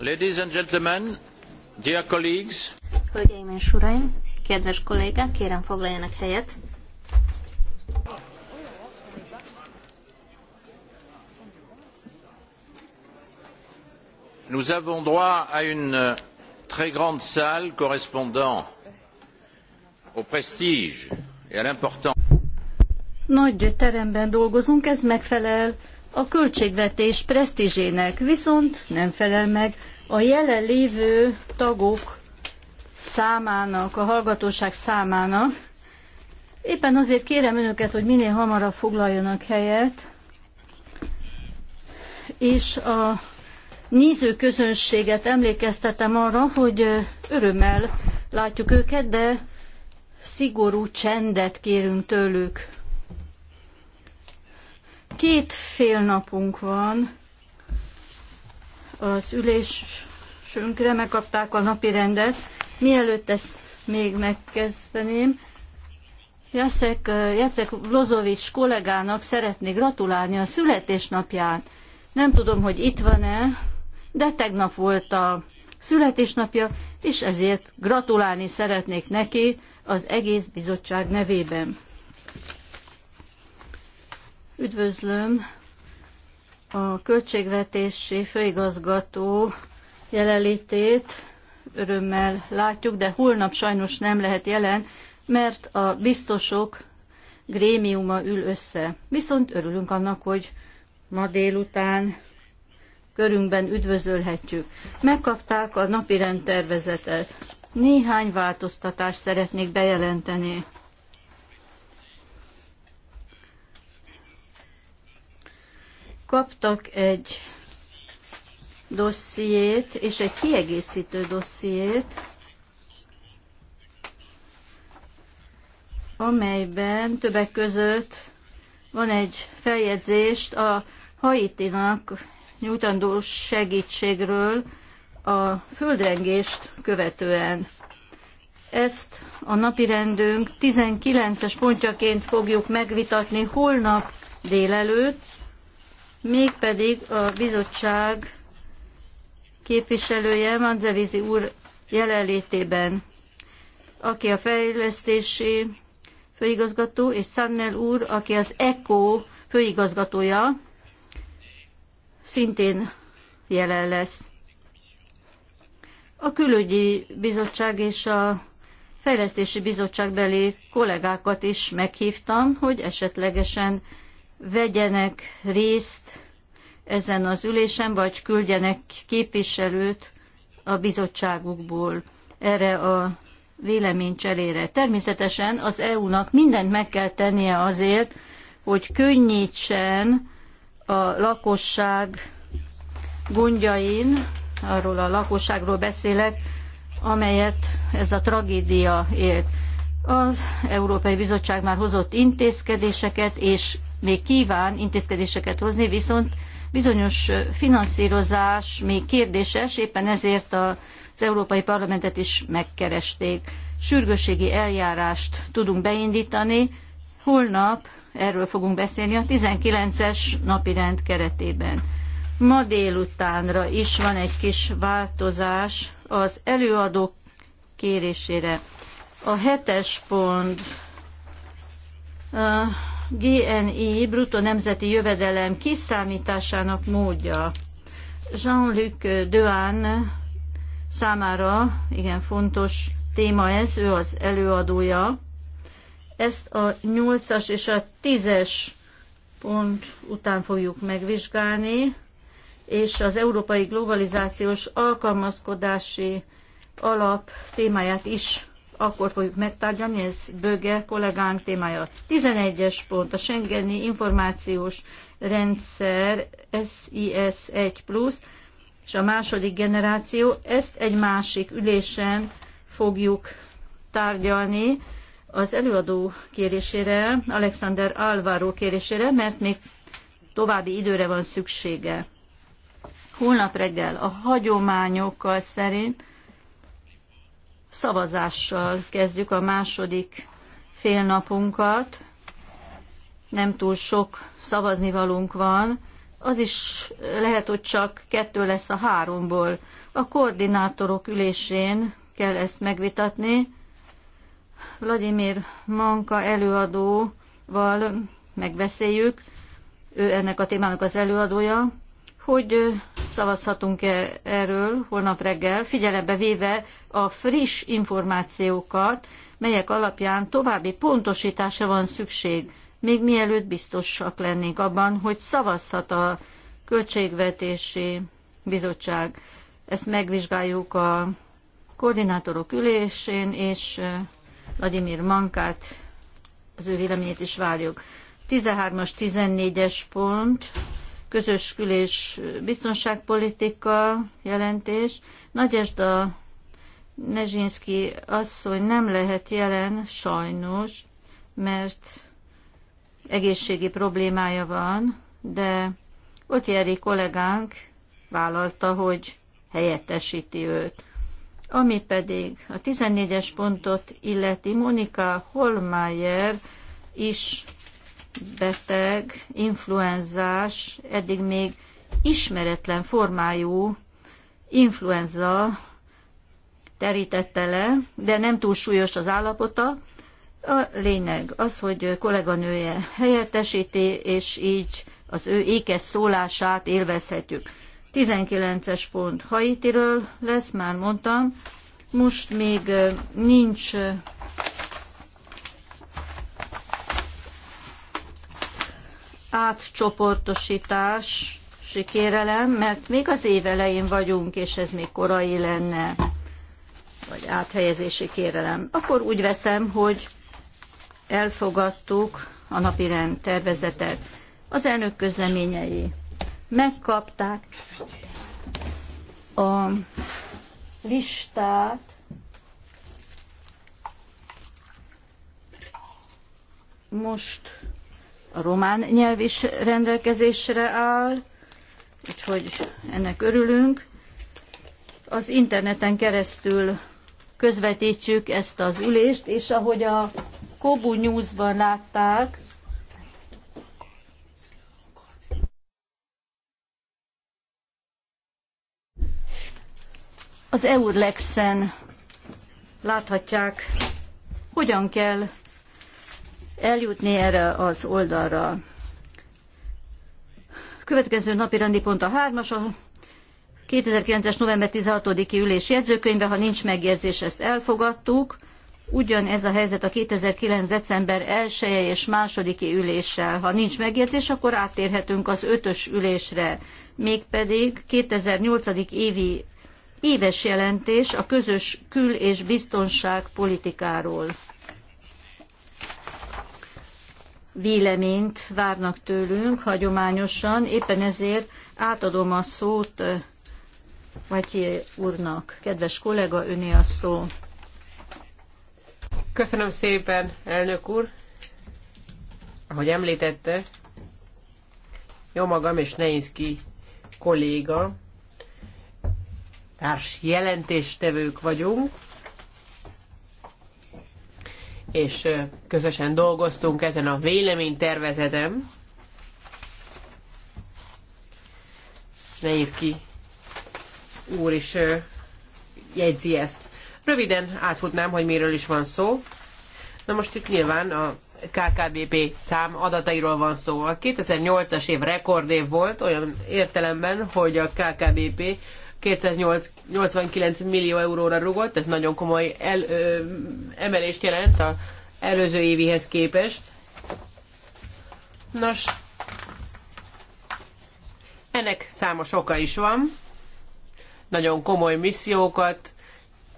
Ladies and gentlemen, dear colleagues. Hölgyeim és uraim, kedves kollégák, kérem foglaljanak helyet. Nous avons droit à une euh, très grande salle correspondant au prestige et à l'importance. Nagy teremben dolgozunk, ez megfelel a költségvetés presztízsének, viszont nem felel meg a jelenlévő tagok számának, a hallgatóság számának. Éppen azért kérem önöket, hogy minél hamarabb foglaljanak helyet, és a nézőközönséget emlékeztetem arra, hogy örömmel látjuk őket, de szigorú csendet kérünk tőlük. Két fél napunk van az ülésünkre, megkapták a napi rendet. Mielőtt ezt még megkezdeném, Jacek, Jacek Lozovics kollégának szeretnék gratulálni a születésnapját. Nem tudom, hogy itt van-e, de tegnap volt a születésnapja, és ezért gratulálni szeretnék neki az egész bizottság nevében. Üdvözlöm a költségvetési főigazgató jelenlétét. Örömmel látjuk, de holnap sajnos nem lehet jelen, mert a biztosok grémiuma ül össze. Viszont örülünk annak, hogy ma délután körünkben üdvözölhetjük. Megkapták a napirend tervezetet. Néhány változtatást szeretnék bejelenteni. Kaptak egy dossziét és egy kiegészítő dossziét, amelyben többek között van egy feljegyzést a Haitinak nyújtandó segítségről a földrengést követően. Ezt a napirendünk 19-es pontjaként fogjuk megvitatni holnap délelőtt, mégpedig a bizottság képviselője Manzevizi úr jelenlétében, aki a fejlesztési főigazgató, és Sannel úr, aki az ECO főigazgatója, szintén jelen lesz. A külügyi bizottság és a fejlesztési bizottságbeli kollégákat is meghívtam, hogy esetlegesen vegyenek részt ezen az ülésen, vagy küldjenek képviselőt a bizottságukból erre a véleménycserére. Természetesen az EU-nak mindent meg kell tennie azért, hogy könnyítsen a lakosság gondjain, arról a lakosságról beszélek, amelyet ez a tragédia élt. Az Európai Bizottság már hozott intézkedéseket, és még kíván intézkedéseket hozni, viszont bizonyos finanszírozás még kérdéses, éppen ezért az Európai Parlamentet is megkeresték. Sürgősségi eljárást tudunk beindítani, holnap erről fogunk beszélni a 19-es rend keretében. Ma délutánra is van egy kis változás az előadók kérésére. A hetes pont GNI bruttó nemzeti jövedelem kiszámításának módja Jean-Luc Dehaene számára igen fontos téma ez, ő az előadója. Ezt a 8-as és a 10-es pont után fogjuk megvizsgálni, és az európai globalizációs alkalmazkodási alap témáját is akkor fogjuk megtárgyalni, ez Böge kollégánk témája. 11-es pont, a Schengeni Információs Rendszer SIS 1 plusz, és a második generáció, ezt egy másik ülésen fogjuk tárgyalni az előadó kérésére, Alexander Alvaro kérésére, mert még további időre van szüksége. Holnap reggel a hagyományokkal szerint Szavazással kezdjük a második félnapunkat. Nem túl sok szavaznivalunk van. Az is lehet, hogy csak kettő lesz a háromból. A koordinátorok ülésén kell ezt megvitatni. Vladimir Manka előadóval megbeszéljük, ő ennek a témának az előadója, hogy szavazhatunk-e erről holnap reggel, figyelembe véve a friss információkat, melyek alapján további pontosításra van szükség, még mielőtt biztosak lennénk abban, hogy szavazhat a Költségvetési Bizottság. Ezt megvizsgáljuk a koordinátorok ülésén, és Vladimir Mankát, az ő véleményét is várjuk. 13-as, 14-es pont, közös külés biztonságpolitika jelentés. a Nezsinszki asszony nem lehet jelen, sajnos, mert egészségi problémája van, de Otieri kollégánk vállalta, hogy helyettesíti őt. Ami pedig a 14-es pontot illeti, Monika Holmeyer is beteg, influenzás, eddig még ismeretlen formájú influenza terítette le, de nem túl súlyos az állapota. A lényeg az, hogy kolléganője helyettesíti, és így az ő ékes szólását élvezhetjük. 19-es pont Haitiről lesz, már mondtam. Most még nincs átcsoportosítás kérelem, mert még az év elején vagyunk, és ez még korai lenne, vagy áthelyezési kérelem. Akkor úgy veszem, hogy elfogadtuk a napi rend tervezetet. Az elnök közleményei megkapták a listát most a román nyelv is rendelkezésre áll, úgyhogy ennek örülünk. Az interneten keresztül közvetítjük ezt az ülést, és ahogy a Kobu News-ban látták, az Eurlexen láthatják, hogyan kell eljutni erre az oldalra. Következő napi rendi pont a hármas, a 2009-es november 16-i ülés jegyzőkönyve, ha nincs megjegyzés, ezt elfogadtuk. ez a helyzet a 2009. december 1 -e és 2 üléssel. Ha nincs megjegyzés, akkor áttérhetünk az ötös ülésre, mégpedig 2008. évi éves jelentés a közös kül- és biztonságpolitikáról véleményt várnak tőlünk hagyományosan, éppen ezért átadom a szót Matyi úrnak. Kedves kollega, öné a szó. Köszönöm szépen, elnök úr. Ahogy említette, jó magam és Neinszki kolléga, társ jelentéstevők vagyunk, és közösen dolgoztunk ezen a véleménytervezetem. Nehéz ki úr is jegyzi ezt. Röviden átfutnám, hogy miről is van szó. Na most itt nyilván a KKBP szám adatairól van szó. A 2008-as év rekordév volt olyan értelemben, hogy a KKBP 289 millió euróra rugott, ez nagyon komoly el, ö, emelést jelent az előző évihez képest. Nos, ennek számos oka is van. Nagyon komoly missziókat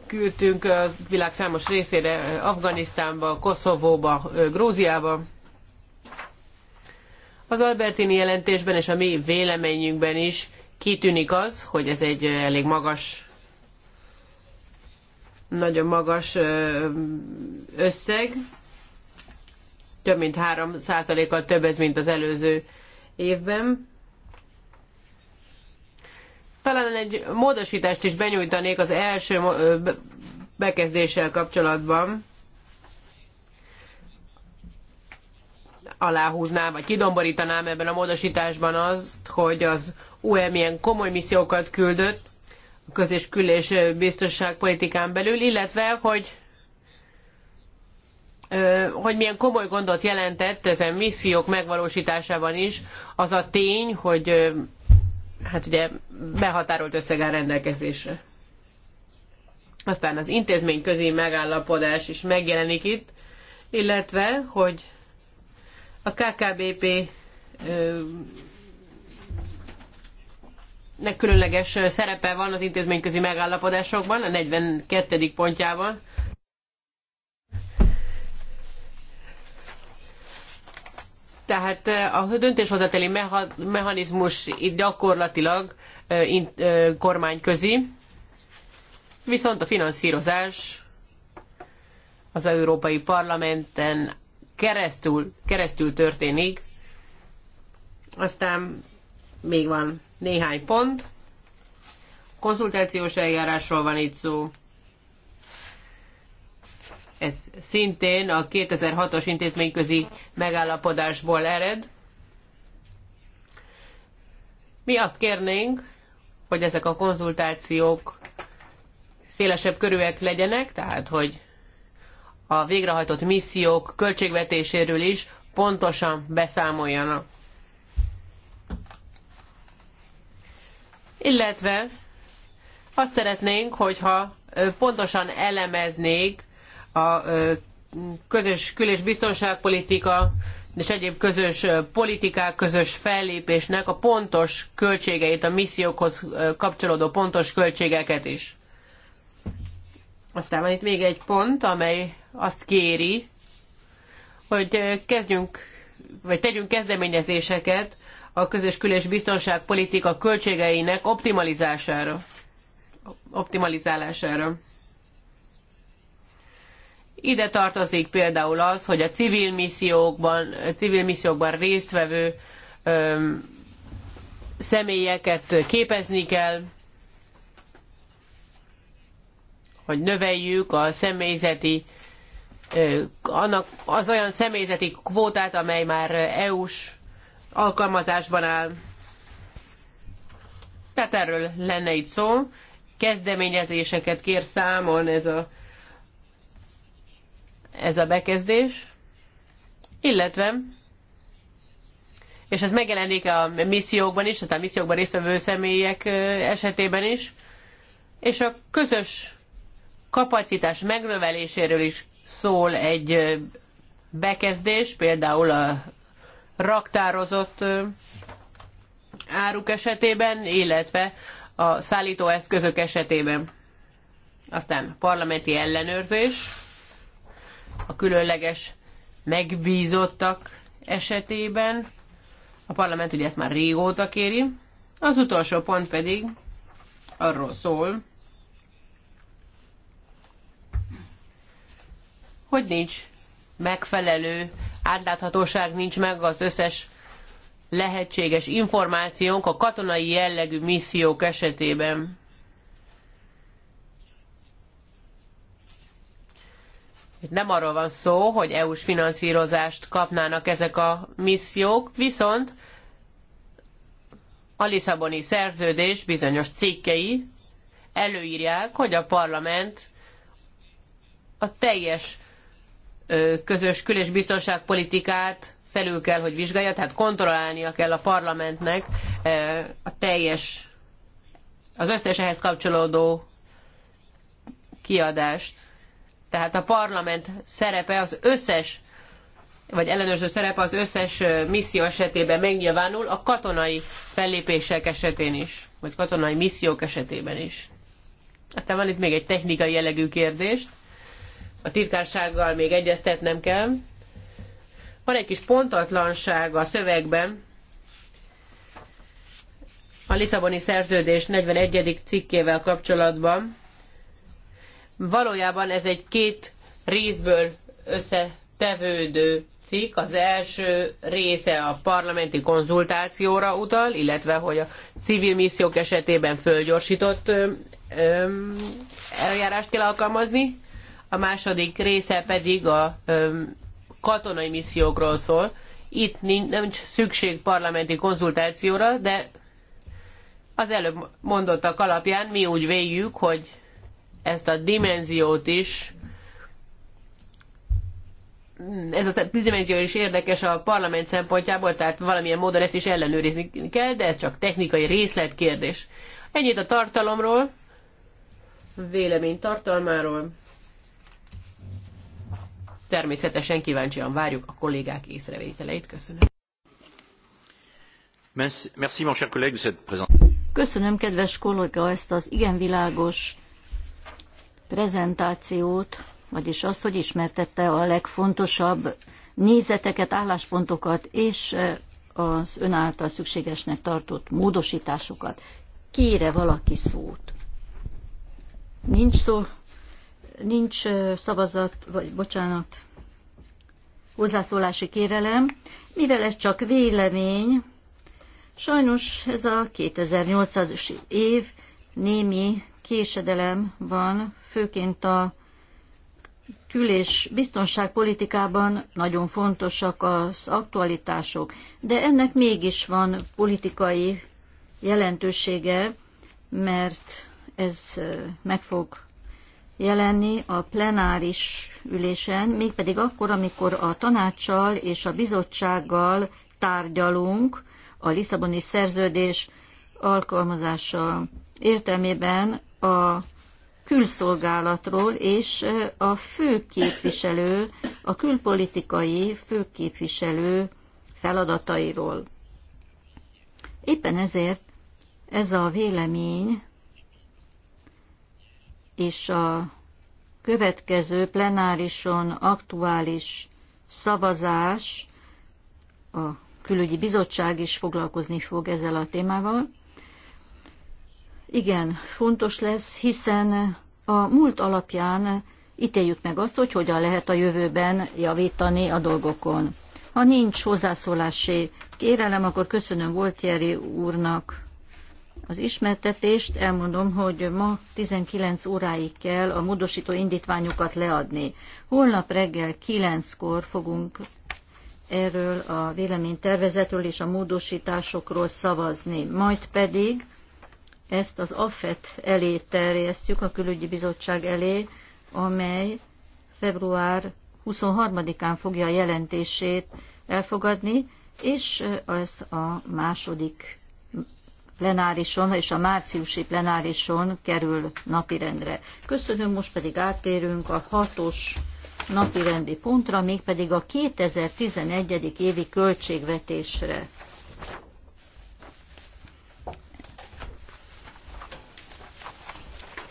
küldtünk a világ számos részére, Afganisztánba, Koszovóba, Grúziába. Az Albertini jelentésben és a mi véleményünkben is kitűnik az, hogy ez egy elég magas, nagyon magas összeg, több mint 3 kal több ez, mint az előző évben. Talán egy módosítást is benyújtanék az első bekezdéssel kapcsolatban. Aláhúznám, vagy kidomborítanám ebben a módosításban azt, hogy az UE milyen komoly missziókat küldött a köz- és kül- és biztonságpolitikán belül, illetve hogy hogy milyen komoly gondot jelentett ezen missziók megvalósításában is az a tény, hogy hát ugye behatárolt összeg áll rendelkezésre. Aztán az intézményközi megállapodás is megjelenik itt, illetve, hogy a KKBP nek különleges szerepe van az intézményközi megállapodásokban, a 42. pontjában. Tehát eh, a döntéshozateli mechanizmus itt gyakorlatilag eh, eh, kormányközi, viszont a finanszírozás az Európai Parlamenten keresztül, keresztül történik. Aztán még van néhány pont. Konzultációs eljárásról van itt szó. Ez szintén a 2006-os intézményközi megállapodásból ered. Mi azt kérnénk, hogy ezek a konzultációk szélesebb körűek legyenek, tehát hogy a végrehajtott missziók költségvetéséről is pontosan beszámoljanak. illetve azt szeretnénk, hogyha pontosan elemeznék a közös kül- és biztonságpolitika és egyéb közös politikák, közös fellépésnek a pontos költségeit, a missziókhoz kapcsolódó pontos költségeket is. Aztán van itt még egy pont, amely azt kéri, hogy kezdjünk, vagy tegyünk kezdeményezéseket a közös kül- és biztonságpolitika költségeinek optimalizására. optimalizálására. Ide tartozik például az, hogy a civil missziókban, civil missziókban résztvevő öm, személyeket képezni kell, hogy növeljük a személyzeti annak az olyan személyzeti kvótát, amely már EU-s alkalmazásban áll. Tehát erről lenne itt szó. Kezdeményezéseket kér számon ez a, ez a bekezdés, illetve és ez megjelenik a missziókban is, tehát a missziókban résztvevő személyek esetében is, és a közös kapacitás megnöveléséről is szól egy bekezdés, például a raktározott áruk esetében, illetve a szállítóeszközök esetében. Aztán parlamenti ellenőrzés, a különleges megbízottak esetében. A parlament ugye ezt már régóta kéri. Az utolsó pont pedig arról szól, hogy nincs megfelelő átláthatóság nincs meg, az összes lehetséges információnk a katonai jellegű missziók esetében. Itt nem arról van szó, hogy EU-s finanszírozást kapnának ezek a missziók, viszont a Lisszaboni szerződés bizonyos cikkei előírják, hogy a parlament a teljes közös kül- és biztonságpolitikát felül kell, hogy vizsgálja, tehát kontrollálnia kell a parlamentnek a teljes, az összes ehhez kapcsolódó kiadást. Tehát a parlament szerepe az összes, vagy ellenőrző szerepe az összes misszió esetében megnyilvánul, a katonai fellépések esetén is, vagy katonai missziók esetében is. Aztán van itt még egy technikai jellegű kérdés a titkársággal még egyeztetnem kell. Van egy kis pontatlanság a szövegben. A Lisszaboni szerződés 41. cikkével kapcsolatban. Valójában ez egy két részből összetevődő cikk. Az első része a parlamenti konzultációra utal, illetve hogy a civil missziók esetében fölgyorsított eljárást kell alkalmazni a második része pedig a katonai missziókról szól. Itt nincs szükség parlamenti konzultációra, de az előbb mondottak alapján mi úgy véljük, hogy ezt a dimenziót is ez a dimenzió is érdekes a parlament szempontjából, tehát valamilyen módon ezt is ellenőrizni kell, de ez csak technikai részletkérdés. Ennyit a tartalomról, vélemény tartalmáról természetesen kíváncsian várjuk a kollégák észrevételeit. Köszönöm. Merci, mon cher collègue, cette présentation. Köszönöm, kedves kolléga, ezt az igen világos prezentációt, vagyis azt, hogy ismertette a legfontosabb nézeteket, álláspontokat és az ön által szükségesnek tartott módosításokat. Kére valaki szót? Nincs szó, nincs szavazat, vagy bocsánat, hozzászólási kérelem, mivel ez csak vélemény, sajnos ez a 2008-as év némi késedelem van, főként a kül- és biztonságpolitikában nagyon fontosak az aktualitások, de ennek mégis van politikai jelentősége, mert ez meg fog jelenni a plenáris ülésen, mégpedig akkor, amikor a tanácssal és a bizottsággal tárgyalunk a Lisszaboni szerződés alkalmazása értelmében a külszolgálatról és a főképviselő, a külpolitikai főképviselő feladatairól. Éppen ezért ez a vélemény és a következő plenárison aktuális szavazás, a külügyi bizottság is foglalkozni fog ezzel a témával. Igen, fontos lesz, hiszen a múlt alapján ítéljük meg azt, hogy hogyan lehet a jövőben javítani a dolgokon. Ha nincs hozzászólási kérelem, akkor köszönöm Voltieri úrnak az ismertetést. Elmondom, hogy ma 19 óráig kell a módosító indítványokat leadni. Holnap reggel 9-kor fogunk erről a véleménytervezetről és a módosításokról szavazni. Majd pedig ezt az AFET elé terjesztjük, a külügyi bizottság elé, amely február 23-án fogja a jelentését elfogadni, és ezt a második plenárison és a márciusi plenárison kerül napirendre. Köszönöm, most pedig áttérünk a hatos napirendi pontra, mégpedig a 2011. évi költségvetésre.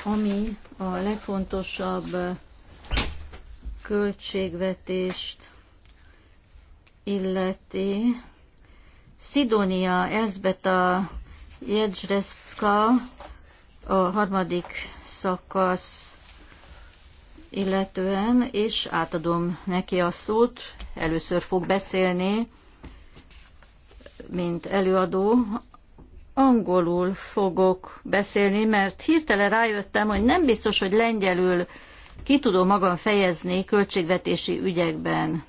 Ami a legfontosabb költségvetést illeti, Szidónia Elzbeta Jedzsreszka, a harmadik szakasz illetően, és átadom neki a szót. Először fog beszélni, mint előadó. Angolul fogok beszélni, mert hirtelen rájöttem, hogy nem biztos, hogy lengyelül ki tudom magam fejezni költségvetési ügyekben.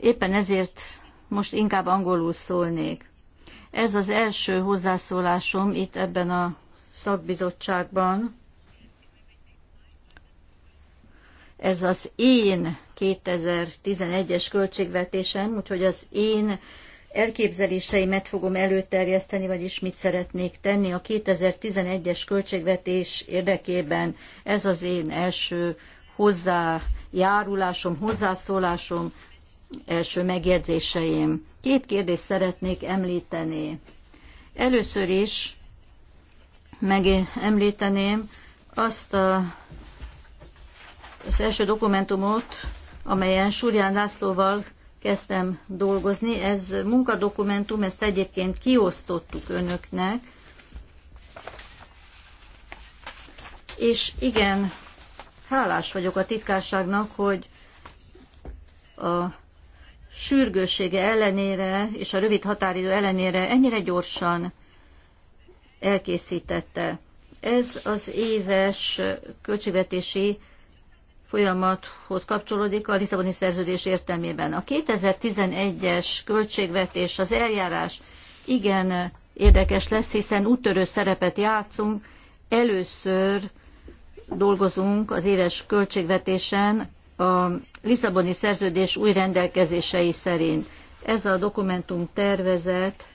Éppen ezért most inkább angolul szólnék. Ez az első hozzászólásom itt ebben a szakbizottságban. Ez az én 2011-es költségvetésem, úgyhogy az én elképzeléseimet fogom előterjeszteni, vagyis mit szeretnék tenni a 2011-es költségvetés érdekében. Ez az én első hozzájárulásom, hozzászólásom első megjegyzéseim. Két kérdést szeretnék említeni. Először is megemlíteném azt a, az első dokumentumot, amelyen Súrján Lászlóval kezdtem dolgozni. Ez munkadokumentum, ezt egyébként kiosztottuk önöknek. És igen, hálás vagyok a titkárságnak, hogy a sürgőssége ellenére és a rövid határidő ellenére ennyire gyorsan elkészítette. Ez az éves költségvetési folyamathoz kapcsolódik a Lisszaboni szerződés értelmében. A 2011-es költségvetés, az eljárás igen érdekes lesz, hiszen úttörő szerepet játszunk. Először dolgozunk az éves költségvetésen a Lisszaboni szerződés új rendelkezései szerint. Ez a dokumentum tervezet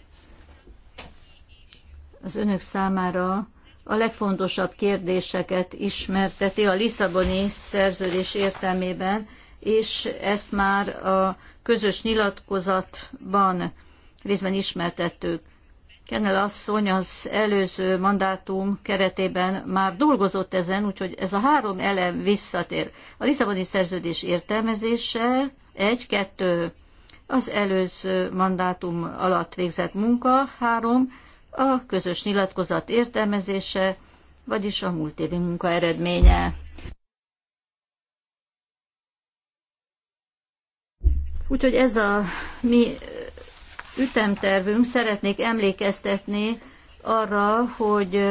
az önök számára a legfontosabb kérdéseket ismerteti a Lisszaboni szerződés értelmében, és ezt már a közös nyilatkozatban részben ismertettük. Kennel asszony az előző mandátum keretében már dolgozott ezen, úgyhogy ez a három elem visszatér. A Lisszaboni szerződés értelmezése, egy, kettő, az előző mandátum alatt végzett munka, három, a közös nyilatkozat értelmezése, vagyis a múlt évi munka eredménye. Úgyhogy ez a mi ütemtervünk, szeretnék emlékeztetni arra, hogy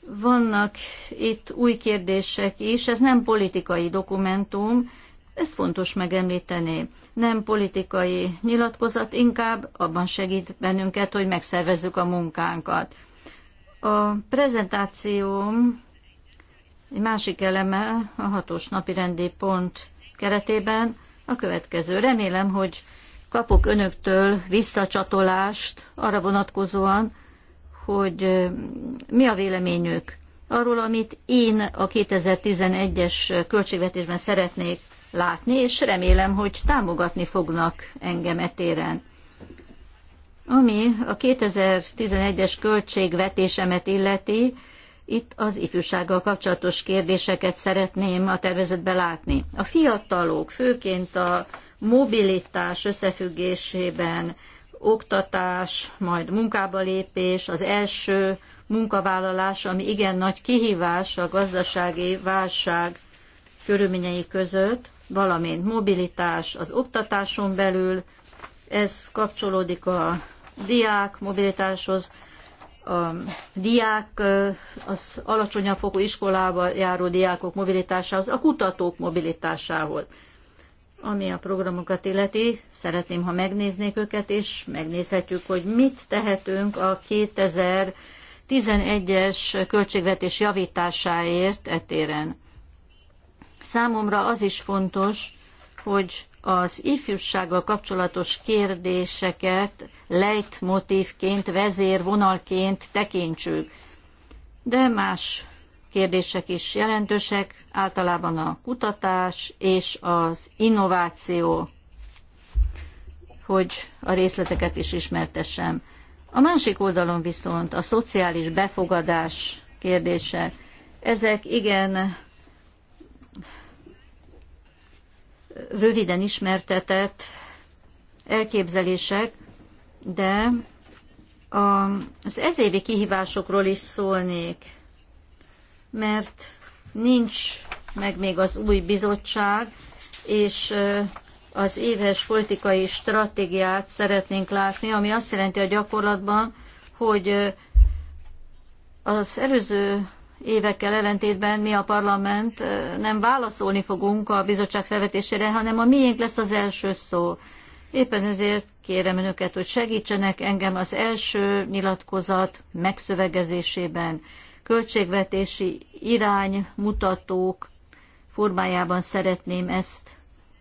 vannak itt új kérdések is, ez nem politikai dokumentum, ezt fontos megemlíteni. Nem politikai nyilatkozat, inkább abban segít bennünket, hogy megszervezzük a munkánkat. A prezentációm egy másik eleme a hatos napi rendi pont keretében a következő. Remélem, hogy kapok önöktől visszacsatolást arra vonatkozóan, hogy mi a véleményük arról, amit én a 2011-es költségvetésben szeretnék látni, és remélem, hogy támogatni fognak engem etéren. Ami a 2011-es költségvetésemet illeti, itt az ifjúsággal kapcsolatos kérdéseket szeretném a tervezetbe látni. A fiatalok, főként a mobilitás összefüggésében oktatás, majd munkába lépés, az első munkavállalás, ami igen nagy kihívás a gazdasági válság körülményei között, valamint mobilitás az oktatáson belül, ez kapcsolódik a diák mobilitáshoz, a diák, az alacsonyabb fokú iskolába járó diákok mobilitásához, a kutatók mobilitásához. Ami a programokat illeti, szeretném, ha megnéznék őket, és megnézhetjük, hogy mit tehetünk a 2011-es költségvetés javításáért etéren. Számomra az is fontos, hogy az ifjúsággal kapcsolatos kérdéseket lejtmotívként, vezérvonalként tekintsük. De más kérdések is jelentősek, általában a kutatás és az innováció, hogy a részleteket is ismertessem. A másik oldalon viszont a szociális befogadás kérdése. Ezek igen röviden ismertetett elképzelések, de az ezévi kihívásokról is szólnék mert nincs meg még az új bizottság, és az éves politikai stratégiát szeretnénk látni, ami azt jelenti a gyakorlatban, hogy az előző évekkel ellentétben mi a parlament nem válaszolni fogunk a bizottság felvetésére, hanem a miénk lesz az első szó. Éppen ezért kérem önöket, hogy segítsenek engem az első nyilatkozat megszövegezésében költségvetési iránymutatók formájában szeretném ezt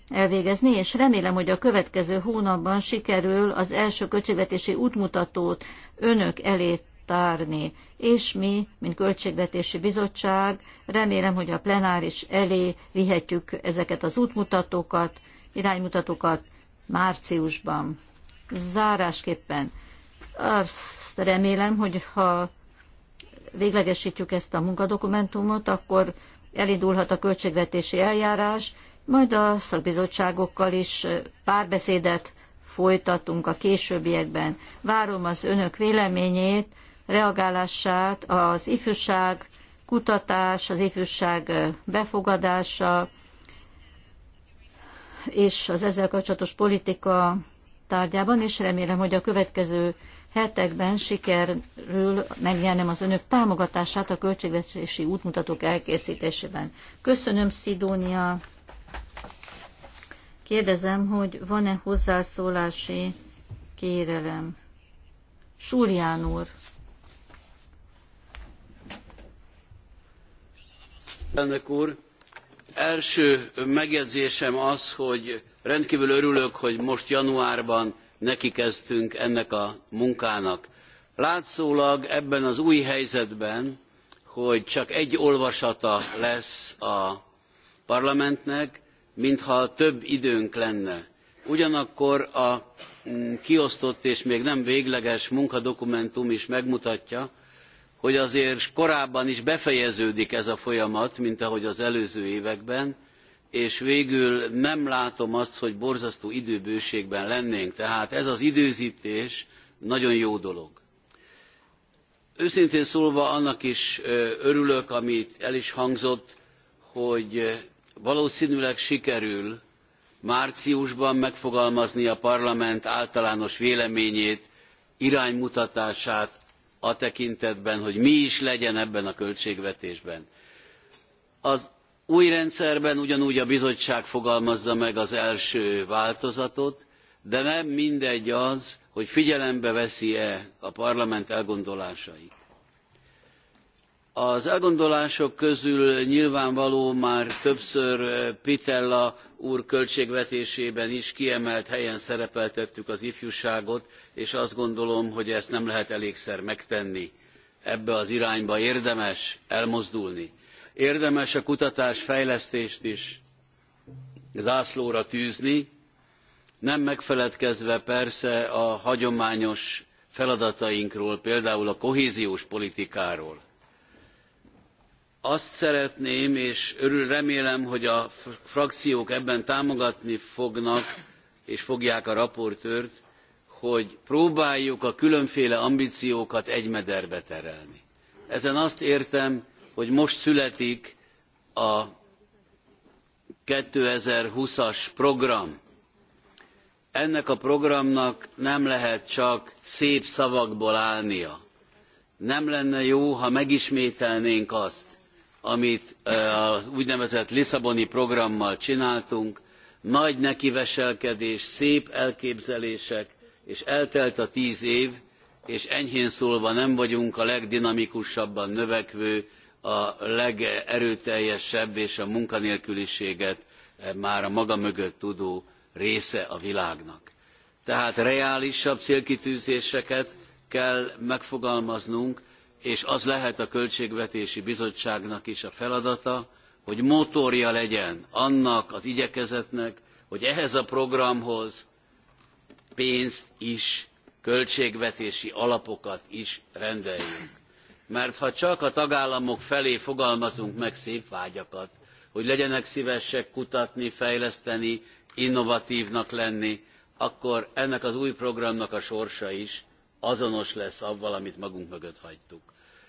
elvégezni, és remélem, hogy a következő hónapban sikerül az első költségvetési útmutatót önök elé tárni, és mi, mint Költségvetési Bizottság, remélem, hogy a plenáris elé vihetjük ezeket az útmutatókat, iránymutatókat márciusban. Zárásképpen azt remélem, hogy ha véglegesítjük ezt a munkadokumentumot, akkor elindulhat a költségvetési eljárás, majd a szakbizottságokkal is párbeszédet folytatunk a későbbiekben. Várom az önök véleményét, reagálását az ifjúság, kutatás, az ifjúság befogadása és az ezzel kapcsolatos politika tárgyában, és remélem, hogy a következő hetekben sikerül megnyernem az önök támogatását a költségvetési útmutatók elkészítésében. Köszönöm, Szidónia. Kérdezem, hogy van-e hozzászólási kérelem? Súrján úr. Elnök úr, első megjegyzésem az, hogy rendkívül örülök, hogy most januárban nekikezdtünk ennek a munkának. Látszólag ebben az új helyzetben, hogy csak egy olvasata lesz a parlamentnek, mintha több időnk lenne. Ugyanakkor a mm, kiosztott és még nem végleges munkadokumentum is megmutatja, hogy azért korábban is befejeződik ez a folyamat, mint ahogy az előző években, és végül nem látom azt, hogy borzasztó időbőségben lennénk. Tehát ez az időzítés nagyon jó dolog. Őszintén szólva annak is örülök, amit el is hangzott, hogy valószínűleg sikerül márciusban megfogalmazni a parlament általános véleményét, iránymutatását a tekintetben, hogy mi is legyen ebben a költségvetésben. Az új rendszerben ugyanúgy a bizottság fogalmazza meg az első változatot, de nem mindegy az, hogy figyelembe veszi-e a parlament elgondolásait. Az elgondolások közül nyilvánvaló már többször Pitella úr költségvetésében is kiemelt helyen szerepeltettük az ifjúságot, és azt gondolom, hogy ezt nem lehet elégszer megtenni. Ebbe az irányba érdemes elmozdulni. Érdemes a kutatás fejlesztést is zászlóra tűzni, nem megfeledkezve persze a hagyományos feladatainkról, például a kohéziós politikáról. Azt szeretném, és örül remélem, hogy a frakciók ebben támogatni fognak, és fogják a raportőrt, hogy próbáljuk a különféle ambíciókat egy mederbe terelni. Ezen azt értem, hogy most születik a 2020-as program. Ennek a programnak nem lehet csak szép szavakból állnia. Nem lenne jó, ha megismételnénk azt, amit az úgynevezett Lisszaboni programmal csináltunk, nagy nekiveselkedés, szép elképzelések, és eltelt a tíz év, és enyhén szólva nem vagyunk a legdinamikusabban növekvő a legerőteljesebb és a munkanélküliséget már a maga mögött tudó része a világnak. Tehát reálisabb célkitűzéseket kell megfogalmaznunk, és az lehet a Költségvetési Bizottságnak is a feladata, hogy motorja legyen annak az igyekezetnek, hogy ehhez a programhoz pénzt is, költségvetési alapokat is rendeljünk mert ha csak a tagállamok felé fogalmazunk meg szép vágyakat, hogy legyenek szívesek kutatni, fejleszteni, innovatívnak lenni, akkor ennek az új programnak a sorsa is azonos lesz avval, amit magunk mögött hagytuk.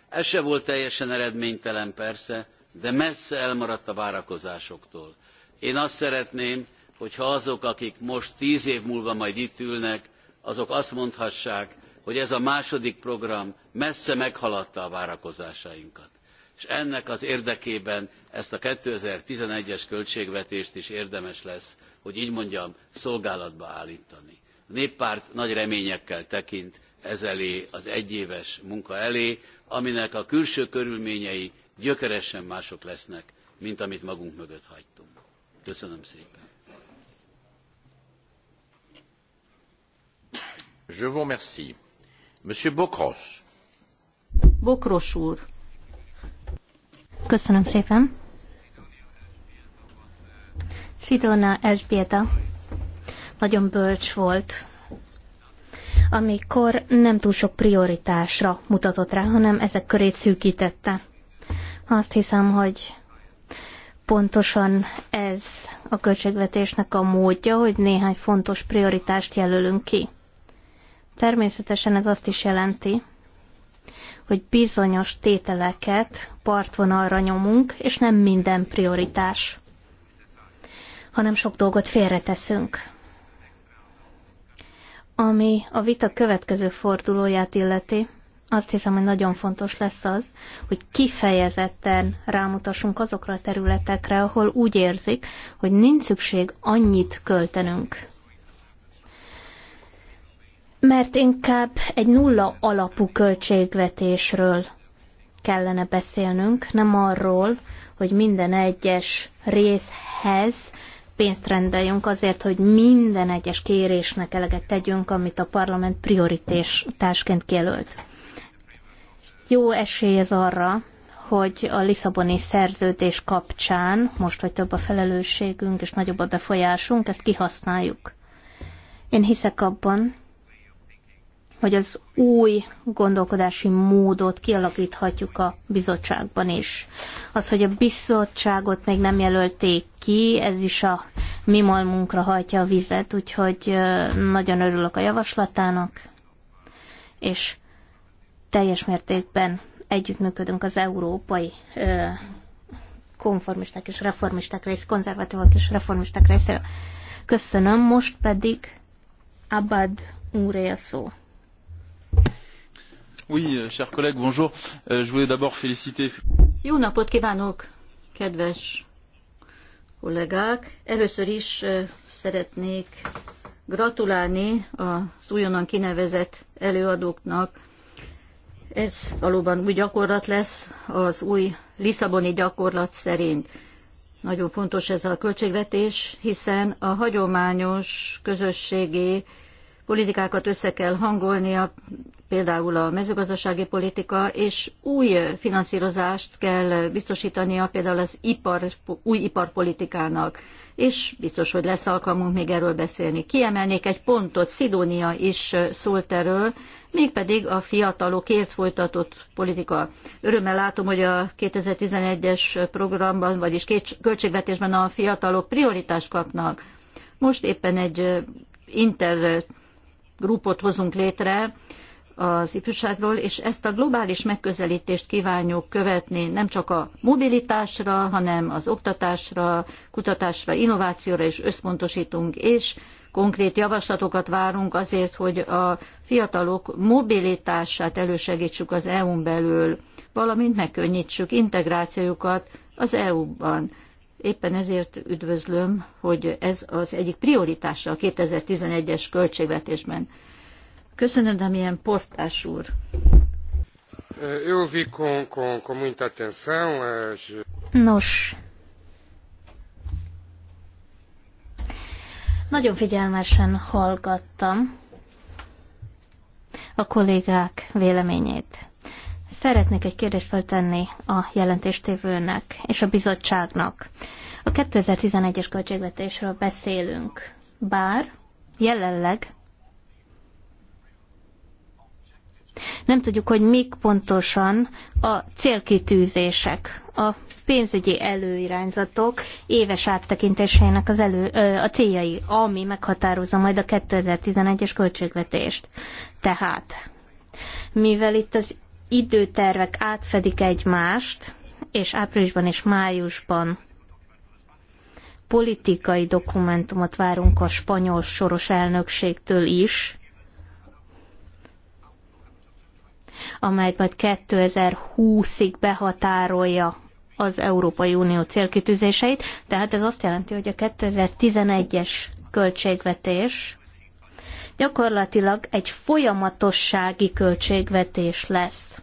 Ez se volt teljesen eredménytelen persze, de messze elmaradt a várakozásoktól. Én azt szeretném, hogyha azok, akik most tíz év múlva majd itt ülnek, azok azt mondhassák, hogy ez a második program messze meghaladta a várakozásainkat. És ennek az érdekében ezt a 2011-es költségvetést is érdemes lesz, hogy így mondjam, szolgálatba állítani. A néppárt nagy reményekkel tekint ez elé, az egyéves munka elé, aminek a külső körülményei gyökeresen mások lesznek, mint amit magunk mögött hagytunk. Köszönöm szépen. Je vous remercie. Monsieur Bokros. Bokros úr. Köszönöm szépen. Szidona Elzbieta nagyon bölcs volt, amikor nem túl sok prioritásra mutatott rá, hanem ezek körét szűkítette. Azt hiszem, hogy pontosan ez a költségvetésnek a módja, hogy néhány fontos prioritást jelölünk ki. Természetesen ez azt is jelenti, hogy bizonyos tételeket partvonalra nyomunk, és nem minden prioritás, hanem sok dolgot félreteszünk. Ami a vita következő fordulóját illeti, azt hiszem, hogy nagyon fontos lesz az, hogy kifejezetten rámutassunk azokra a területekre, ahol úgy érzik, hogy nincs szükség annyit költenünk mert inkább egy nulla alapú költségvetésről kellene beszélnünk, nem arról, hogy minden egyes részhez pénzt rendeljünk azért, hogy minden egyes kérésnek eleget tegyünk, amit a parlament prioritásként kijelölt. Jó esély ez arra, hogy a Lisszaboni szerződés kapcsán, most, hogy több a felelősségünk és nagyobb a befolyásunk, ezt kihasználjuk. Én hiszek abban, hogy az új gondolkodási módot kialakíthatjuk a bizottságban is. Az, hogy a bizottságot még nem jelölték ki, ez is a mi malmunkra hajtja a vizet, úgyhogy nagyon örülök a javaslatának, és teljes mértékben együttműködünk az európai konformisták és reformisták rész, konzervatívak és reformisták részére, Köszönöm, most pedig Abad úré a szó. Oui, euh, chers collègues, bonjour. Euh, je voulais d'abord féliciter. Jó napot kívánok, kedves kollégák! Először is szeretnék gratulálni az újonnan kinevezett előadóknak. Ez valóban új gyakorlat lesz az új Lisszaboni gyakorlat szerint. Nagyon fontos ez a költségvetés, hiszen a hagyományos közösségi politikákat össze kell hangolnia, például a mezőgazdasági politika, és új finanszírozást kell biztosítania például az ipar, új iparpolitikának, és biztos, hogy lesz alkalmunk még erről beszélni. Kiemelnék egy pontot, Szidónia is szólt erről, mégpedig a fiatalokért folytatott politika. Örömmel látom, hogy a 2011-es programban, vagyis két költségvetésben a fiatalok prioritást kapnak. Most éppen egy inter grupot hozunk létre az ifjúságról, és ezt a globális megközelítést kívánjuk követni nem csak a mobilitásra, hanem az oktatásra, kutatásra, innovációra is összpontosítunk, és konkrét javaslatokat várunk azért, hogy a fiatalok mobilitását elősegítsük az EU-n belül, valamint megkönnyítsük integrációjukat az EU-ban. Éppen ezért üdvözlöm, hogy ez az egyik prioritása a 2011-es költségvetésben. Köszönöm, Damien Portás úr. Nos. Nagyon figyelmesen hallgattam a kollégák véleményét. Szeretnék egy kérdést feltenni a jelentéstévőnek és a bizottságnak. A 2011-es költségvetésről beszélünk, bár jelenleg nem tudjuk, hogy mik pontosan a célkitűzések, a pénzügyi előirányzatok éves áttekintésének az elő, a céljai, ami meghatározza majd a 2011-es költségvetést. Tehát, mivel itt az időtervek átfedik egymást, és áprilisban és májusban politikai dokumentumot várunk a spanyol soros elnökségtől is, amely majd 2020-ig behatárolja az Európai Unió célkitűzéseit. Tehát ez azt jelenti, hogy a 2011-es költségvetés gyakorlatilag egy folyamatossági költségvetés lesz.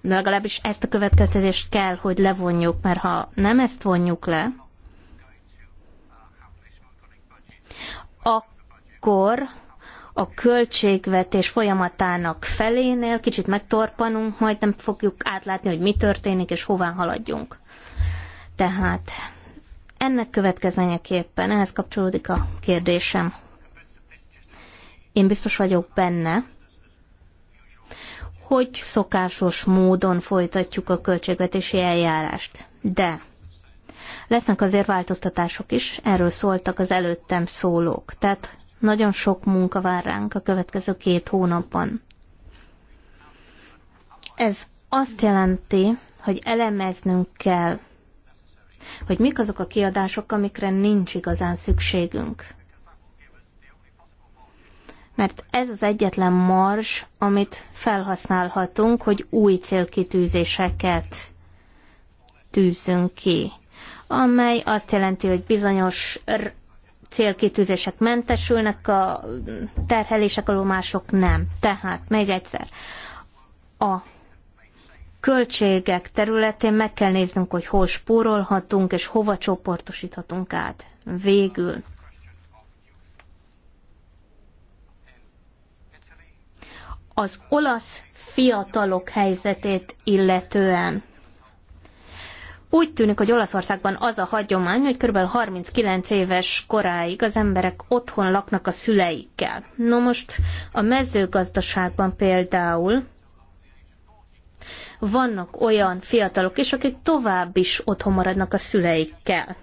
De legalábbis ezt a következtetést kell, hogy levonjuk, mert ha nem ezt vonjuk le, akkor a költségvetés folyamatának felénél kicsit megtorpanunk, majd nem fogjuk átlátni, hogy mi történik és hová haladjunk. Tehát ennek következményeképpen ehhez kapcsolódik a kérdésem. Én biztos vagyok benne, hogy szokásos módon folytatjuk a költségvetési eljárást. De lesznek azért változtatások is, erről szóltak az előttem szólók. Tehát nagyon sok munka vár ránk a következő két hónapban. Ez azt jelenti, hogy elemeznünk kell, hogy mik azok a kiadások, amikre nincs igazán szükségünk mert ez az egyetlen mars, amit felhasználhatunk, hogy új célkitűzéseket tűzzünk ki, amely azt jelenti, hogy bizonyos célkitűzések mentesülnek, a terhelések alól mások nem. Tehát, még egyszer, a költségek területén meg kell néznünk, hogy hol spórolhatunk, és hova csoportosíthatunk át. Végül az olasz fiatalok helyzetét illetően. Úgy tűnik, hogy Olaszországban az a hagyomány, hogy kb. 39 éves koráig az emberek otthon laknak a szüleikkel. No most a mezőgazdaságban például vannak olyan fiatalok is, akik tovább is otthon maradnak a szüleikkel.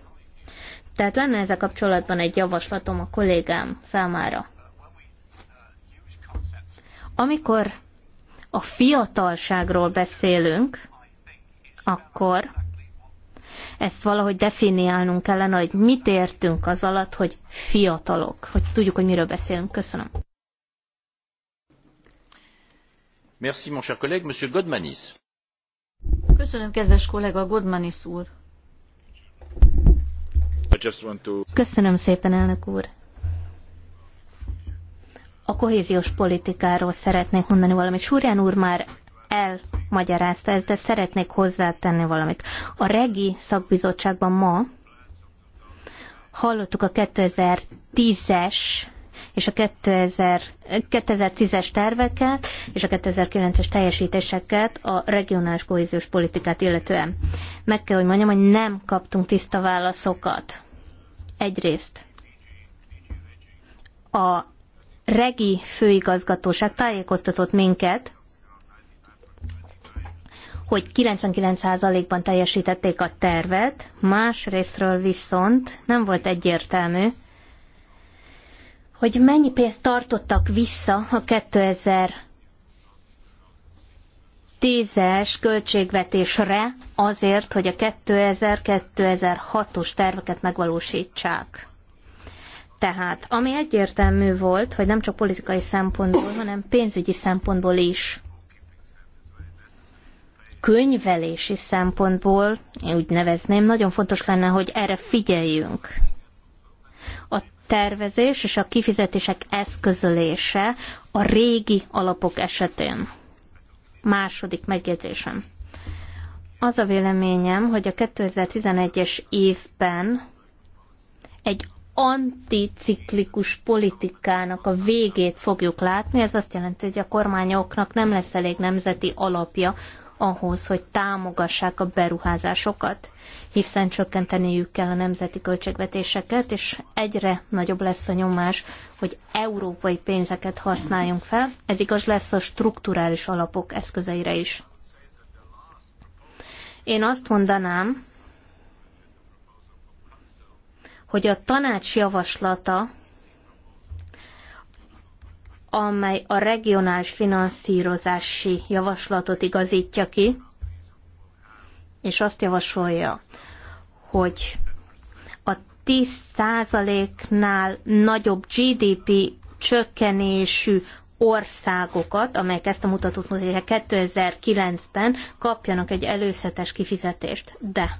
Tehát lenne ezzel kapcsolatban egy javaslatom a kollégám számára. Amikor a fiatalságról beszélünk, akkor ezt valahogy definiálnunk kellene, hogy mit értünk az alatt, hogy fiatalok, hogy tudjuk, hogy miről beszélünk. Köszönöm. Merci, mon cher collègue, monsieur Godmanis. Köszönöm, kedves kollega, Godmanis úr. Köszönöm szépen, elnök úr a kohéziós politikáról szeretnék mondani valamit. Súrján úr már elmagyarázta ezt, de szeretnék hozzátenni valamit. A Regi szakbizottságban ma hallottuk a 2010-es és a 2010-es terveket és a 2009-es teljesítéseket a regionális kohéziós politikát illetően. Meg kell, hogy mondjam, hogy nem kaptunk tiszta válaszokat. Egyrészt a regi főigazgatóság tájékoztatott minket, hogy 99%-ban teljesítették a tervet, más részről viszont nem volt egyértelmű, hogy mennyi pénzt tartottak vissza a 2010-es költségvetésre azért, hogy a 2000-2006-os terveket megvalósítsák. Tehát, ami egyértelmű volt, hogy nem csak politikai szempontból, hanem pénzügyi szempontból is, könyvelési szempontból, én úgy nevezném, nagyon fontos lenne, hogy erre figyeljünk. A tervezés és a kifizetések eszközölése a régi alapok esetén. Második megjegyzésem. Az a véleményem, hogy a 2011-es évben egy anticiklikus politikának a végét fogjuk látni. Ez azt jelenti, hogy a kormányoknak nem lesz elég nemzeti alapja ahhoz, hogy támogassák a beruházásokat, hiszen csökkenteniük kell a nemzeti költségvetéseket, és egyre nagyobb lesz a nyomás, hogy európai pénzeket használjunk fel. Ez igaz lesz a strukturális alapok eszközeire is. Én azt mondanám, hogy a tanács javaslata, amely a regionális finanszírozási javaslatot igazítja ki, és azt javasolja, hogy a 10%-nál nagyobb GDP csökkenésű országokat, amelyek ezt a mutatót mutatják 2009-ben, kapjanak egy előzetes kifizetést. De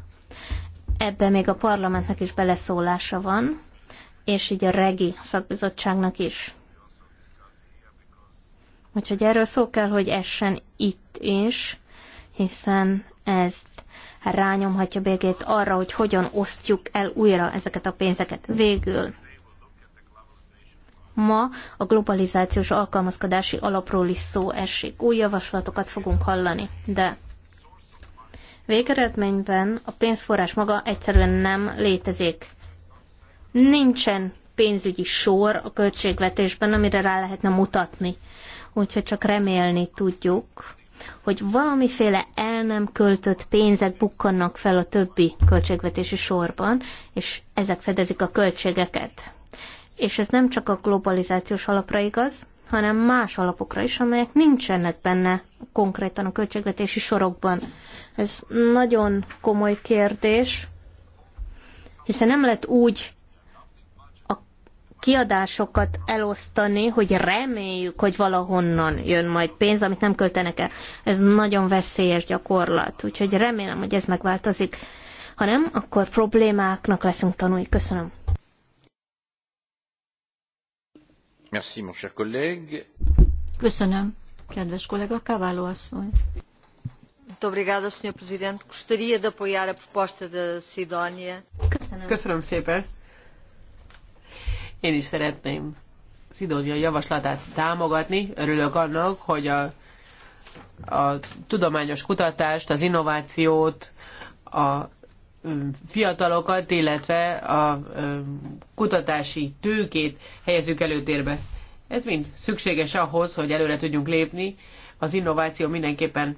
Ebben még a parlamentnek is beleszólása van, és így a regi szakbizottságnak is. Úgyhogy erről szó kell, hogy essen itt is, hiszen ezt rányomhatja végét arra, hogy hogyan osztjuk el újra ezeket a pénzeket. Végül ma a globalizációs alkalmazkodási alapról is szó esik. Új javaslatokat fogunk hallani, de Végeredményben a pénzforrás maga egyszerűen nem létezik. Nincsen pénzügyi sor a költségvetésben, amire rá lehetne mutatni. Úgyhogy csak remélni tudjuk, hogy valamiféle el nem költött pénzek bukkannak fel a többi költségvetési sorban, és ezek fedezik a költségeket. És ez nem csak a globalizációs alapra igaz, hanem más alapokra is, amelyek nincsenek benne konkrétan a költségvetési sorokban. Ez nagyon komoly kérdés, hiszen nem lehet úgy a kiadásokat elosztani, hogy reméljük, hogy valahonnan jön majd pénz, amit nem költenek el. Ez nagyon veszélyes gyakorlat, úgyhogy remélem, hogy ez megváltozik. Ha nem, akkor problémáknak leszünk tanulni. Köszönöm. Merci, mon cher collègue. Köszönöm, kedves kollega, Káváló asszony. Obrigada, Sr. Presidente. Gostaria de apoiar a proposta da Sidónia. Köszönöm. szépen. Én is szeretném javaslatát támogatni. Örülök annak, hogy a, a tudományos kutatást, az innovációt, a fiatalokat, illetve a kutatási tőkét helyezzük előtérbe. Ez mind szükséges ahhoz, hogy előre tudjunk lépni. Az innováció mindenképpen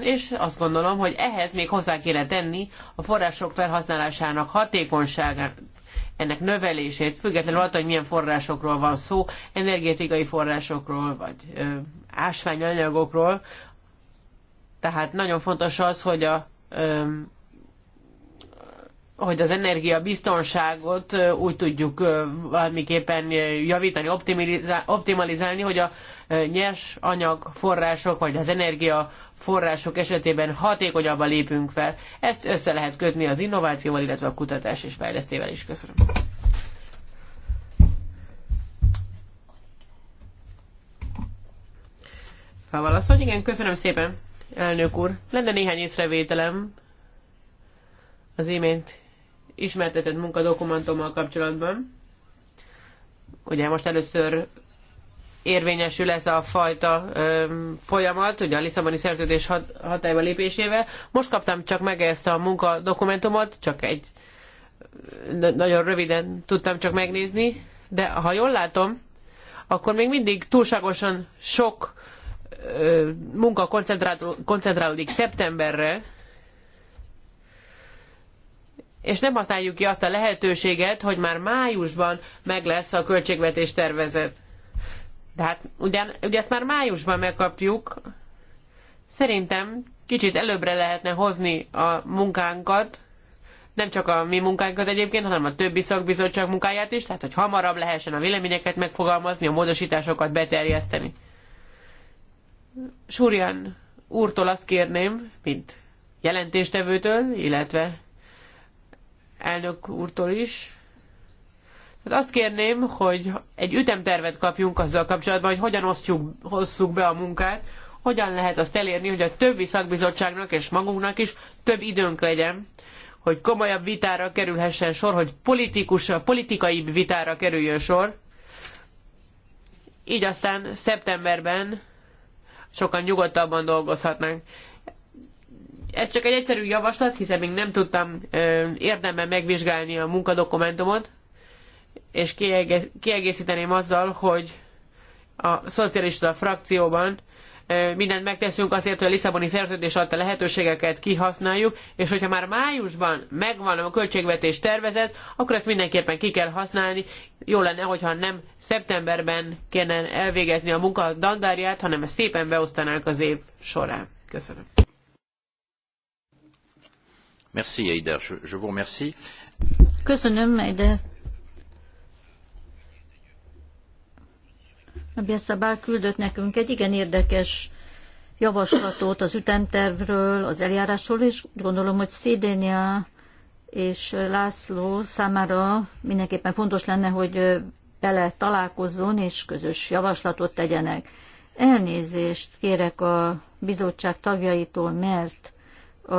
és azt gondolom, hogy ehhez még hozzá kéne tenni a források felhasználásának hatékonyságát, ennek növelését, függetlenül attól, hogy milyen forrásokról van szó, energetikai forrásokról, vagy ö, ásványanyagokról. Tehát nagyon fontos az, hogy a hogy az energiabiztonságot úgy tudjuk valamiképpen javítani, optimalizálni, hogy a nyers anyagforrások vagy az energiaforrások esetében hatékonyabban lépünk fel. Ezt össze lehet kötni az innovációval, illetve a kutatás és fejlesztével is. Köszönöm. Fával igen, köszönöm szépen elnök úr. Lenne néhány észrevételem az imént ismertetett munkadokumentummal kapcsolatban. Ugye most először érvényesül ez a fajta ö, folyamat, ugye a Lisszaboni szerződés hat, hatályba lépésével. Most kaptam csak meg ezt a munkadokumentumot, csak egy nagyon röviden tudtam csak megnézni, de ha jól látom, akkor még mindig túlságosan sok munka koncentrálódik szeptemberre, és nem használjuk ki azt a lehetőséget, hogy már májusban meg lesz a költségvetés tervezet. De hát ugyan, ugye ezt már májusban megkapjuk, szerintem kicsit előbbre lehetne hozni a munkánkat, nem csak a mi munkánkat egyébként, hanem a többi szakbizottság munkáját is, tehát hogy hamarabb lehessen a véleményeket megfogalmazni, a módosításokat beterjeszteni. Súrjan úrtól azt kérném, mint jelentéstevőtől, illetve elnök úrtól is, Hát azt kérném, hogy egy ütemtervet kapjunk azzal kapcsolatban, hogy hogyan osztjuk, hosszuk be a munkát, hogyan lehet azt elérni, hogy a többi szakbizottságnak és magunknak is több időnk legyen, hogy komolyabb vitára kerülhessen sor, hogy politikus, politikaibb vitára kerüljön sor. Így aztán szeptemberben sokkal nyugodtabban dolgozhatnánk. Ez csak egy egyszerű javaslat, hiszen még nem tudtam érdemben megvizsgálni a munkadokumentumot, és kiegészíteném azzal, hogy a szocialista frakcióban mindent megteszünk azért, hogy a Lisszaboni szerződés adta lehetőségeket kihasználjuk, és hogyha már májusban megvan a költségvetés tervezet, akkor ezt mindenképpen ki kell használni. Jó lenne, hogyha nem szeptemberben kéne elvégezni a munka dandárját, hanem ezt szépen beosztanák az év során. Köszönöm. Merci, Eider. Je, je vous remercie. Köszönöm, Eider Abia küldött nekünk egy igen érdekes javaslatot az ütemtervről, az eljárásról, és gondolom, hogy Szédénia és László számára mindenképpen fontos lenne, hogy bele találkozzon és közös javaslatot tegyenek. Elnézést kérek a bizottság tagjaitól, mert a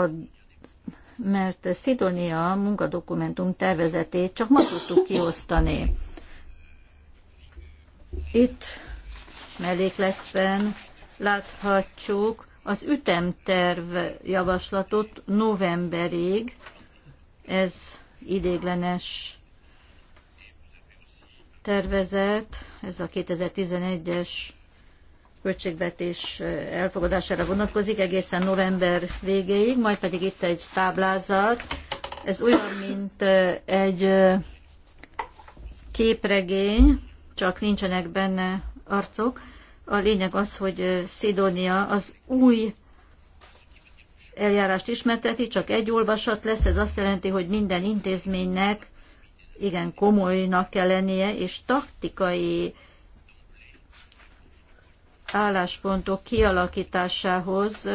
mert Szidonia munkadokumentum tervezetét csak ma tudtuk kiosztani. Itt mellékletben láthatjuk az ütemterv javaslatot novemberig. Ez idéglenes tervezet, ez a 2011-es költségvetés elfogadására vonatkozik egészen november végéig, majd pedig itt egy táblázat. Ez olyan, mint egy képregény, csak nincsenek benne arcok. A lényeg az, hogy Szidónia az új eljárást ismerteti, csak egy olvasat lesz, ez azt jelenti, hogy minden intézménynek igen komolynak kell lennie, és taktikai álláspontok kialakításához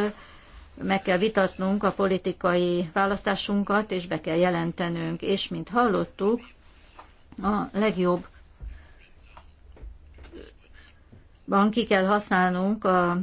meg kell vitatnunk a politikai választásunkat, és be kell jelentenünk. És mint hallottuk, a legjobb ki kell használnunk a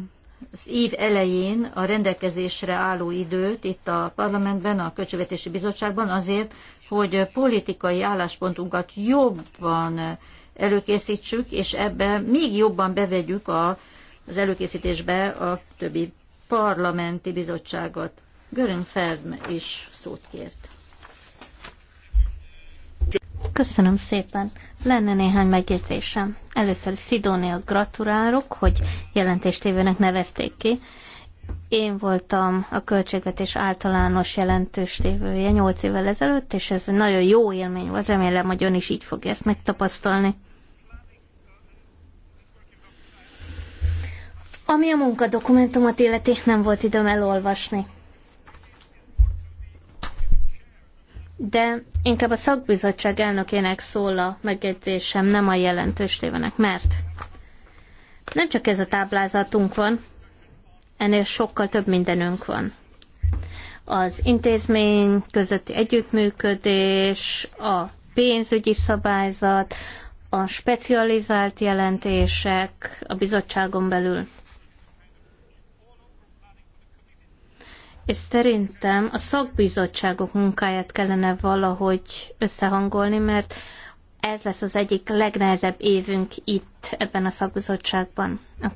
az év elején a rendelkezésre álló időt itt a parlamentben, a Költségvetési Bizottságban azért, hogy politikai álláspontunkat jobban előkészítsük, és ebbe még jobban bevegyük a, az előkészítésbe a többi parlamenti bizottságot. Görön Ferm is szót kért. Köszönöm szépen. Lenne néhány megjegyzésem. Először Szidónia gratulálok, hogy jelentéstévőnek nevezték ki. Én voltam a költségvetés általános jelentős tévője 8 évvel ezelőtt, és ez egy nagyon jó élmény volt. Remélem, hogy ön is így fogja ezt megtapasztalni. Ami a munkadokumentumot illeti, nem volt időm elolvasni. de inkább a szakbizottság elnökének szól a megjegyzésem, nem a jelentős tévenek, mert nem csak ez a táblázatunk van, ennél sokkal több mindenünk van. Az intézmény közötti együttműködés, a pénzügyi szabályzat, a specializált jelentések a bizottságon belül. és szerintem a szakbizottságok munkáját kellene valahogy összehangolni, mert ez lesz az egyik legnehezebb évünk itt, ebben a szakbizottságban. A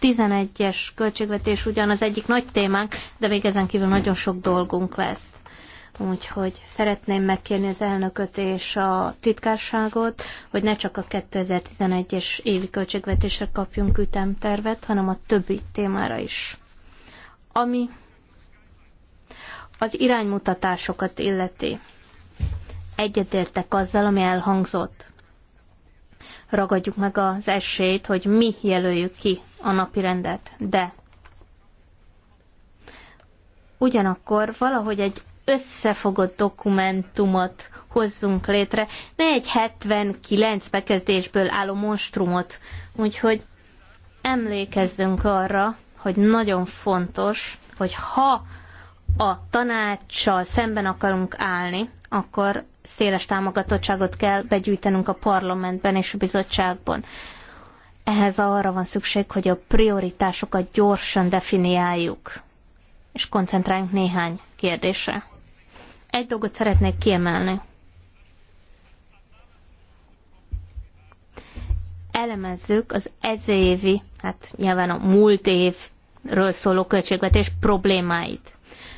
2011-es költségvetés ugyan az egyik nagy témánk, de még ezen kívül nagyon sok dolgunk lesz. Úgyhogy szeretném megkérni az elnököt és a titkárságot, hogy ne csak a 2011-es évi költségvetésre kapjunk ütemtervet, hanem a többi témára is. Ami az iránymutatásokat illeti, egyetértek azzal, ami elhangzott. Ragadjuk meg az esélyt, hogy mi jelöljük ki a napi rendet, de ugyanakkor valahogy egy összefogott dokumentumot hozzunk létre, ne egy 79 bekezdésből álló monstrumot. Úgyhogy emlékezzünk arra, hogy nagyon fontos, hogy ha a tanácssal szemben akarunk állni, akkor széles támogatottságot kell begyűjtenünk a parlamentben és a bizottságban. Ehhez arra van szükség, hogy a prioritásokat gyorsan definiáljuk, és koncentráljunk néhány kérdésre. Egy dolgot szeretnék kiemelni. Elemezzük az ezévi, hát nyilván a múlt évről szóló költségvetés problémáit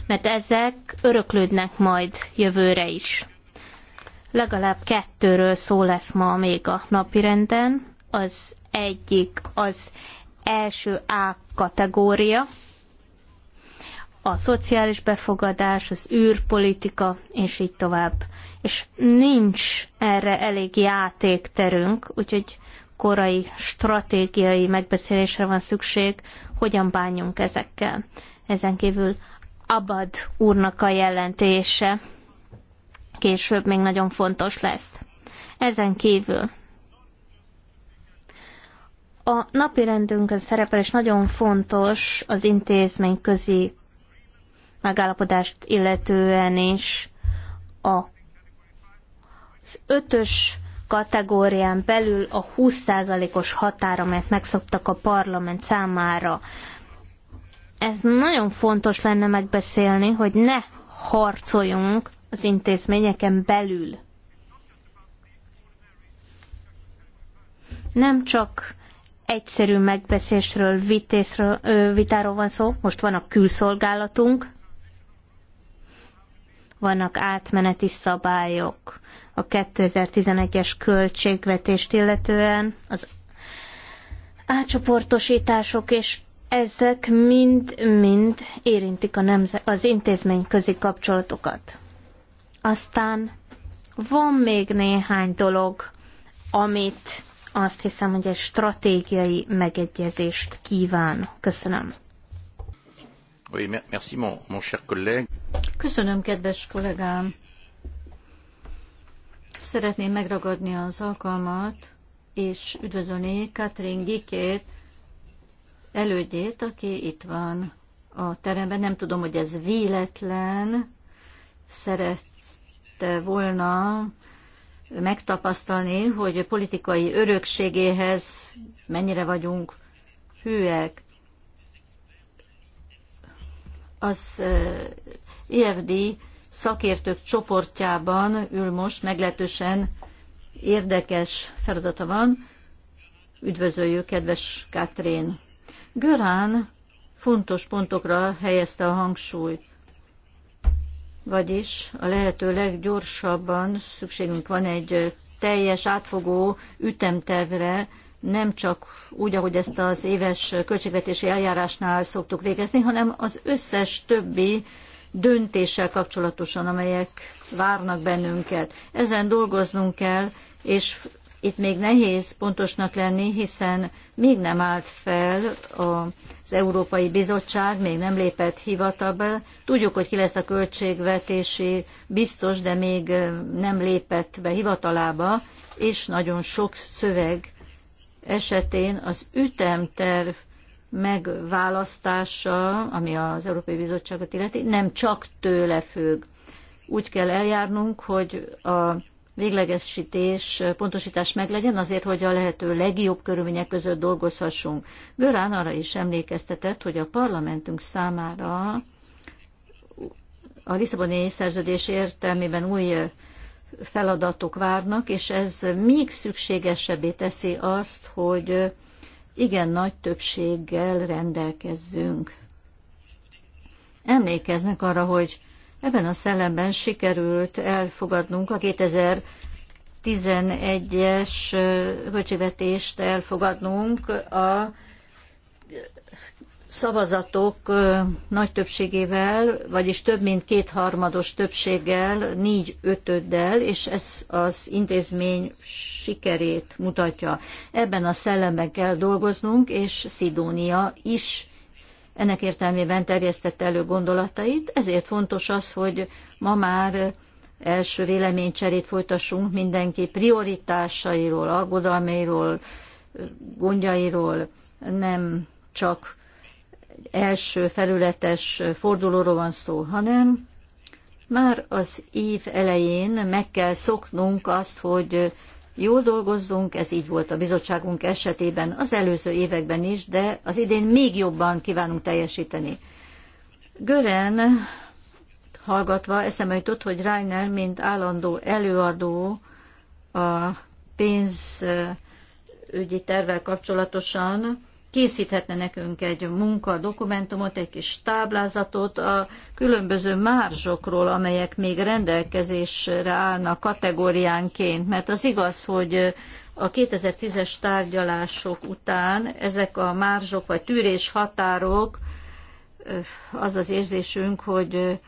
mert ezek öröklődnek majd jövőre is. Legalább kettőről szó lesz ma még a napirenden. Az egyik az első A kategória, a szociális befogadás, az űrpolitika, és így tovább. És nincs erre elég játékterünk, úgyhogy korai stratégiai megbeszélésre van szükség, hogyan bánjunk ezekkel. Ezen kívül Abad úrnak a jelentése később még nagyon fontos lesz. Ezen kívül a napi rendünkön szerepel, és nagyon fontos az intézmény közi megállapodást illetően is a, az ötös kategórián belül a 20%-os határ, amelyet megszoktak a parlament számára ez nagyon fontos lenne megbeszélni, hogy ne harcoljunk az intézményeken belül. Nem csak egyszerű megbeszésről, vitészről, vitáról van szó, most van a külszolgálatunk, vannak átmeneti szabályok a 2011-es költségvetést illetően, az átcsoportosítások és ezek mind-mind érintik a nemze- az intézményközi kapcsolatokat. Aztán van még néhány dolog, amit azt hiszem, hogy egy stratégiai megegyezést kíván. Köszönöm. Oui, merci, mon, mon cher collègue. Köszönöm, kedves kollégám. Szeretném megragadni az alkalmat, és üdvözölni Katrin Gikét, elődjét, aki itt van a teremben. Nem tudom, hogy ez véletlen, szerette volna megtapasztalni, hogy politikai örökségéhez mennyire vagyunk hűek. Az IFD szakértők csoportjában ül most, meglehetősen érdekes feladata van. Üdvözöljük, kedves Katrin! Görán fontos pontokra helyezte a hangsúlyt, vagyis a lehető leggyorsabban szükségünk van egy teljes, átfogó ütemtervre, nem csak úgy, ahogy ezt az éves költségvetési eljárásnál szoktuk végezni, hanem az összes többi döntéssel kapcsolatosan, amelyek várnak bennünket. Ezen dolgoznunk kell, és itt még nehéz pontosnak lenni, hiszen még nem állt fel az Európai Bizottság, még nem lépett hivatalba. Tudjuk, hogy ki lesz a költségvetési biztos, de még nem lépett be hivatalába, és nagyon sok szöveg esetén az ütemterv megválasztása, ami az Európai Bizottságot illeti, nem csak tőle függ. Úgy kell eljárnunk, hogy a véglegesítés, pontosítás meglegyen azért, hogy a lehető legjobb körülmények között dolgozhassunk. Görán arra is emlékeztetett, hogy a parlamentünk számára a Lisszaboni szerződés értelmében új feladatok várnak, és ez még szükségesebbé teszi azt, hogy igen nagy többséggel rendelkezzünk. Emlékeznek arra, hogy Ebben a szellemben sikerült elfogadnunk a 2011-es költségvetést elfogadnunk a szavazatok nagy többségével, vagyis több mint kétharmados többséggel, négy ötöddel, és ez az intézmény sikerét mutatja. Ebben a szellemben kell dolgoznunk, és Szidónia is ennek értelmében terjesztette elő gondolatait, ezért fontos az, hogy ma már első véleménycserét folytassunk mindenki prioritásairól, aggodalmairól, gondjairól, nem csak első felületes fordulóról van szó, hanem már az év elején meg kell szoknunk azt, hogy jól dolgozzunk, ez így volt a bizottságunk esetében az előző években is, de az idén még jobban kívánunk teljesíteni. Gören hallgatva eszembe jutott, hogy Reiner, mint állandó előadó a pénzügyi tervvel kapcsolatosan készíthetne nekünk egy munka dokumentumot, egy kis táblázatot a különböző márzsokról, amelyek még rendelkezésre állnak kategóriánként, mert az igaz, hogy a 2010-es tárgyalások után ezek a márzsok vagy tűrés határok, az az érzésünk, hogy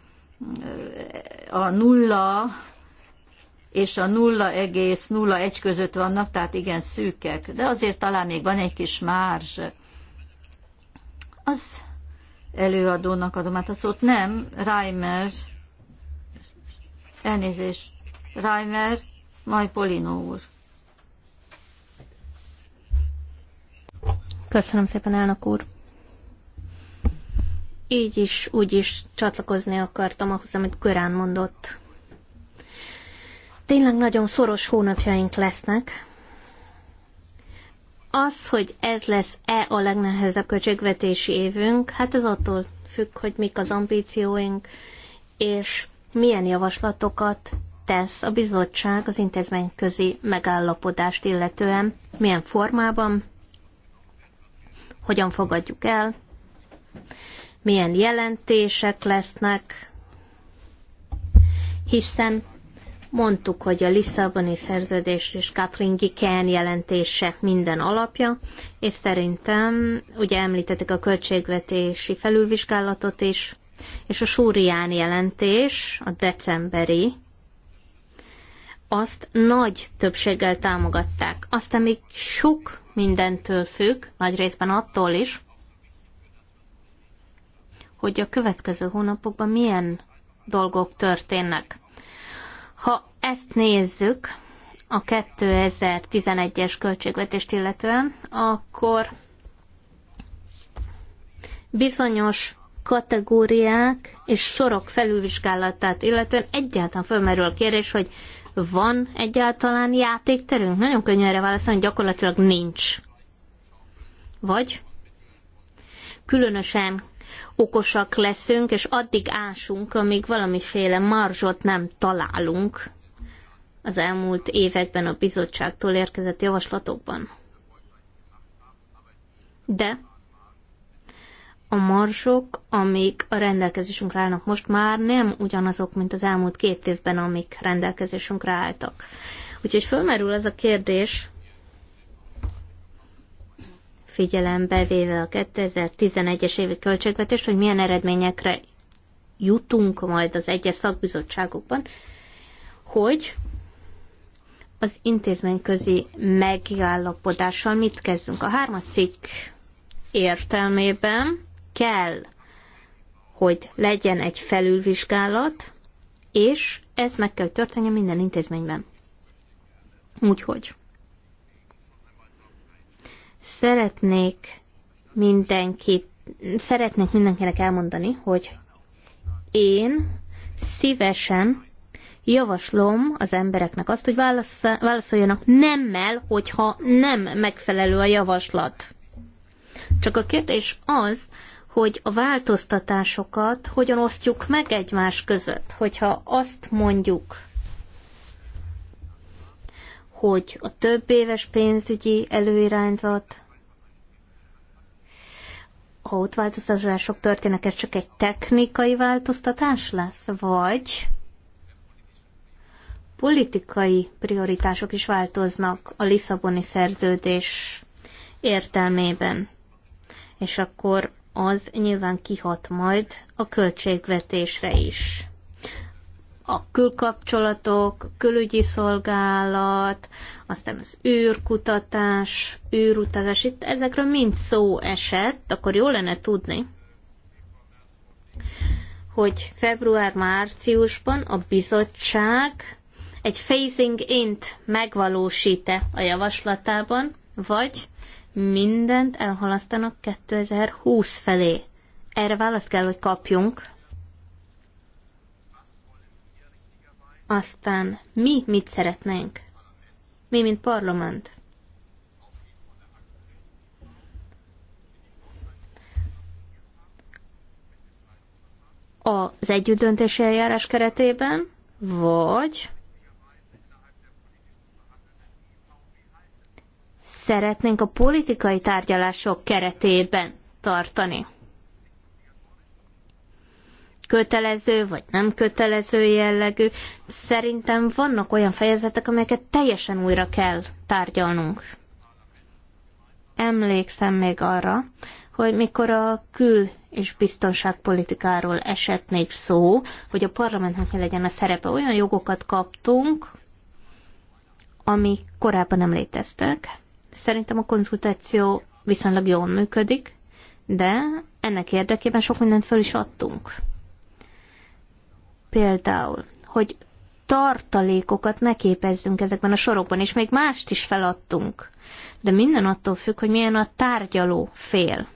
a nulla és a 0,01 között vannak, tehát igen szűkek, de azért talán még van egy kis márzs. Az előadónak adom át a szót. Nem, Reimer, elnézés, Reimer, majd Polino úr. Köszönöm szépen, elnök úr. Így is, úgy is csatlakozni akartam ahhoz, amit Körán mondott. Tényleg nagyon szoros hónapjaink lesznek. Az, hogy ez lesz-e a legnehezebb költségvetési évünk, hát ez attól függ, hogy mik az ambícióink, és milyen javaslatokat tesz a bizottság az intézményközi megállapodást illetően, milyen formában, hogyan fogadjuk el, milyen jelentések lesznek, hiszen Mondtuk, hogy a Lisszaboni szerződés és Katrin Giken jelentése minden alapja, és szerintem ugye említettek a költségvetési felülvizsgálatot is, és a Súrián jelentés, a decemberi, azt nagy többséggel támogatták. Aztán még sok mindentől függ, nagy részben attól is, hogy a következő hónapokban milyen dolgok történnek. Ha ezt nézzük, a 2011-es költségvetést illetően, akkor bizonyos kategóriák és sorok felülvizsgálatát illetően egyáltalán fölmerül a kérdés, hogy van egyáltalán játékterünk? Nagyon könnyű erre válaszolni, gyakorlatilag nincs. Vagy különösen okosak leszünk, és addig ásunk, amíg valamiféle marzsot nem találunk az elmúlt években a bizottságtól érkezett javaslatokban. De a marzsok, amik a rendelkezésünkre állnak most, már nem ugyanazok, mint az elmúlt két évben, amik rendelkezésünkre álltak. Úgyhogy fölmerül az a kérdés, figyelembe véve a 2011-es évi költségvetést, hogy milyen eredményekre jutunk majd az egyes szakbizottságokban, hogy az intézményközi megállapodással mit kezdünk. A hármaszik értelmében kell, hogy legyen egy felülvizsgálat, és ez meg kell történjen minden intézményben. Úgyhogy Szeretnék mindenkit, szeretnék mindenkinek elmondani, hogy én szívesen javaslom az embereknek azt, hogy válaszoljanak nemmel, hogyha nem megfelelő a javaslat. Csak a kérdés az, hogy a változtatásokat hogyan osztjuk meg egymás között. Hogyha azt mondjuk, hogy a több éves pénzügyi előirányzat, ha ott változtatások történnek, ez csak egy technikai változtatás lesz, vagy politikai prioritások is változnak a Lisszaboni szerződés értelmében. És akkor az nyilván kihat majd a költségvetésre is a külkapcsolatok, külügyi szolgálat, aztán az űrkutatás, űrutazás, itt ezekről mind szó esett, akkor jó lenne tudni, hogy február-márciusban a bizottság egy phasing int megvalósít-e a javaslatában, vagy mindent elhalasztanak 2020 felé. Erre választ kell, hogy kapjunk. Aztán mi mit szeretnénk? Mi, mint parlament? Az együttdöntési eljárás keretében, vagy szeretnénk a politikai tárgyalások keretében tartani kötelező vagy nem kötelező jellegű. Szerintem vannak olyan fejezetek, amelyeket teljesen újra kell tárgyalnunk. Emlékszem még arra, hogy mikor a kül- és biztonságpolitikáról esett még szó, hogy a parlamentnek mi legyen a szerepe. Olyan jogokat kaptunk, amik korábban nem léteztek. Szerintem a konzultáció viszonylag jól működik, de ennek érdekében sok mindent föl is adtunk. Például, hogy tartalékokat ne képezzünk ezekben a sorokban, és még mást is feladtunk. De minden attól függ, hogy milyen a tárgyaló fél.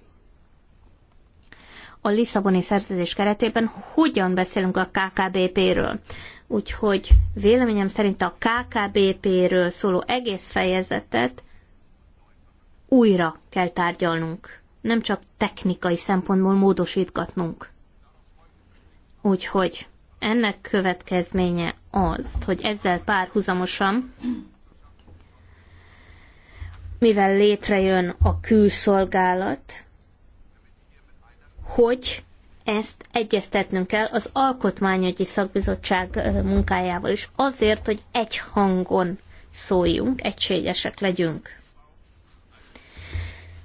A Lisszaboni szerződés keretében hogyan beszélünk a KKBP-ről. Úgyhogy véleményem szerint a KKBP-ről szóló egész fejezetet újra kell tárgyalnunk. Nem csak technikai szempontból módosítgatnunk. Úgyhogy ennek következménye az, hogy ezzel párhuzamosan, mivel létrejön a külszolgálat, hogy ezt egyeztetnünk kell az Alkotmányügyi Szakbizottság munkájával is, azért, hogy egy hangon szóljunk, egységesek legyünk.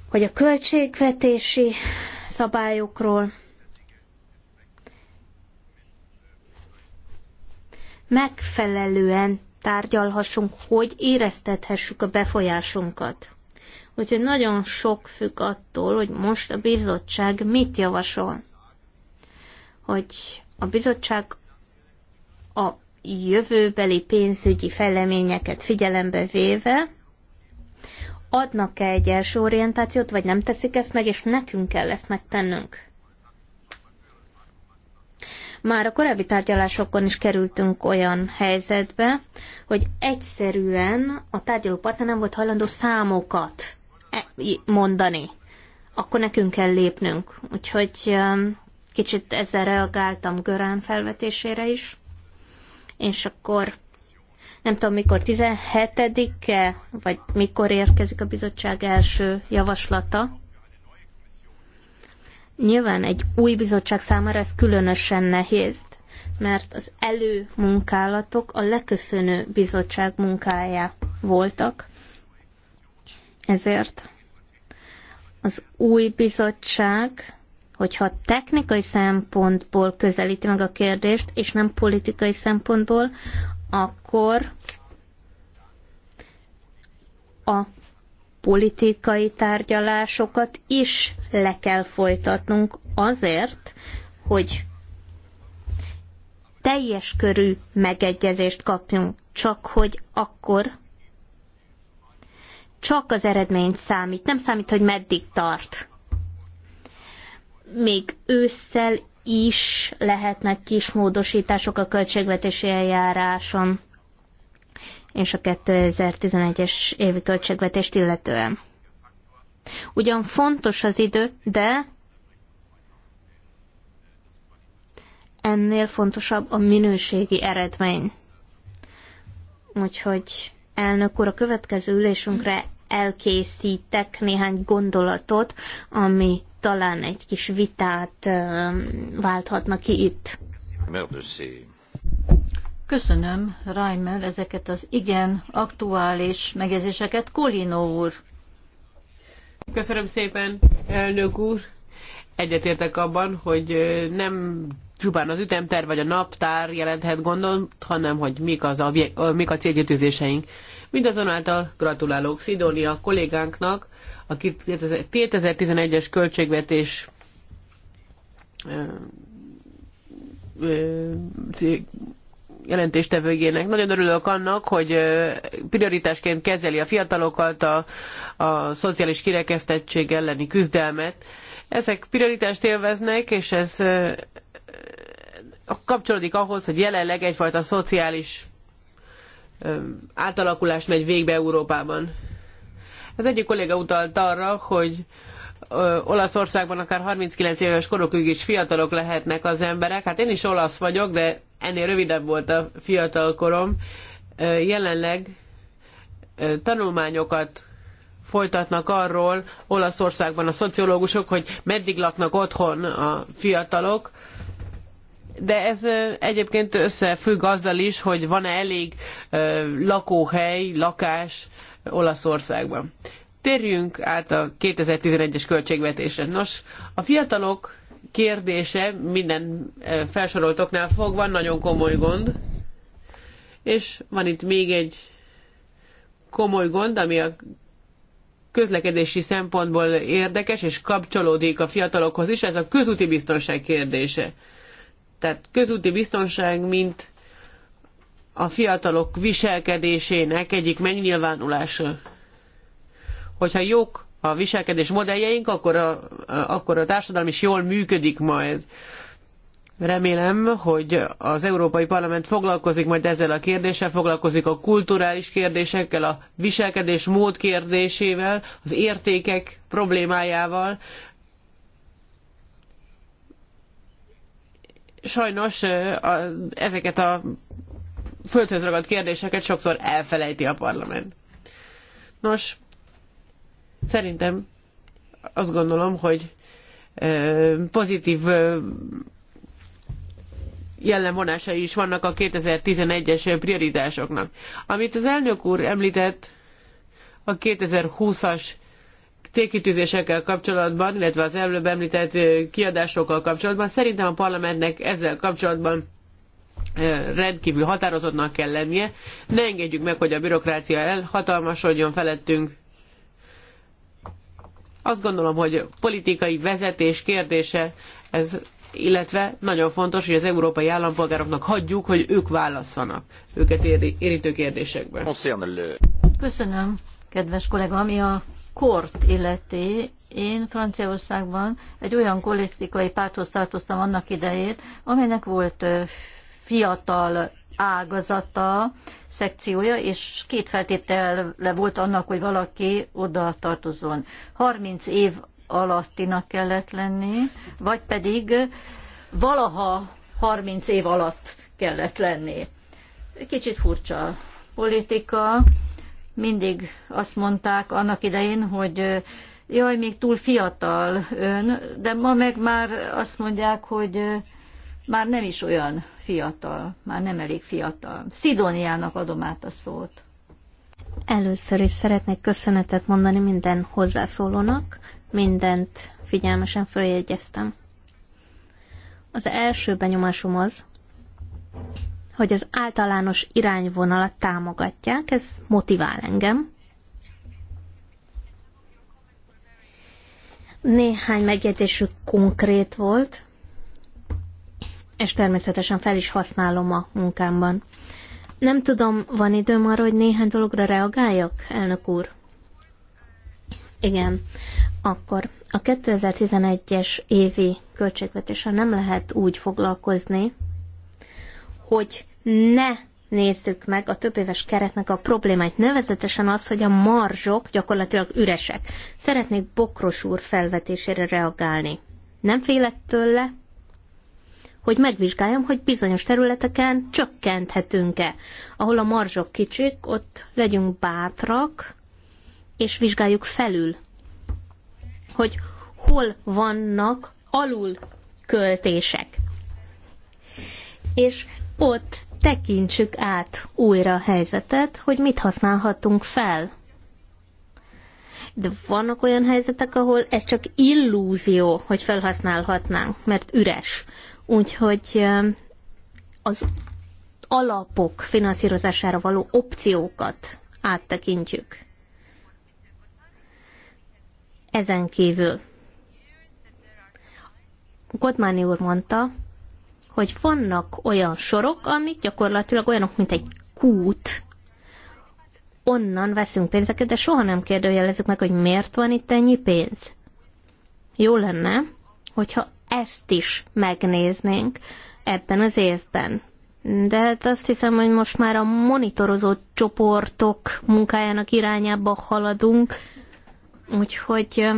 Hogy a költségvetési szabályokról, megfelelően tárgyalhassunk, hogy éreztethessük a befolyásunkat. Úgyhogy nagyon sok függ attól, hogy most a bizottság mit javasol. Hogy a bizottság a jövőbeli pénzügyi fejleményeket figyelembe véve adnak-e egy első orientációt, vagy nem teszik ezt meg, és nekünk kell ezt megtennünk. Már a korábbi tárgyalásokon is kerültünk olyan helyzetbe, hogy egyszerűen a partner nem volt hajlandó számokat e, mondani. Akkor nekünk kell lépnünk. Úgyhogy um, kicsit ezzel reagáltam Görán felvetésére is. És akkor nem tudom mikor, 17-e, vagy mikor érkezik a bizottság első javaslata. Nyilván egy új bizottság számára ez különösen nehéz, mert az előmunkálatok a leköszönő bizottság munkája voltak. Ezért az új bizottság, hogyha technikai szempontból közelíti meg a kérdést, és nem politikai szempontból, akkor a politikai tárgyalásokat is le kell folytatnunk azért, hogy teljes körű megegyezést kapjunk, csak hogy akkor csak az eredmény számít, nem számít, hogy meddig tart. Még ősszel is lehetnek kis módosítások a költségvetési eljáráson és a 2011-es évi költségvetést illetően. Ugyan fontos az idő, de ennél fontosabb a minőségi eredmény. Úgyhogy elnök úr, a következő ülésünkre elkészítek néhány gondolatot, ami talán egy kis vitát válthatna ki itt. Merdőszé. Köszönöm, Reimer, ezeket az igen aktuális megjegyzéseket. Kolino úr. Köszönöm szépen, elnök úr. Egyetértek abban, hogy nem csupán az ütemterv vagy a naptár jelenthet gondot, hanem hogy mik, az a mik a célkitűzéseink. Mindazonáltal gratulálok Szidónia kollégánknak, a 2011-es költségvetés jelentéstevőjének. Nagyon örülök annak, hogy prioritásként kezeli a fiatalokat, a, a szociális kirekesztettség elleni küzdelmet. Ezek prioritást élveznek, és ez kapcsolódik ahhoz, hogy jelenleg egyfajta szociális átalakulás megy végbe Európában. Az egyik kolléga utalt arra, hogy Olaszországban akár 39 éves korokig is fiatalok lehetnek az emberek. Hát én is olasz vagyok, de ennél rövidebb volt a fiatal korom. Jelenleg tanulmányokat folytatnak arról Olaszországban a szociológusok, hogy meddig laknak otthon a fiatalok, de ez egyébként összefügg azzal is, hogy van-e elég lakóhely, lakás Olaszországban. Térjünk át a 2011-es költségvetésre. Nos, a fiatalok kérdése minden eh, felsoroltoknál fogva nagyon komoly gond. És van itt még egy komoly gond, ami a közlekedési szempontból érdekes, és kapcsolódik a fiatalokhoz is, ez a közúti biztonság kérdése. Tehát közúti biztonság, mint a fiatalok viselkedésének egyik megnyilvánulása. Hogyha jók a viselkedés modelljeink, akkor a, akkor a társadalom is jól működik majd. Remélem, hogy az Európai Parlament foglalkozik majd ezzel a kérdéssel, foglalkozik a kulturális kérdésekkel, a viselkedés mód kérdésével, az értékek problémájával. Sajnos a, ezeket a földhöz ragadt kérdéseket sokszor elfelejti a parlament. Nos, Szerintem azt gondolom, hogy pozitív jellemvonásai is vannak a 2011-es prioritásoknak. Amit az elnök úr említett a 2020-as célkitűzésekkel kapcsolatban, illetve az előbb említett kiadásokkal kapcsolatban, szerintem a parlamentnek ezzel kapcsolatban rendkívül határozottnak kell lennie. Ne engedjük meg, hogy a bürokrácia elhatalmasodjon felettünk. Azt gondolom, hogy politikai vezetés kérdése ez illetve nagyon fontos, hogy az európai állampolgároknak hagyjuk, hogy ők válasszanak őket éri, érintő kérdésekben. Köszönöm, kedves kollega, ami a kort illeti, én Franciaországban egy olyan politikai párthoz tartoztam annak idejét, amelynek volt fiatal ágazata, szekciója, és két feltétele volt annak, hogy valaki oda tartozon. 30 év alattinak kellett lenni, vagy pedig valaha 30 év alatt kellett lenni. Kicsit furcsa politika. Mindig azt mondták annak idején, hogy jaj, még túl fiatal ön, de ma meg már azt mondják, hogy már nem is olyan fiatal, már nem elég fiatal. Szidóniának adom át a szót. Először is szeretnék köszönetet mondani minden hozzászólónak, mindent figyelmesen följegyeztem. Az első benyomásom az, hogy az általános irányvonalat támogatják, ez motivál engem. Néhány megjegyzésük konkrét volt, és természetesen fel is használom a munkámban. Nem tudom, van időm arra, hogy néhány dologra reagáljak, elnök úr? Igen. Akkor a 2011-es évi költségvetéssel nem lehet úgy foglalkozni, hogy ne nézzük meg a több éves keretnek a problémáit, nevezetesen az, hogy a marzsok gyakorlatilag üresek. Szeretnék Bokros úr felvetésére reagálni. Nem félek tőle, hogy megvizsgáljam, hogy bizonyos területeken csökkenthetünk-e. Ahol a marzsok kicsik, ott legyünk bátrak, és vizsgáljuk felül, hogy hol vannak alul költések. És ott tekintsük át újra a helyzetet, hogy mit használhatunk fel. De vannak olyan helyzetek, ahol ez csak illúzió, hogy felhasználhatnánk, mert üres. Úgyhogy az alapok finanszírozására való opciókat áttekintjük. Ezen kívül Godmáni úr mondta, hogy vannak olyan sorok, amik gyakorlatilag olyanok, mint egy kút, onnan veszünk pénzeket, de soha nem kérdőjelezzük meg, hogy miért van itt ennyi pénz. Jó lenne, hogyha ezt is megnéznénk ebben az évben. De hát azt hiszem, hogy most már a monitorozó csoportok munkájának irányába haladunk, úgyhogy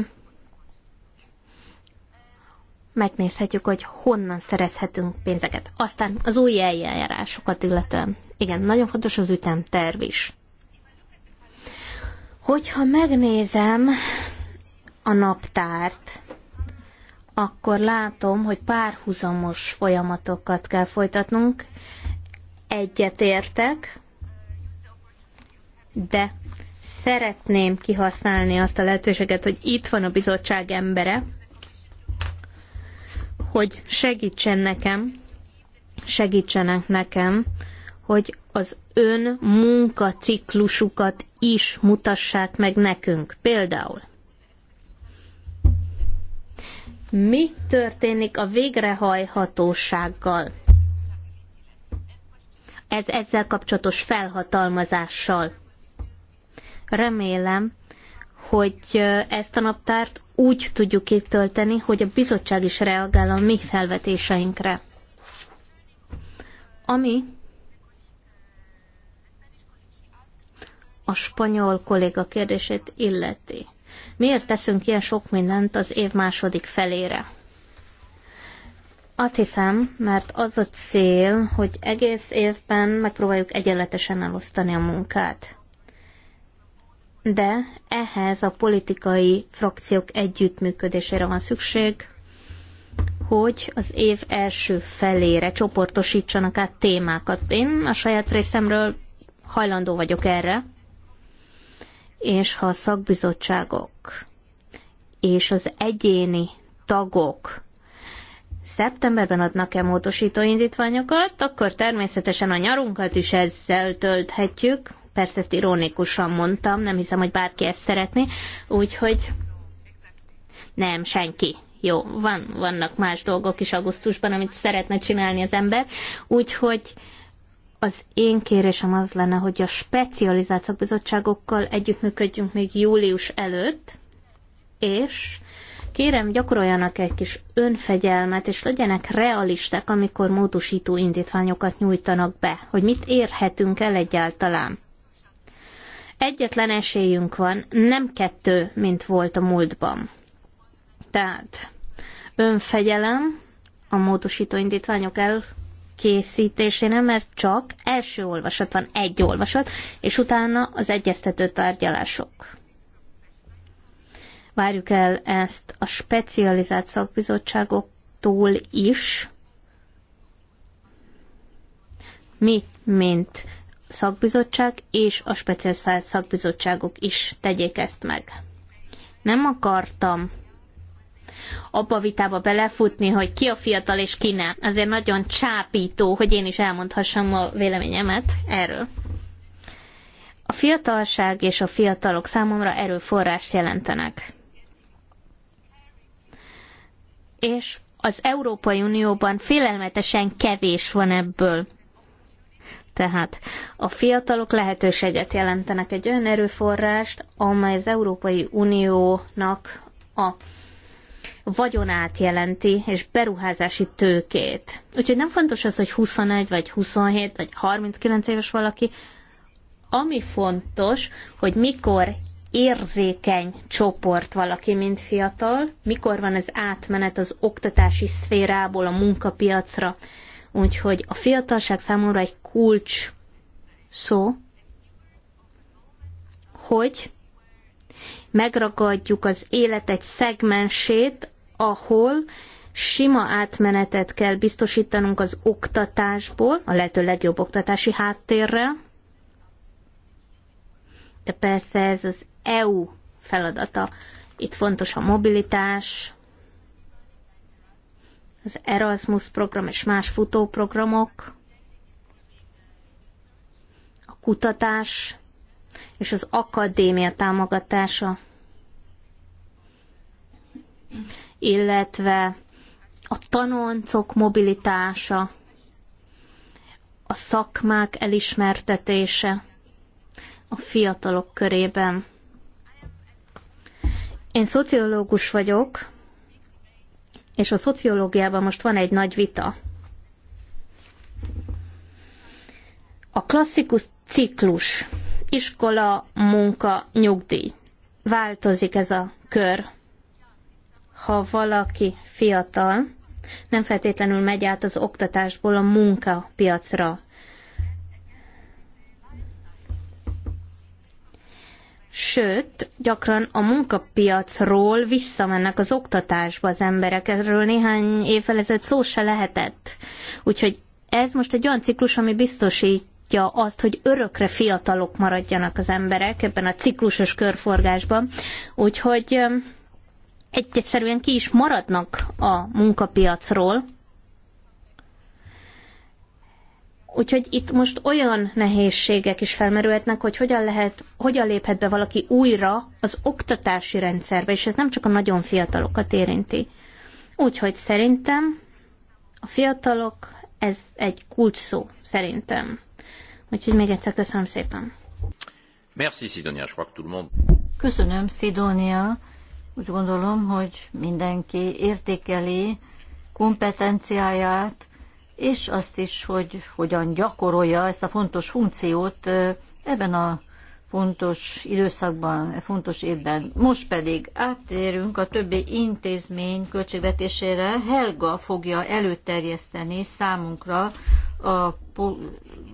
megnézhetjük, hogy honnan szerezhetünk pénzeket. Aztán az új eljárásokat illetően. Igen, nagyon fontos az ütemterv is. Hogyha megnézem a naptárt, akkor látom, hogy párhuzamos folyamatokat kell folytatnunk. Egyetértek, de szeretném kihasználni azt a lehetőséget, hogy itt van a bizottság embere, hogy segítsen nekem, segítsenek nekem, hogy az ön munkaciklusukat is mutassák meg nekünk. Például mi történik a végrehajhatósággal? Ez ezzel kapcsolatos felhatalmazással. Remélem, hogy ezt a naptárt úgy tudjuk kitölteni, hogy a bizottság is reagál a mi felvetéseinkre. Ami a spanyol kolléga kérdését illeti. Miért teszünk ilyen sok mindent az év második felére? Azt hiszem, mert az a cél, hogy egész évben megpróbáljuk egyenletesen elosztani a munkát. De ehhez a politikai frakciók együttműködésére van szükség, hogy az év első felére csoportosítsanak át témákat. Én a saját részemről hajlandó vagyok erre, és ha a szakbizottságok és az egyéni tagok szeptemberben adnak el módosító indítványokat, akkor természetesen a nyarunkat is ezzel tölthetjük. Persze ezt ironikusan mondtam, nem hiszem, hogy bárki ezt szeretné, úgyhogy nem, senki. Jó, van, vannak más dolgok is augusztusban, amit szeretne csinálni az ember, úgyhogy az én kérésem az lenne, hogy a specializált szakbizottságokkal együttműködjünk még július előtt, és kérem, gyakoroljanak egy kis önfegyelmet, és legyenek realisták, amikor módosító indítványokat nyújtanak be, hogy mit érhetünk el egyáltalán. Egyetlen esélyünk van, nem kettő, mint volt a múltban. Tehát önfegyelem, a módosító indítványok el készítésére, mert csak első olvasat van, egy olvasat, és utána az egyeztető tárgyalások. Várjuk el ezt a specializált szakbizottságoktól is. Mi, mint szakbizottság és a specializált szakbizottságok is tegyék ezt meg. Nem akartam abba a vitába belefutni, hogy ki a fiatal és ki nem. Azért nagyon csápító, hogy én is elmondhassam a véleményemet erről. A fiatalság és a fiatalok számomra erőforrást jelentenek. És az Európai Unióban félelmetesen kevés van ebből. Tehát a fiatalok lehetőséget jelentenek egy olyan erőforrást, amely az Európai Uniónak a vagyonát jelenti, és beruházási tőkét. Úgyhogy nem fontos az, hogy 21, vagy 27, vagy 39 éves valaki. Ami fontos, hogy mikor érzékeny csoport valaki, mint fiatal, mikor van ez átmenet az oktatási szférából a munkapiacra. Úgyhogy a fiatalság számomra egy kulcs szó, hogy megragadjuk az élet egy szegmensét, ahol sima átmenetet kell biztosítanunk az oktatásból, a lehető legjobb oktatási háttérrel, de persze ez az EU feladata. Itt fontos a mobilitás, az Erasmus program és más futóprogramok, a kutatás, és az akadémia támogatása, illetve a tanoncok mobilitása, a szakmák elismertetése a fiatalok körében. Én szociológus vagyok, és a szociológiában most van egy nagy vita. A klasszikus ciklus iskola, munka, nyugdíj. Változik ez a kör. Ha valaki fiatal, nem feltétlenül megy át az oktatásból a munkapiacra. Sőt, gyakran a munkapiacról visszamennek az oktatásba az emberek. Erről néhány évvel ezelőtt szó se lehetett. Úgyhogy ez most egy olyan ciklus, ami biztosít támogatja azt, hogy örökre fiatalok maradjanak az emberek ebben a ciklusos körforgásban, úgyhogy egyszerűen ki is maradnak a munkapiacról. Úgyhogy itt most olyan nehézségek is felmerülhetnek, hogy hogyan, lehet, hogyan léphet be valaki újra az oktatási rendszerbe, és ez nem csak a nagyon fiatalokat érinti. Úgyhogy szerintem a fiatalok, ez egy kulcs szó, szerintem. Úgyhogy még egyszer köszönöm szépen. Merci, Sidonia. Je crois que tout le monde... Köszönöm, Sidonia. Úgy gondolom, hogy mindenki értékeli kompetenciáját, és azt is, hogy hogyan gyakorolja ezt a fontos funkciót ebben a fontos időszakban, e fontos évben. Most pedig áttérünk a többi intézmény költségvetésére. Helga fogja előterjeszteni számunkra a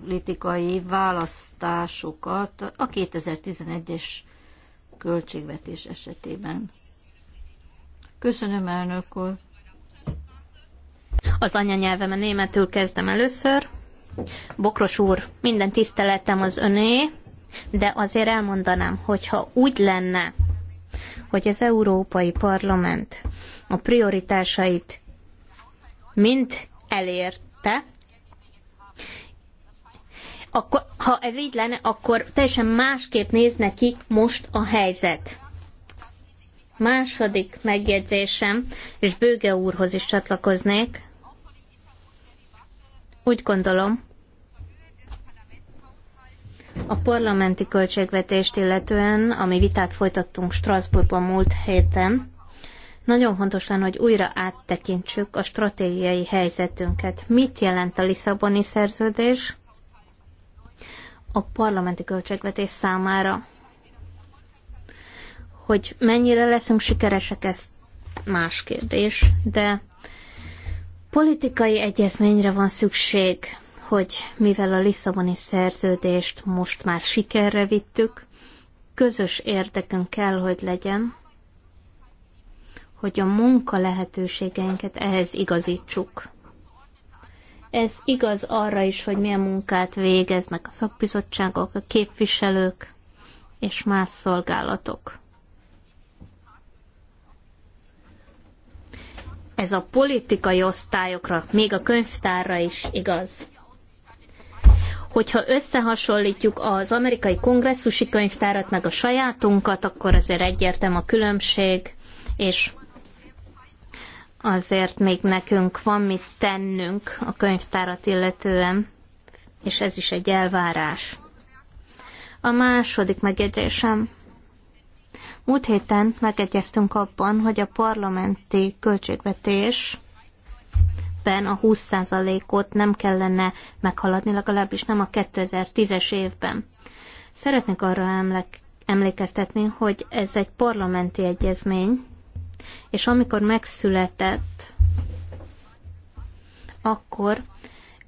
politikai választásokat a 2011-es költségvetés esetében. Köszönöm, elnök úr. Az a németül kezdem először. Bokros úr, minden tiszteletem az öné, de azért elmondanám, hogyha úgy lenne, hogy az Európai Parlament a prioritásait mind elérte, akkor, ha ez így lenne, akkor teljesen másképp néz neki most a helyzet. Második megjegyzésem, és Bőge úrhoz is csatlakoznék. Úgy gondolom, a parlamenti költségvetést illetően, ami vitát folytattunk Strasbourgban múlt héten, nagyon fontos lenne, hogy újra áttekintsük a stratégiai helyzetünket. Mit jelent a Lisszaboni szerződés? a parlamenti költségvetés számára. Hogy mennyire leszünk sikeresek, ez más kérdés, de politikai egyezményre van szükség, hogy mivel a Lisszaboni szerződést most már sikerre vittük, közös érdekünk kell, hogy legyen, hogy a munka lehetőségeinket ehhez igazítsuk. Ez igaz arra is, hogy milyen munkát végeznek a szakbizottságok, a képviselők és más szolgálatok. Ez a politikai osztályokra, még a könyvtárra is igaz hogyha összehasonlítjuk az amerikai kongresszusi könyvtárat meg a sajátunkat, akkor azért egyértelmű a különbség, és azért még nekünk van mit tennünk a könyvtárat illetően, és ez is egy elvárás. A második megjegyzésem. Múlt héten megegyeztünk abban, hogy a parlamenti költségvetés a 20%-ot nem kellene meghaladni, legalábbis nem a 2010-es évben. Szeretnék arra emlékeztetni, hogy ez egy parlamenti egyezmény, és amikor megszületett, akkor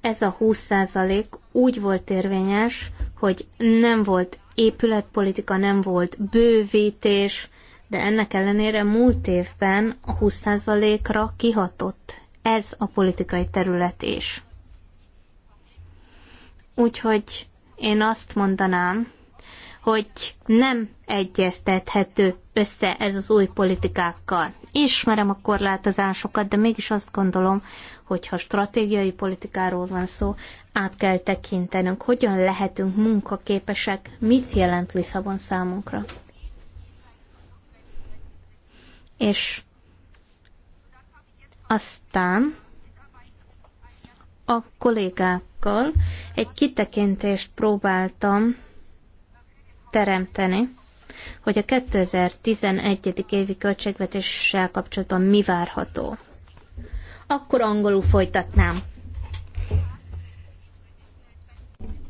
ez a 20% úgy volt érvényes, hogy nem volt épületpolitika, nem volt bővítés, de ennek ellenére múlt évben a 20%-ra kihatott ez a politikai terület is. Úgyhogy én azt mondanám, hogy nem egyeztethető össze ez az új politikákkal. Ismerem a korlátozásokat, de mégis azt gondolom, hogy ha stratégiai politikáról van szó, át kell tekintenünk, hogyan lehetünk munkaképesek, mit jelent Lisszabon számunkra. És aztán a kollégákkal egy kitekintést próbáltam teremteni, hogy a 2011. évi költségvetéssel kapcsolatban mi várható. Akkor angolul folytatnám.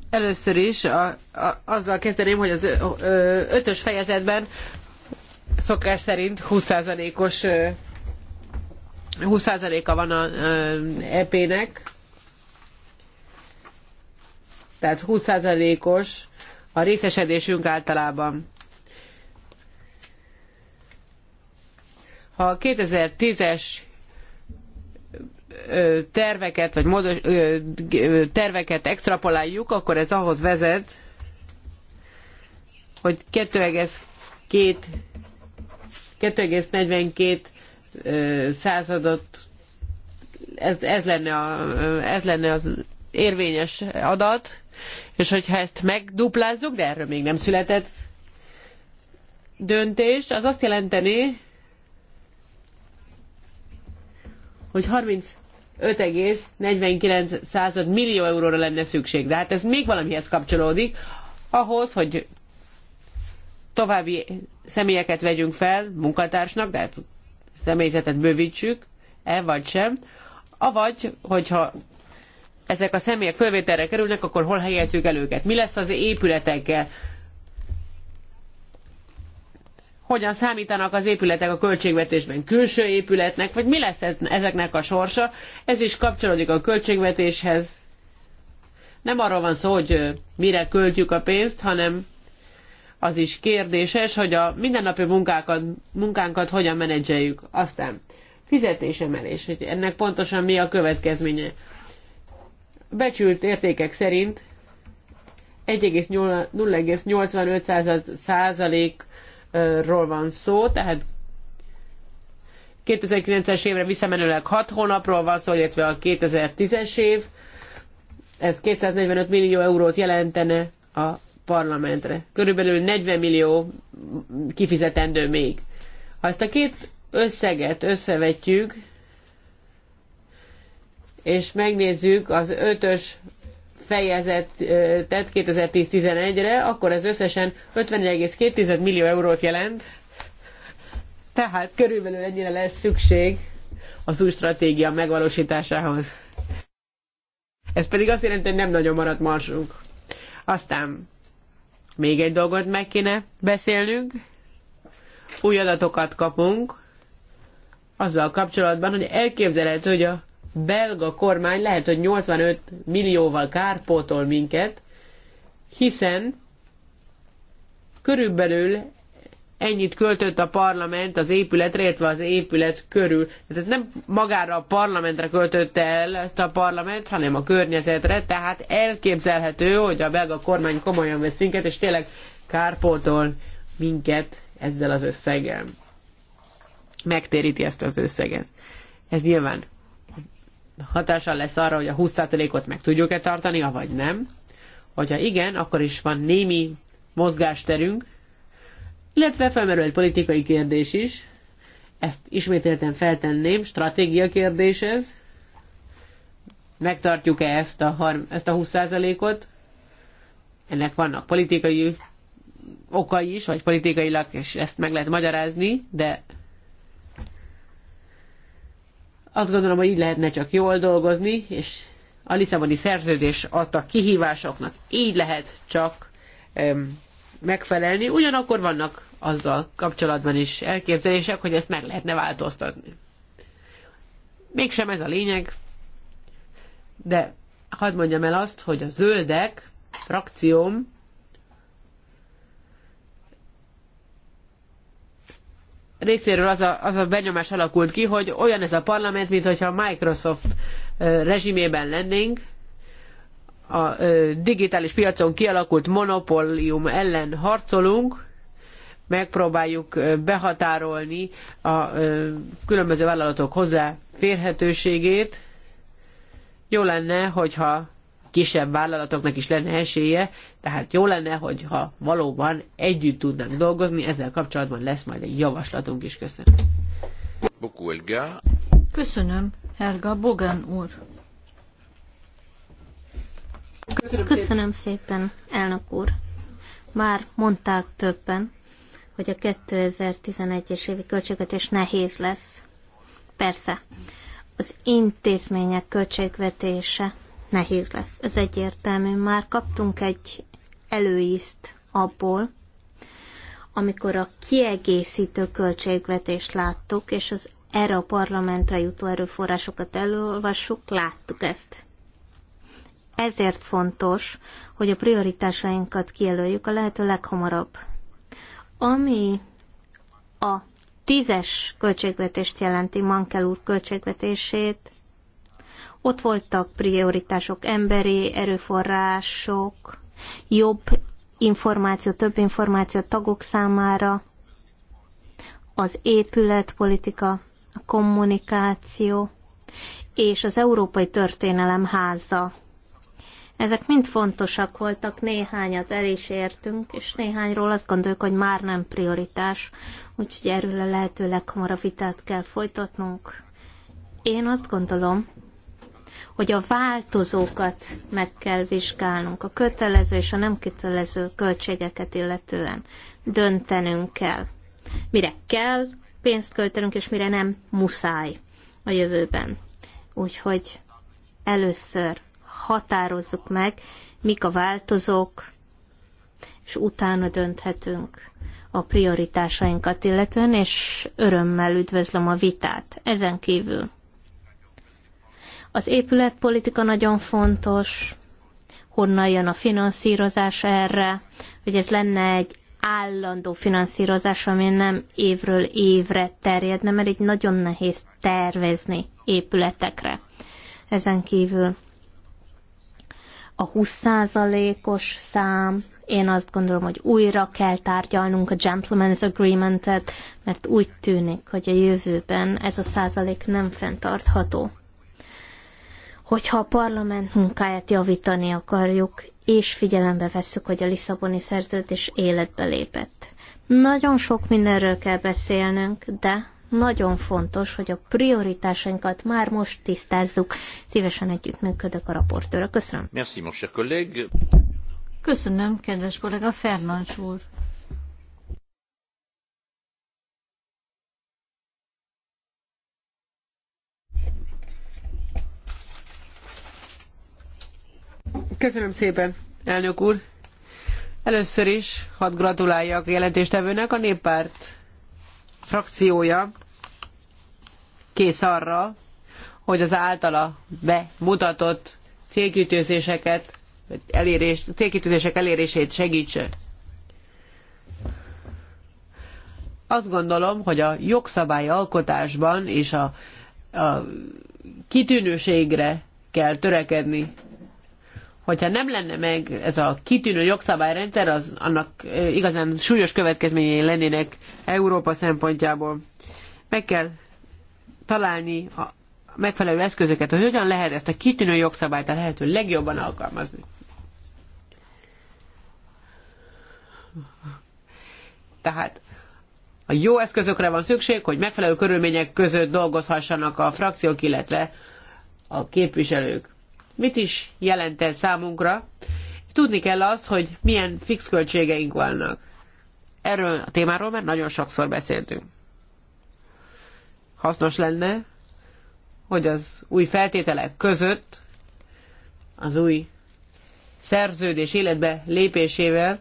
Először is a, a, azzal kezdeném, hogy az ö, ö, ötös fejezetben szokás szerint 20%-os 20%-a van a EP-nek, tehát 20%-os a részesedésünk általában. Ha a 2010-es terveket, vagy módos, terveket extrapoláljuk, akkor ez ahhoz vezet, hogy 2,2 2,42 századot ez, ez, lenne a, ez lenne az érvényes adat, és hogyha ezt megduplázzuk, de erről még nem született döntés, az azt jelenteni, hogy 35,49 millió euróra lenne szükség. De hát ez még valamihez kapcsolódik, ahhoz, hogy további személyeket vegyünk fel munkatársnak, de hát személyzetet bővítsük, e vagy sem, avagy, hogyha ezek a személyek fölvételre kerülnek, akkor hol helyezzük el őket? Mi lesz az épületekkel? Hogyan számítanak az épületek a költségvetésben? Külső épületnek, vagy mi lesz ezeknek a sorsa? Ez is kapcsolódik a költségvetéshez. Nem arról van szó, hogy mire költjük a pénzt, hanem az is kérdéses, hogy a mindennapi munkákat, munkánkat hogyan menedzseljük. Aztán fizetésemelés, hogy ennek pontosan mi a következménye becsült értékek szerint 1,85 százalékról van szó, tehát 2009-es évre visszamenőleg 6 hónapról van szó, illetve a 2010-es év, ez 245 millió eurót jelentene a parlamentre. Körülbelül 40 millió kifizetendő még. Ha ezt a két összeget összevetjük, és megnézzük az ötös fejezetet 2010-11-re, akkor ez összesen 51,2 millió eurót jelent. Tehát körülbelül ennyire lesz szükség az új stratégia megvalósításához. Ez pedig azt jelenti, hogy nem nagyon maradt marsunk. Aztán még egy dolgot meg kéne beszélnünk. Új adatokat kapunk azzal kapcsolatban, hogy elképzelhető, hogy a belga kormány lehet, hogy 85 millióval kárpótol minket, hiszen körülbelül ennyit költött a parlament az épületre, illetve az épület körül. Tehát nem magára a parlamentre költötte el ezt a parlament, hanem a környezetre, tehát elképzelhető, hogy a belga kormány komolyan vesz minket, és tényleg kárpótol minket ezzel az összeggel. Megtéríti ezt az összeget. Ez nyilván hatással lesz arra, hogy a 20%-ot meg tudjuk-e tartani, avagy nem. Hogyha igen, akkor is van némi mozgásterünk, illetve felmerül egy politikai kérdés is. Ezt ismételten feltenném, stratégia kérdés ez. Megtartjuk-e ezt a, ezt a 20%-ot? Ennek vannak politikai okai is, vagy politikailag, és ezt meg lehet magyarázni, de azt gondolom, hogy így lehetne csak jól dolgozni, és a Lisszaboni szerződés adta kihívásoknak. Így lehet csak öm, megfelelni. Ugyanakkor vannak azzal kapcsolatban is elképzelések, hogy ezt meg lehetne változtatni. Mégsem ez a lényeg, de hadd mondjam el azt, hogy a zöldek frakcióm részéről az a, az a benyomás alakult ki, hogy olyan ez a parlament, mintha a Microsoft rezsimében lennénk, a digitális piacon kialakult monopólium ellen harcolunk, megpróbáljuk behatárolni a különböző vállalatok hozzáférhetőségét. Jó lenne, hogyha kisebb vállalatoknak is lenne esélye, tehát jó lenne, hogyha valóban együtt tudnánk dolgozni, ezzel kapcsolatban lesz majd egy javaslatunk is. Köszönöm. Köszönöm, Helga Bogan úr. Köszönöm, Köszönöm szépen, elnök úr. Már mondták többen, hogy a 2011-es évi költségvetés nehéz lesz. Persze, az intézmények költségvetése nehéz lesz. Ez egyértelmű. Már kaptunk egy előízt abból, amikor a kiegészítő költségvetést láttuk, és az erre a parlamentre jutó erőforrásokat elolvassuk, láttuk ezt. Ezért fontos, hogy a prioritásainkat kijelöljük a lehető leghamarabb. Ami a tízes költségvetést jelenti, Mankel úr költségvetését, ott voltak prioritások, emberi erőforrások, jobb információ, több információ tagok számára, az épületpolitika, a kommunikáció és az Európai Történelem háza. Ezek mind fontosak voltak, néhányat el is értünk, és néhányról azt gondoljuk, hogy már nem prioritás, úgyhogy erről a lehető leghamarabb vitát kell folytatnunk. Én azt gondolom, hogy a változókat meg kell vizsgálnunk, a kötelező és a nem kötelező költségeket illetően döntenünk kell. Mire kell pénzt költenünk, és mire nem muszáj a jövőben. Úgyhogy először határozzuk meg, mik a változók, és utána dönthetünk a prioritásainkat illetően, és örömmel üdvözlöm a vitát ezen kívül. Az épületpolitika nagyon fontos, honnan jön a finanszírozás erre, hogy ez lenne egy állandó finanszírozás, ami nem évről évre terjedne, mert így nagyon nehéz tervezni épületekre. Ezen kívül a 20%-os szám, én azt gondolom, hogy újra kell tárgyalnunk a Gentleman's Agreement-et, mert úgy tűnik, hogy a jövőben ez a százalék nem fenntartható hogyha a parlament munkáját javítani akarjuk, és figyelembe vesszük, hogy a Lisszaboni szerződés életbe lépett. Nagyon sok mindenről kell beszélnünk, de nagyon fontos, hogy a prioritásainkat már most tisztázzuk. Szívesen együttműködök a raportőrrel. Köszönöm. Merci, mon cher collègue. Köszönöm, kedves kollega Fernancs úr. Köszönöm szépen, elnök úr. Először is hadd gratuláljak a jelentéstevőnek. A néppárt frakciója kész arra, hogy az általa bemutatott célkütőzéseket, elérés, célkütőzések elérését segítse. Azt gondolom, hogy a jogszabályalkotásban és a, a kitűnőségre kell törekedni hogyha nem lenne meg ez a kitűnő jogszabályrendszer, az annak igazán súlyos következményei lennének Európa szempontjából. Meg kell találni a megfelelő eszközöket, hogy hogyan lehet ezt a kitűnő jogszabályt a lehető legjobban alkalmazni. Tehát a jó eszközökre van szükség, hogy megfelelő körülmények között dolgozhassanak a frakciók, illetve a képviselők. Mit is jelent ez számunkra? Tudni kell azt, hogy milyen fix költségeink vannak. Erről a témáról már nagyon sokszor beszéltünk. Hasznos lenne, hogy az új feltételek között, az új szerződés életbe lépésével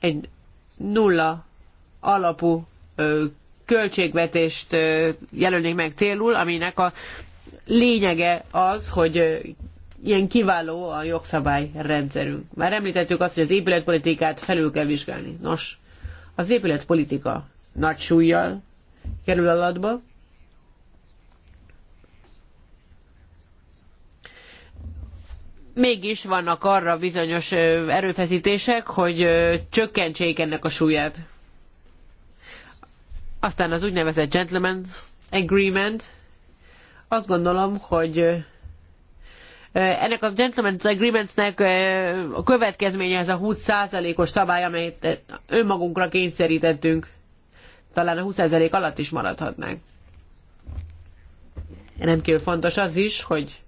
egy nulla alapú költségvetést jelölnék meg célul, aminek a lényege az, hogy ilyen kiváló a jogszabályrendszerünk. Már említettük azt, hogy az épületpolitikát felül kell vizsgálni. Nos, az épületpolitika nagy súlyjal kerül alatba. Mégis vannak arra bizonyos erőfeszítések, hogy csökkentsék ennek a súlyát. Aztán az úgynevezett gentleman's agreement, azt gondolom, hogy ennek a Gentleman's Agreementsnek a következménye ez a 20%-os szabály, amelyet önmagunkra kényszerítettünk. Talán a 20% alatt is maradhatnánk. Rendkívül fontos az is, hogy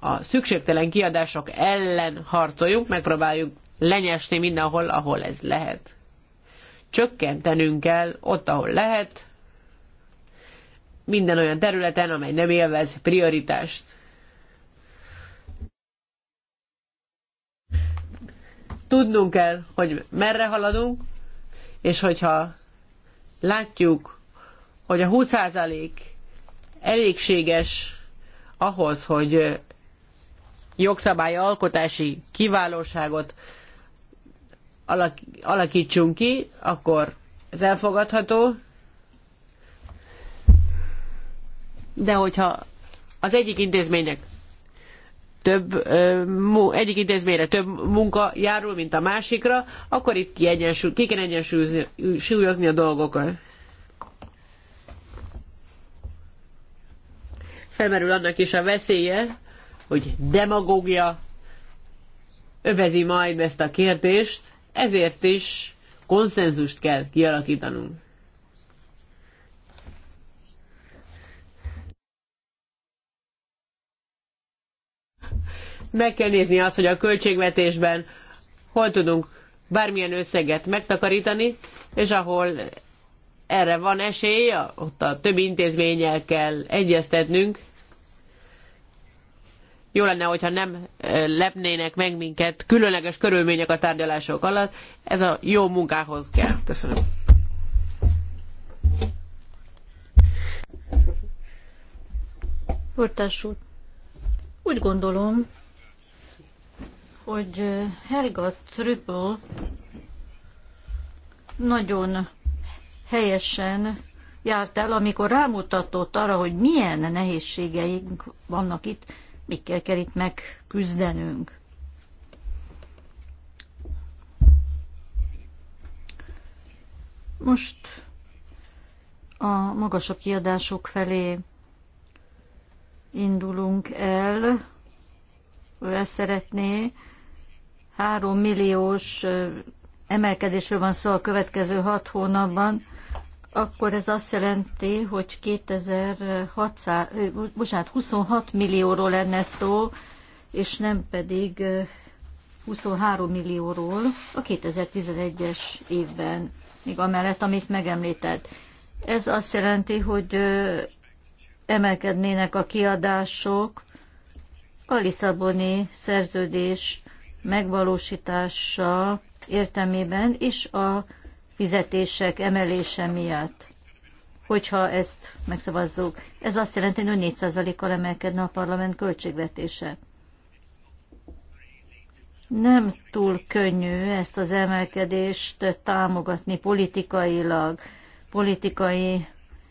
a szükségtelen kiadások ellen harcoljunk, megpróbáljuk lenyesni mindenhol, ahol ez lehet. Csökkentenünk kell ott, ahol lehet, minden olyan területen, amely nem élvez prioritást. Tudnunk kell, hogy merre haladunk, és hogyha látjuk, hogy a 20% elégséges ahhoz, hogy jogszabály alkotási kiválóságot alakítsunk ki, akkor ez elfogadható, de hogyha az egyik intézménynek több, egyik intézményre több munka járul, mint a másikra, akkor itt ki, egyensúly, ki kell egyensúlyozni a dolgokat. Felmerül annak is a veszélye, hogy demagógia övezi majd ezt a kérdést, ezért is konszenzust kell kialakítanunk. meg kell nézni azt, hogy a költségvetésben hol tudunk bármilyen összeget megtakarítani, és ahol erre van esély, ott a többi intézménnyel kell egyeztetnünk. Jó lenne, hogyha nem eh, lepnének meg minket különleges körülmények a tárgyalások alatt. Ez a jó munkához kell. Köszönöm. úr, úgy gondolom, hogy Helga Trüppel nagyon helyesen járt el, amikor rámutatott arra, hogy milyen nehézségeink vannak itt, mikkel kell itt megküzdenünk. Most a magasabb kiadások felé indulunk el. Ő ezt szeretné, 3 milliós emelkedésről van szó a következő 6 hónapban, akkor ez azt jelenti, hogy 2600, hát 26 millióról lenne szó, és nem pedig 23 millióról a 2011-es évben, még amellett, amit megemlített. Ez azt jelenti, hogy emelkednének a kiadások a Lisszaboni szerződés megvalósítása értelmében és a fizetések emelése miatt, hogyha ezt megszavazzuk. Ez azt jelenti, hogy 4%-kal emelkedne a parlament költségvetése. Nem túl könnyű ezt az emelkedést támogatni politikailag, politikai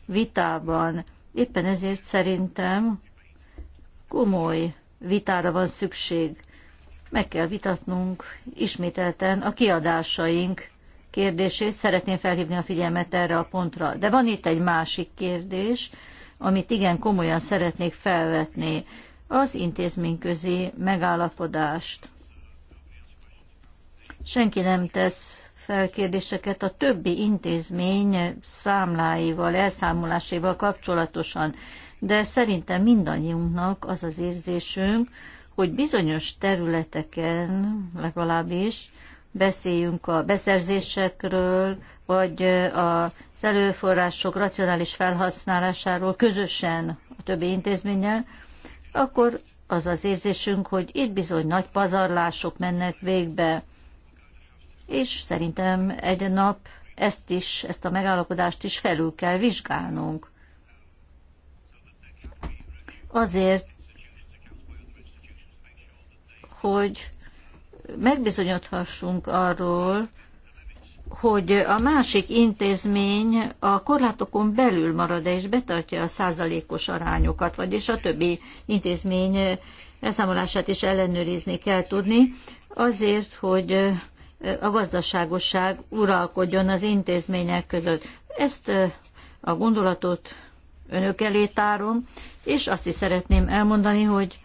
vitában. Éppen ezért szerintem komoly vitára van szükség meg kell vitatnunk ismételten a kiadásaink kérdését. Szeretném felhívni a figyelmet erre a pontra. De van itt egy másik kérdés, amit igen komolyan szeretnék felvetni. Az intézményközi megállapodást. Senki nem tesz felkérdéseket a többi intézmény számláival, elszámolásával kapcsolatosan, de szerintem mindannyiunknak az az érzésünk, hogy bizonyos területeken legalábbis beszéljünk a beszerzésekről, vagy a előforrások racionális felhasználásáról közösen a többi intézménnyel, akkor az az érzésünk, hogy itt bizony nagy pazarlások mennek végbe, és szerintem egy nap ezt is, ezt a megállapodást is felül kell vizsgálnunk. Azért, hogy megbizonyodhassunk arról, hogy a másik intézmény a korlátokon belül marad -e és betartja a százalékos arányokat, vagyis a többi intézmény elszámolását is ellenőrizni kell tudni, azért, hogy a gazdaságosság uralkodjon az intézmények között. Ezt eh, a gondolatot önök elé tárom, és azt is szeretném elmondani, hogy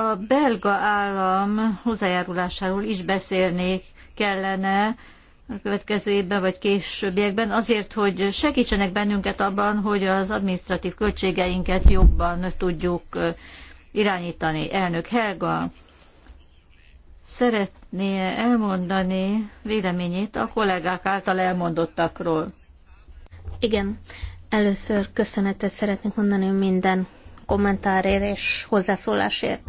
A belga állam hozzájárulásáról is beszélnék kellene a következő évben vagy későbbiekben, azért, hogy segítsenek bennünket abban, hogy az administratív költségeinket jobban tudjuk irányítani. Elnök Helga szeretné elmondani véleményét a kollégák által elmondottakról. Igen, először köszönetet szeretnék mondani minden kommentárért és hozzászólásért.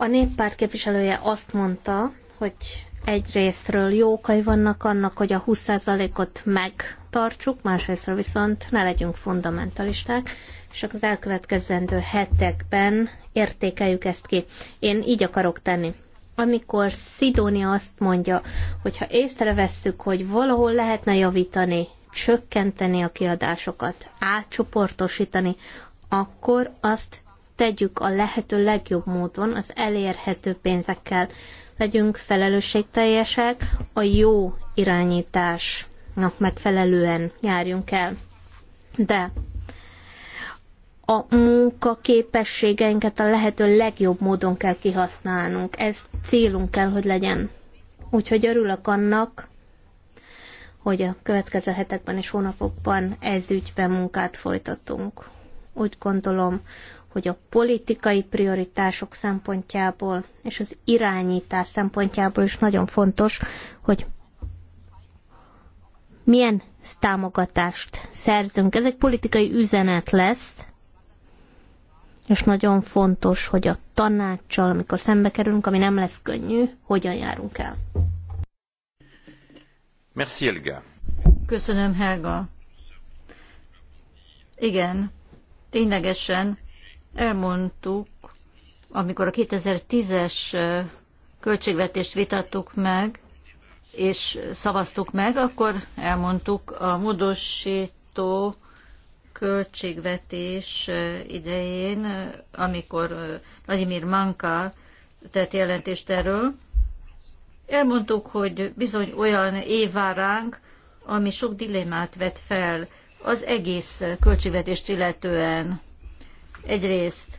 A néppárt képviselője azt mondta, hogy egyrésztről jó okai vannak annak, hogy a 20%-ot megtartsuk, másrésztről viszont ne legyünk fundamentalisták, és az elkövetkezendő hetekben értékeljük ezt ki. Én így akarok tenni. Amikor Szidónia azt mondja, hogy ha észrevesszük, hogy valahol lehetne javítani, csökkenteni a kiadásokat, átcsoportosítani, akkor azt tegyük a lehető legjobb módon az elérhető pénzekkel. Legyünk felelősségteljesek, a jó irányításnak megfelelően járjunk el. De a munkaképességeinket a lehető legjobb módon kell kihasználnunk. Ez célunk kell, hogy legyen. Úgyhogy örülök annak, hogy a következő hetekben és hónapokban ez ügyben munkát folytatunk. Úgy gondolom, hogy a politikai prioritások szempontjából és az irányítás szempontjából is nagyon fontos, hogy milyen támogatást szerzünk. Ez egy politikai üzenet lesz, és nagyon fontos, hogy a tanácssal, amikor szembe kerülünk, ami nem lesz könnyű, hogyan járunk el. Merci, Helga. Köszönöm, Helga. Igen, ténylegesen elmondtuk, amikor a 2010-es költségvetést vitattuk meg, és szavaztuk meg, akkor elmondtuk a módosító költségvetés idején, amikor Vladimir Manka tett jelentést erről, elmondtuk, hogy bizony olyan év vár ránk, ami sok dilemmát vet fel az egész költségvetést illetően. Egyrészt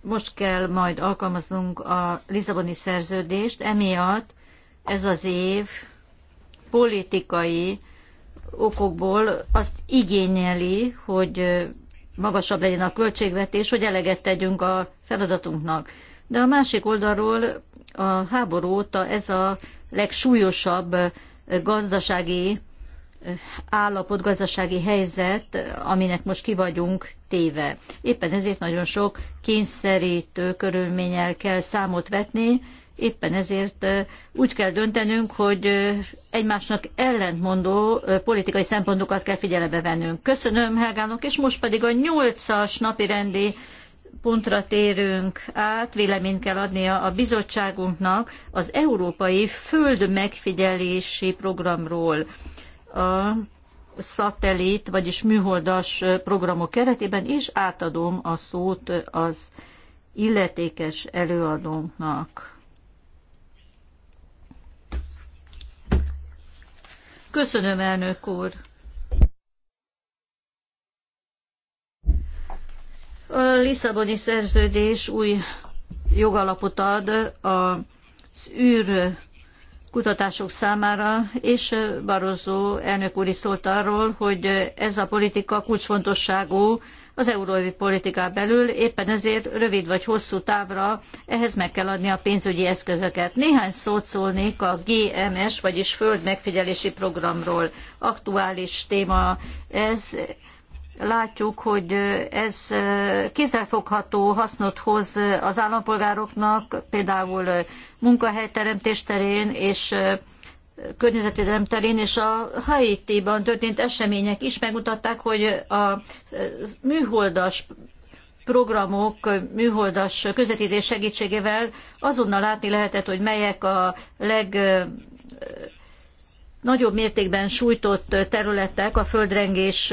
most kell majd alkalmaznunk a Lisszaboni szerződést, emiatt ez az év politikai okokból azt igényeli, hogy magasabb legyen a költségvetés, hogy eleget tegyünk a feladatunknak. De a másik oldalról a háború óta ez a legsúlyosabb gazdasági állapot, gazdasági helyzet, aminek most ki vagyunk téve. Éppen ezért nagyon sok kényszerítő körülménnyel kell számot vetni, éppen ezért úgy kell döntenünk, hogy egymásnak ellentmondó politikai szempontokat kell figyelembe vennünk. Köszönöm Helgának, és most pedig a nyolcas napi rendi pontra térünk át, véleményt kell adnia a bizottságunknak az Európai Föld Megfigyelési Programról a szatellit, vagyis műholdas programok keretében, és átadom a szót az illetékes előadónknak. Köszönöm, elnök úr! A Lisszaboni szerződés új jogalapot ad az űr kutatások számára, és Barroso elnök úr is szólt arról, hogy ez a politika kulcsfontosságú az európai politikán belül, éppen ezért rövid vagy hosszú távra ehhez meg kell adni a pénzügyi eszközöket. Néhány szót szólnék a GMS, vagyis Föld Megfigyelési Programról. Aktuális téma ez, látjuk, hogy ez kézzelfogható hasznot hoz az állampolgároknak, például munkahelyteremtés terén és környezetvédelem terén, és a Haiti-ban történt események is megmutatták, hogy a műholdas programok, műholdas közvetítés segítségével azonnal látni lehetett, hogy melyek a leg nagyobb mértékben sújtott területek a földrengés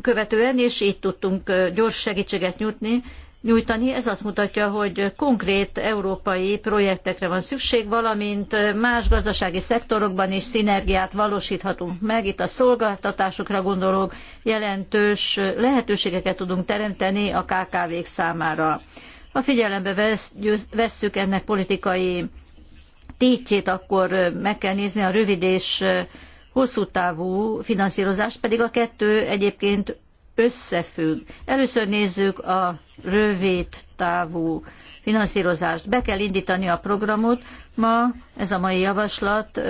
követően, és így tudtunk gyors segítséget nyújtani. nyújtani. Ez azt mutatja, hogy konkrét európai projektekre van szükség, valamint más gazdasági szektorokban is szinergiát valósíthatunk meg. Itt a szolgáltatásokra gondolok, jelentős lehetőségeket tudunk teremteni a KKV-k számára. Ha figyelembe vesszük ennek politikai tétjét, akkor meg kell nézni a rövid és hosszú távú finanszírozás, pedig a kettő egyébként összefügg. Először nézzük a rövid távú finanszírozást. Be kell indítani a programot. Ma ez a mai javaslat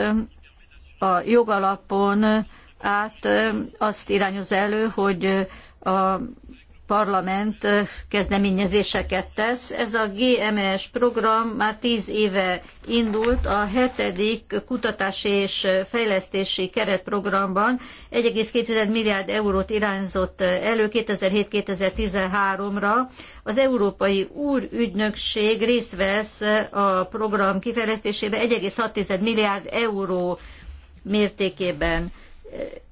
a jogalapon át azt irányoz elő, hogy a parlament kezdeményezéseket tesz. Ez a GMS program már tíz éve indult a hetedik kutatási és fejlesztési keretprogramban. 1,2 milliárd eurót irányzott elő 2007-2013-ra. Az Európai Úrügynökség részt vesz a program kifejlesztésébe 1,6 milliárd euró mértékében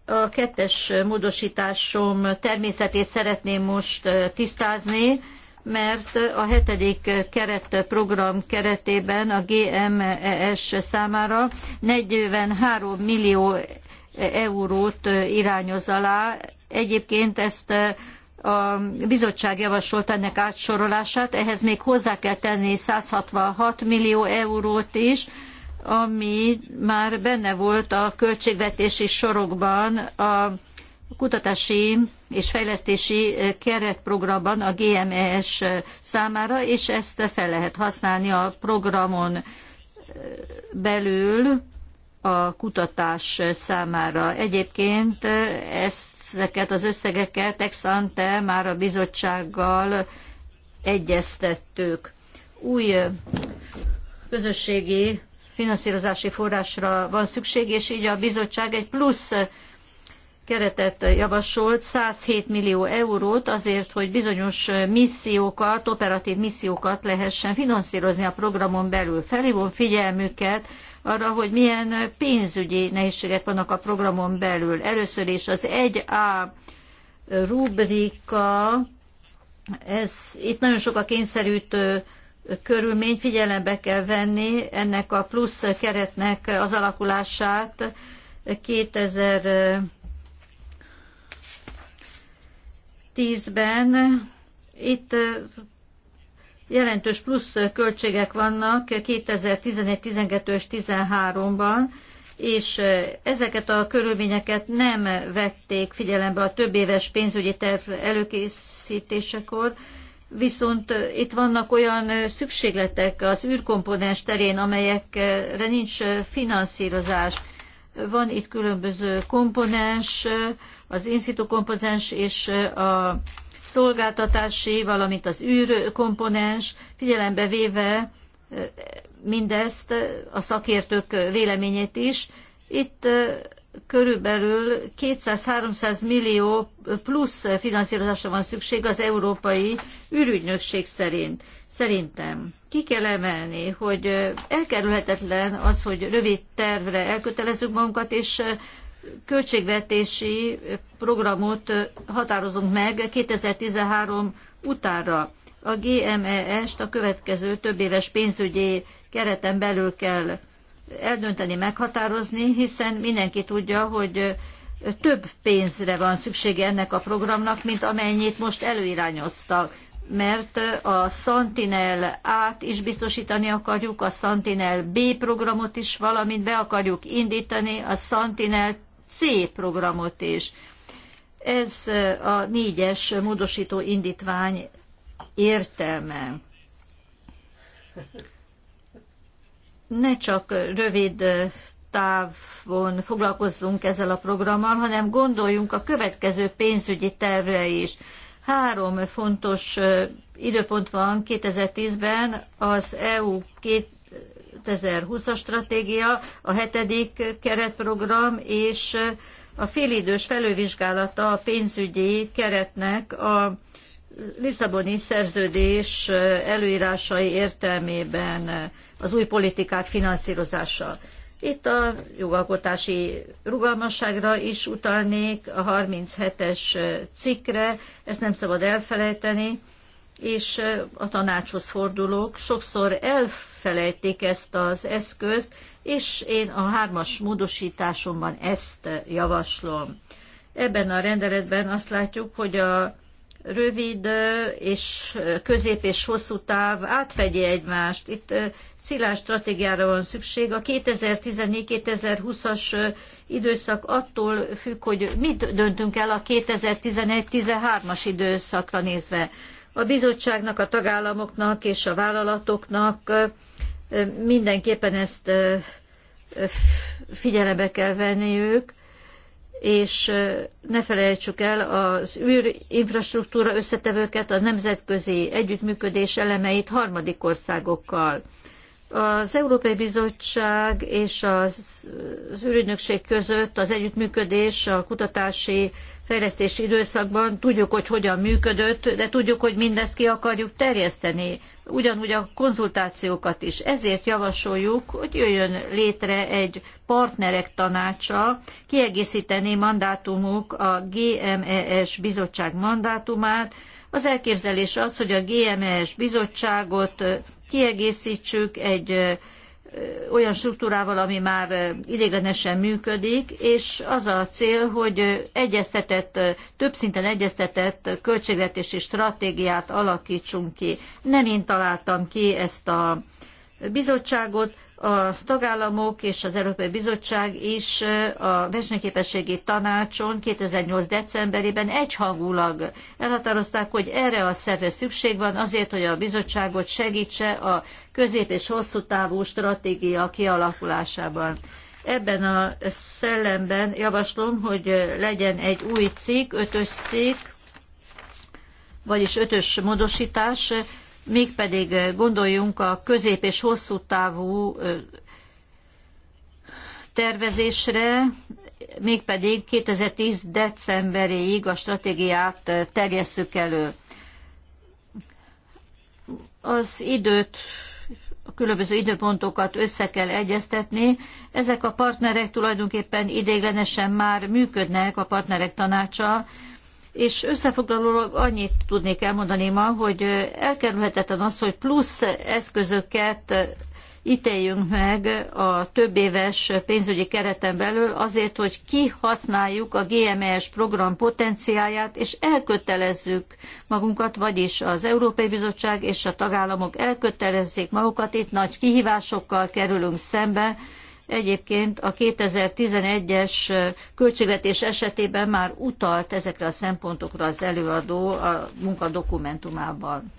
a kettes módosításom természetét szeretném most tisztázni, mert a hetedik keretprogram keretében a GMES számára 43 millió eurót irányoz alá. Egyébként ezt a bizottság javasolt ennek átsorolását, ehhez még hozzá kell tenni 166 millió eurót is, ami már benne volt a költségvetési sorokban a kutatási és fejlesztési keretprogramban a GMS e számára, és ezt fel lehet használni a programon belül a kutatás számára. Egyébként ezt ezeket az összegeket Exante már a bizottsággal egyeztettük. Új közösségi finanszírozási forrásra van szükség, és így a bizottság egy plusz keretet javasolt, 107 millió eurót azért, hogy bizonyos missziókat, operatív missziókat lehessen finanszírozni a programon belül. Felhívom figyelmüket arra, hogy milyen pénzügyi nehézségek vannak a programon belül. Először is az 1A rubrika, ez itt nagyon sok a kényszerűtő körülmény, figyelembe kell venni ennek a plusz keretnek az alakulását 2010-ben. Itt jelentős plusz költségek vannak 2011, 12 és 13-ban, és ezeket a körülményeket nem vették figyelembe a több éves pénzügyi terv előkészítésekor, viszont itt vannak olyan szükségletek az űrkomponens terén, amelyekre nincs finanszírozás. Van itt különböző komponens, az in-situ komponens és a szolgáltatási, valamint az űrkomponens, figyelembe véve mindezt, a szakértők véleményét is. Itt körülbelül 200-300 millió plusz finanszírozásra van szükség az európai ürügynökség szerint. Szerintem ki kell emelni, hogy elkerülhetetlen az, hogy rövid tervre elkötelezzük magunkat, és költségvetési programot határozunk meg 2013 utára. A GMES-t a következő több éves pénzügyi kereten belül kell eldönteni, meghatározni, hiszen mindenki tudja, hogy több pénzre van szüksége ennek a programnak, mint amennyit most előirányoztak mert a Sentinel át is biztosítani akarjuk, a Sentinel B programot is, valamint be akarjuk indítani a Sentinel C programot is. Ez a négyes módosító indítvány értelme ne csak rövid távon foglalkozzunk ezzel a programmal, hanem gondoljunk a következő pénzügyi tervre is. Három fontos időpont van 2010-ben, az EU 2020-as stratégia, a hetedik keretprogram és a félidős felővizsgálata a pénzügyi keretnek a Lisszaboni szerződés előírásai értelmében az új politikák finanszírozása. Itt a jogalkotási rugalmasságra is utalnék, a 37-es cikkre, ezt nem szabad elfelejteni, és a tanácshoz fordulók sokszor elfelejtik ezt az eszközt, és én a hármas módosításomban ezt javaslom. Ebben a rendeletben azt látjuk, hogy a rövid és közép és hosszú táv átfedje egymást. Itt szilárd stratégiára van szükség. A 2014-2020-as időszak attól függ, hogy mit döntünk el a 2011-13-as időszakra nézve. A bizottságnak, a tagállamoknak és a vállalatoknak mindenképpen ezt figyelembe kell venni ők és ne felejtsük el az űrinfrastruktúra összetevőket, a nemzetközi együttműködés elemeit harmadik országokkal. Az Európai Bizottság és az, az ürügynökség között az együttműködés a kutatási fejlesztési időszakban tudjuk, hogy hogyan működött, de tudjuk, hogy mindezt ki akarjuk terjeszteni, ugyanúgy a konzultációkat is. Ezért javasoljuk, hogy jöjjön létre egy partnerek tanácsa, kiegészíteni mandátumuk a GMES bizottság mandátumát, az elképzelés az, hogy a GMS e bizottságot kiegészítsük egy olyan struktúrával, ami már idéglenesen működik, és az a cél, hogy egyeztetett, több szinten egyeztetett költségvetési stratégiát alakítsunk ki. Nem én találtam ki ezt a bizottságot, a tagállamok és az Európai Bizottság is a versenyképességi tanácson 2008. decemberében egyhangulag elhatározták, hogy erre a szerve szükség van azért, hogy a bizottságot segítse a közép- és hosszú távú stratégia kialakulásában. Ebben a szellemben javaslom, hogy legyen egy új cikk, ötös cikk, vagyis ötös módosítás, mégpedig gondoljunk a közép és hosszú távú tervezésre, mégpedig 2010. decemberéig a stratégiát terjesszük elő. Az időt, a különböző időpontokat össze kell egyeztetni. Ezek a partnerek tulajdonképpen idéglenesen már működnek a partnerek tanácsa, és összefoglalólag annyit tudnék elmondani ma, hogy elkerülhetetlen az, hogy plusz eszközöket ítéljünk meg a több éves pénzügyi kereten belül azért, hogy kihasználjuk a GMS e program potenciáját, és elkötelezzük magunkat, vagyis az Európai Bizottság és a tagállamok elkötelezzék magukat. Itt nagy kihívásokkal kerülünk szembe, Egyébként a 2011-es költségvetés esetében már utalt ezekre a szempontokra az előadó a munkadokumentumában.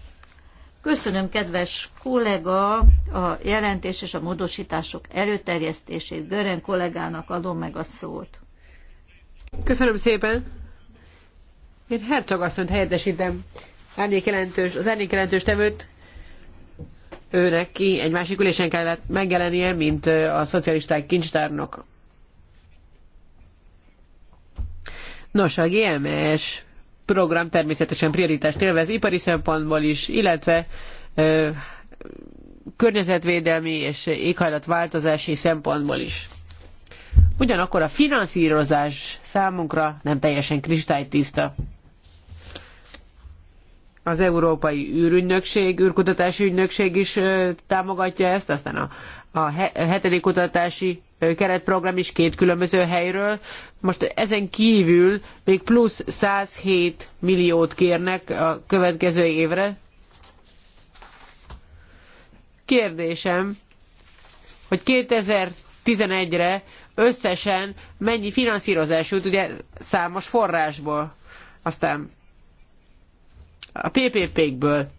Köszönöm, kedves kollega, a jelentés és a módosítások előterjesztését. Gören kollégának adom meg a szót. Köszönöm szépen. Én Herzog asszonyt helyettesítem. Árnyék jelentős, az árnyék jelentős tevőt őnek ki egy másik ülésen kellett megjelennie, mint a szocialisták kincstárnak. Nos, a GMS program természetesen prioritást élvez ipari szempontból is, illetve ö, környezetvédelmi és éghajlatváltozási szempontból is. Ugyanakkor a finanszírozás számunkra nem teljesen kristálytiszta az Európai űrügynökség, űrkutatási ügynökség is támogatja ezt, aztán a, a hetedik kutatási keretprogram is két különböző helyről. Most ezen kívül még plusz 107 milliót kérnek a következő évre. Kérdésem, hogy 2011-re összesen mennyi finanszírozás jut, ugye számos forrásból. Aztán a PPP-kből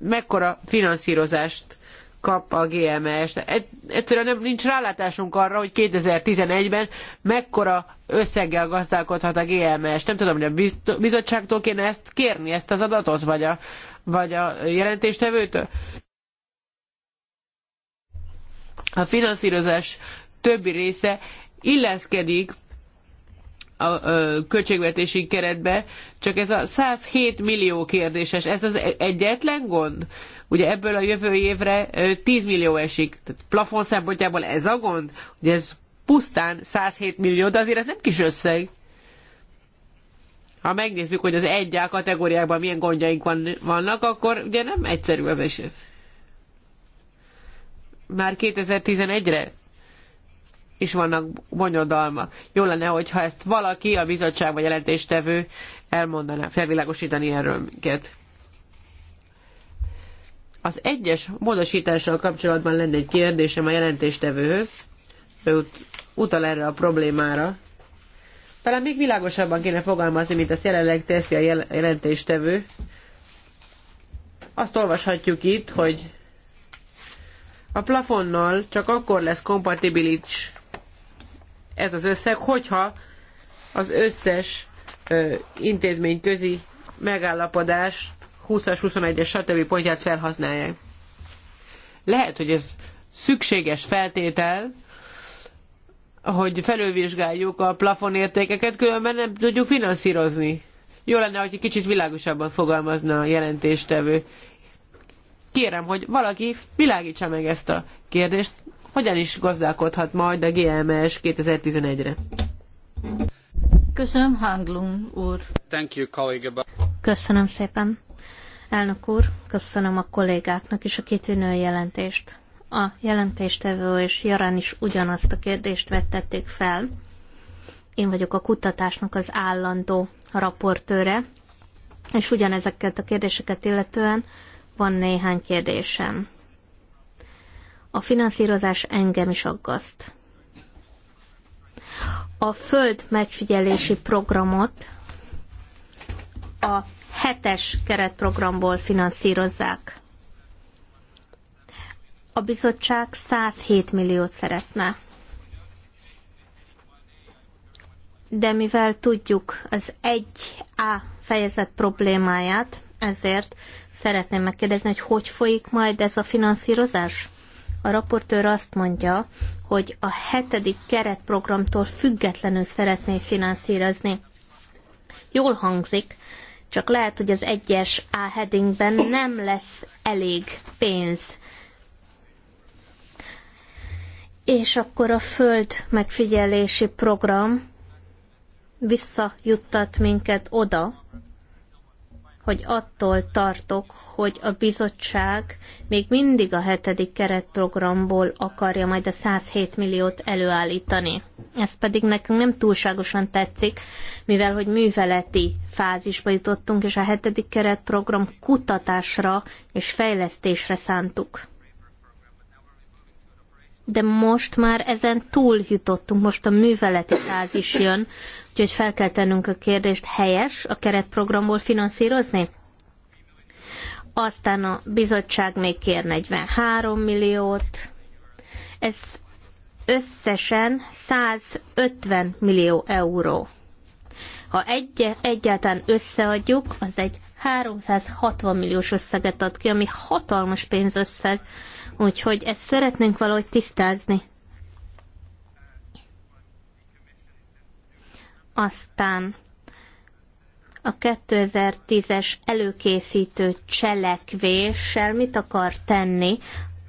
mekkora finanszírozást kap a GMS. Egyszerűen nem, nincs rálátásunk arra, hogy 2011-ben mekkora összeggel gazdálkodhat a GMS. Nem tudom, hogy a bizottságtól kéne ezt kérni, ezt az adatot, vagy a, vagy a jelentéstevőtől. A finanszírozás többi része illeszkedik a költségvetési keretbe, csak ez a 107 millió kérdéses, ez az egyetlen gond? Ugye ebből a jövő évre 10 millió esik, tehát plafon szempontjából ez a gond? Ugye ez pusztán 107 millió, de azért ez nem kis összeg. Ha megnézzük, hogy az 1A kategóriákban milyen gondjaink van, vannak, akkor ugye nem egyszerű az eset. Már 2011-re is vannak bonyodalmak. Jó lenne, hogyha ezt valaki, a bizottság vagy jelentéstevő elmondaná, felvilágosítani erről minket. Az egyes módosítással kapcsolatban lenne egy kérdésem a jelentéstevőhöz. Ő utal erre a problémára. Talán még világosabban kéne fogalmazni, mint ezt jelenleg teszi a jel jelentéstevő. Azt olvashatjuk itt, hogy a plafonnal csak akkor lesz kompatibilis ez az összeg, hogyha az összes intézményközi megállapodás 20-as, 21-es, stb. pontját felhasználják. Lehet, hogy ez szükséges feltétel, hogy felülvizsgáljuk a plafonértékeket, különben nem tudjuk finanszírozni. Jó lenne, hogy egy kicsit világosabban fogalmazna a jelentéstevő. Kérem, hogy valaki világítsa meg ezt a kérdést hogyan is gazdálkodhat majd a GMS 2011-re? Köszönöm, Hanglung úr. Thank you, colleague. Köszönöm szépen. Elnök úr, köszönöm a kollégáknak is a kitűnő jelentést. A jelentéstevő és Jarán is ugyanazt a kérdést vettették fel. Én vagyok a kutatásnak az állandó raportőre, és ugyanezeket a kérdéseket illetően van néhány kérdésem. A finanszírozás engem is aggaszt. A föld megfigyelési programot a hetes keretprogramból finanszírozzák. A bizottság 107 milliót szeretne. de mivel tudjuk az 1A fejezet problémáját, ezért szeretném megkérdezni, hogy hogy folyik majd ez a finanszírozás? A raportőr azt mondja, hogy a hetedik keretprogramtól függetlenül szeretné finanszírozni. Jól hangzik, csak lehet, hogy az egyes A headingben nem lesz elég pénz. És akkor a föld megfigyelési program visszajuttat minket oda, hogy attól tartok, hogy a bizottság még mindig a hetedik keretprogramból akarja majd a 107 milliót előállítani. Ez pedig nekünk nem túlságosan tetszik, mivel hogy műveleti fázisba jutottunk, és a hetedik keretprogram kutatásra és fejlesztésre szántuk de most már ezen túl jutottunk, most a műveleti fázis jön, úgyhogy fel kell tennünk a kérdést, helyes a keretprogramból finanszírozni? Aztán a bizottság még kér 43 milliót, ez összesen 150 millió euró. Ha egy, egyáltalán összeadjuk, az egy 360 milliós összeget ad ki, ami hatalmas pénzösszeg. Úgyhogy ezt szeretnénk valahogy tisztázni. Aztán a 2010-es előkészítő cselekvéssel mit akar tenni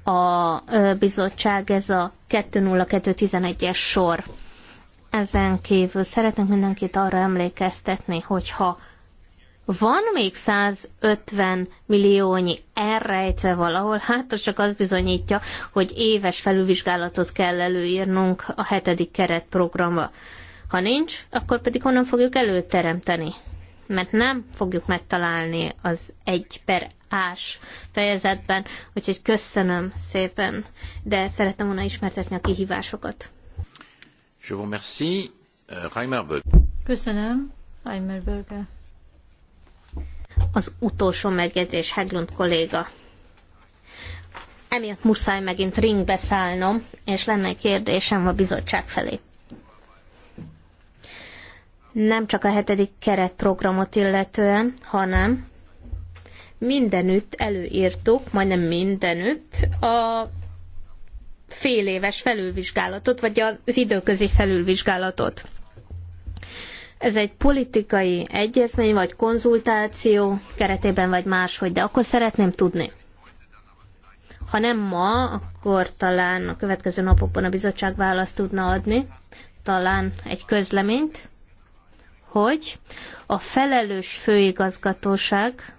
a bizottság, ez a 20211-es sor. Ezen kívül szeretnénk mindenkit arra emlékeztetni, hogyha van még 150 milliónyi elrejtve valahol, hát az csak az bizonyítja, hogy éves felülvizsgálatot kell előírnunk a hetedik keretprogramba. Ha nincs, akkor pedig honnan fogjuk előteremteni? Mert nem fogjuk megtalálni az egy per ás fejezetben, úgyhogy köszönöm szépen, de szeretem volna ismertetni a kihívásokat. Je vous remercie. Euh, Reimer Köszönöm, Reimer az utolsó megjegyzés, Heglund kolléga. Emiatt muszáj megint ringbe szállnom, és lenne egy kérdésem a bizottság felé. Nem csak a hetedik keretprogramot illetően, hanem mindenütt előírtuk, majdnem mindenütt a féléves felülvizsgálatot, vagy az időközi felülvizsgálatot ez egy politikai egyezmény, vagy konzultáció keretében, vagy máshogy, de akkor szeretném tudni. Ha nem ma, akkor talán a következő napokban a bizottság választ tudna adni, talán egy közleményt, hogy a felelős főigazgatóság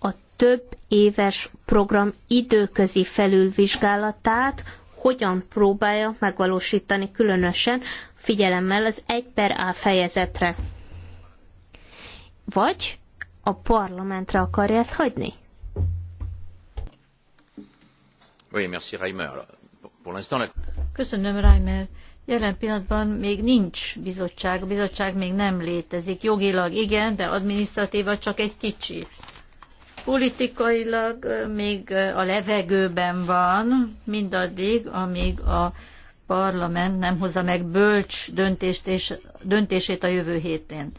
a több éves program időközi felülvizsgálatát hogyan próbálja megvalósítani különösen figyelemmel az 1 per A fejezetre. Vagy a parlamentre akarja ezt hagyni? Oui, merci Reimer. Pour l'instant, Köszönöm, Reimer. Jelen pillanatban még nincs bizottság, a bizottság még nem létezik. Jogilag igen, de adminisztratíva csak egy kicsi politikailag még a levegőben van, mindaddig, amíg a parlament nem hozza meg bölcs döntést és, döntését a jövő héten.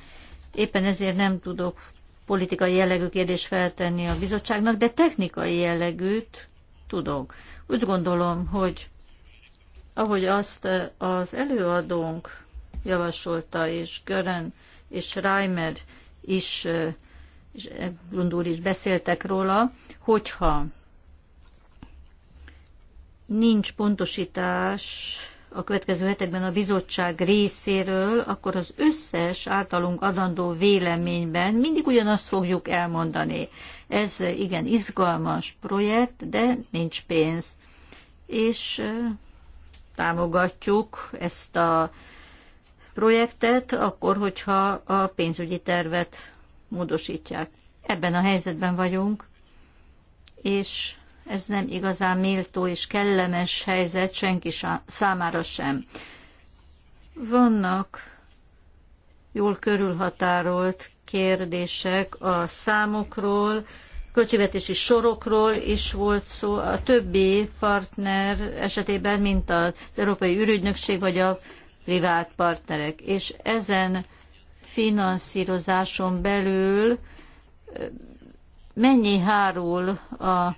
Éppen ezért nem tudok politikai jellegű kérdést feltenni a bizottságnak, de technikai jellegűt tudok. Úgy gondolom, hogy ahogy azt az előadónk javasolta, és Gören és Reimer is és Ebrund úr is beszéltek róla, hogyha nincs pontosítás a következő hetekben a bizottság részéről, akkor az összes általunk adandó véleményben mindig ugyanazt fogjuk elmondani. Ez igen izgalmas projekt, de nincs pénz. És támogatjuk ezt a projektet, akkor, hogyha a pénzügyi tervet módosítják. Ebben a helyzetben vagyunk, és ez nem igazán méltó és kellemes helyzet senki számára sem. Vannak jól körülhatárolt kérdések a számokról, költségvetési sorokról is volt szó. A többi partner esetében, mint az Európai Ürügynökség vagy a privát partnerek. És ezen finanszírozáson belül mennyi hárul a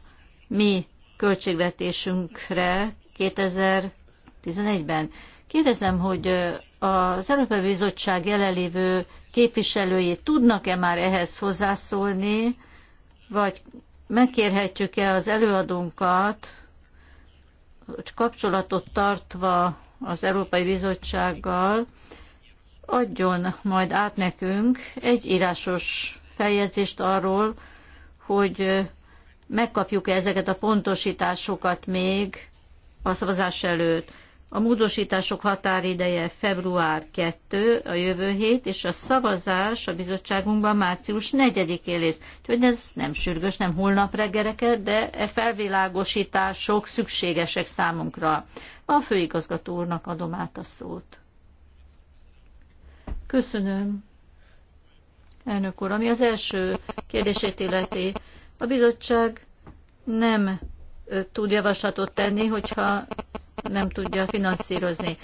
mi költségvetésünkre 2011-ben. Kérdezem, hogy az Európai Bizottság jelenlévő képviselői tudnak-e már ehhez hozzászólni, vagy megkérhetjük-e az előadónkat, hogy kapcsolatot tartva az Európai Bizottsággal, adjon majd át nekünk egy írásos feljegyzést arról, hogy megkapjuk-e ezeket a pontosításokat még a szavazás előtt. A módosítások határideje február 2, a jövő hét, és a szavazás a bizottságunkban március 4-én lesz. Úgyhogy ez nem sürgős, nem holnap reggelekre, de e felvilágosítások szükségesek számunkra. A főigazgató úrnak adom át a szót. Köszönöm, elnök úr. Ami az első kérdését illeti, a bizottság nem tud javaslatot tenni, hogyha nem tudja finanszírozni.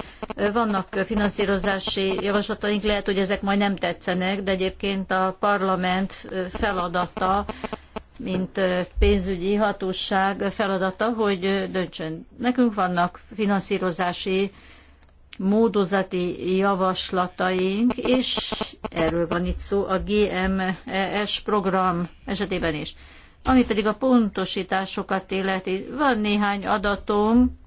Vannak finanszírozási javaslataink, lehet, hogy ezek majd nem tetszenek, de egyébként a parlament feladata, mint pénzügyi hatóság feladata, hogy döntsön. Nekünk vannak finanszírozási módozati javaslataink, és erről van itt szó a GMES program esetében is. Ami pedig a pontosításokat illeti, van néhány adatom,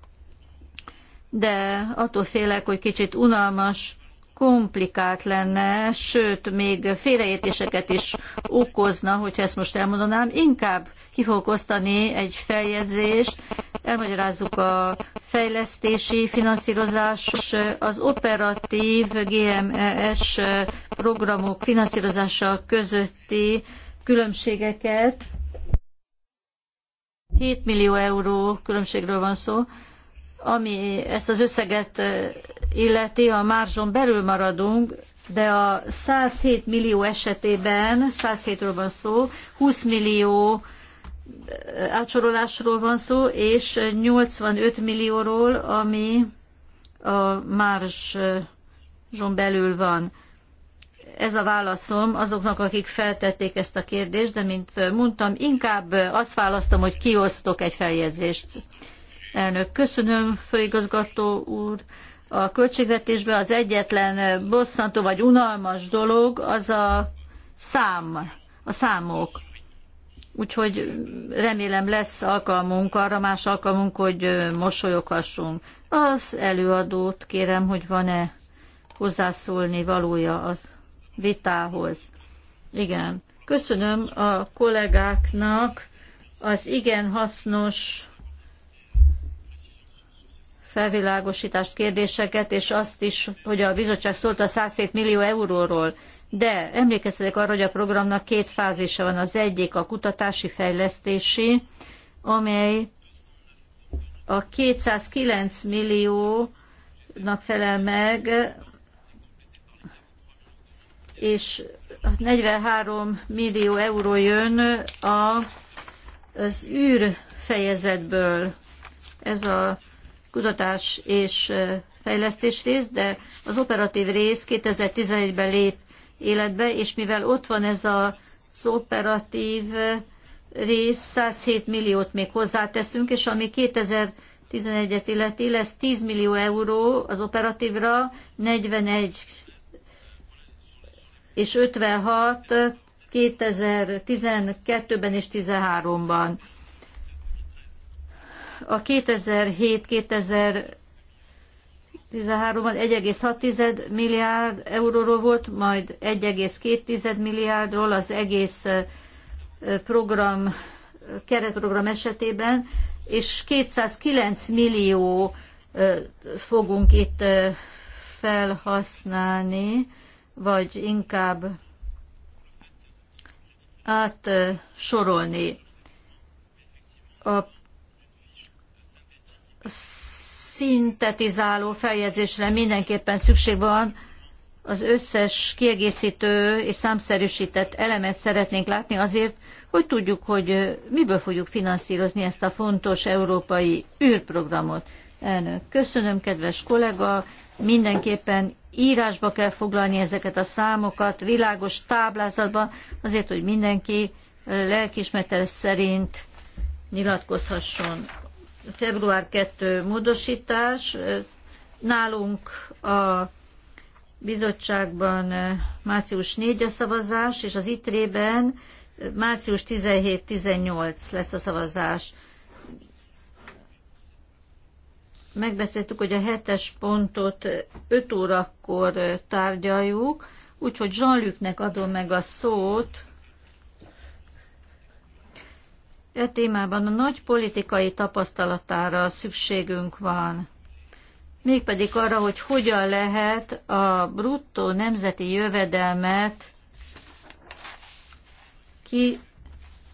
de attól félek, hogy kicsit unalmas komplikált lenne, sőt, még félreértéseket is okozna, hogyha ezt most elmondanám. Inkább ki fogok osztani egy feljegyzést, elmagyarázzuk a fejlesztési finanszírozás, az operatív GMES programok finanszírozása közötti különbségeket. 7 millió euró különbségről van szó, ami ezt az összeget illeti, a márzson belül maradunk, de a 107 millió esetében, 107-ről van szó, 20 millió átsorolásról van szó, és 85 millióról, ami a márzson belül van. Ez a válaszom azoknak, akik feltették ezt a kérdést, de mint mondtam, inkább azt választom, hogy kiosztok egy feljegyzést. Elnök, köszönöm, főigazgató úr a költségvetésbe az egyetlen bosszantó vagy unalmas dolog az a szám, a számok. Úgyhogy remélem lesz alkalmunk arra, más alkalmunk, hogy mosolyoghassunk. Az előadót kérem, hogy van-e hozzászólni valója a vitához. Igen. Köszönöm a kollégáknak az igen hasznos felvilágosítást, kérdéseket, és azt is, hogy a bizottság szólt a 107 millió euróról. De emlékeztetek arra, hogy a programnak két fázisa van. Az egyik a kutatási fejlesztési, amely a 209 milliónak felel meg, és 43 millió euró jön a, az űrfejezetből. Ez a kutatás és fejlesztés rész, de az operatív rész 2011-ben lép életbe, és mivel ott van ez az operatív rész, 107 milliót még hozzáteszünk, és ami 2011-et illeti, lesz 10 millió euró az operatívra, 41 és 56 2012-ben és 2013-ban a 2007-2013-ban 1,6 milliárd euróról volt, majd 1,2 milliárdról az egész program, keretprogram esetében, és 209 millió fogunk itt felhasználni, vagy inkább átsorolni. A szintetizáló feljegyzésre mindenképpen szükség van. Az összes kiegészítő és számszerűsített elemet szeretnénk látni azért, hogy tudjuk, hogy miből fogjuk finanszírozni ezt a fontos európai űrprogramot. Elnök, köszönöm, kedves kollega, mindenképpen írásba kell foglalni ezeket a számokat, világos táblázatba, azért, hogy mindenki lelkismeret szerint nyilatkozhasson február 2 módosítás. Nálunk a bizottságban eh, március 4 a szavazás, és az ITRE-ben eh, március 17-18 lesz a szavazás. Megbeszéltük, hogy a hetes pontot 5 eh, órakor tárgyaljuk, úgyhogy Zsalüknek adom meg a szót, E témában a nagy politikai tapasztalatára szükségünk van. Mégpedig arra, hogy hogyan lehet a bruttó nemzeti jövedelmet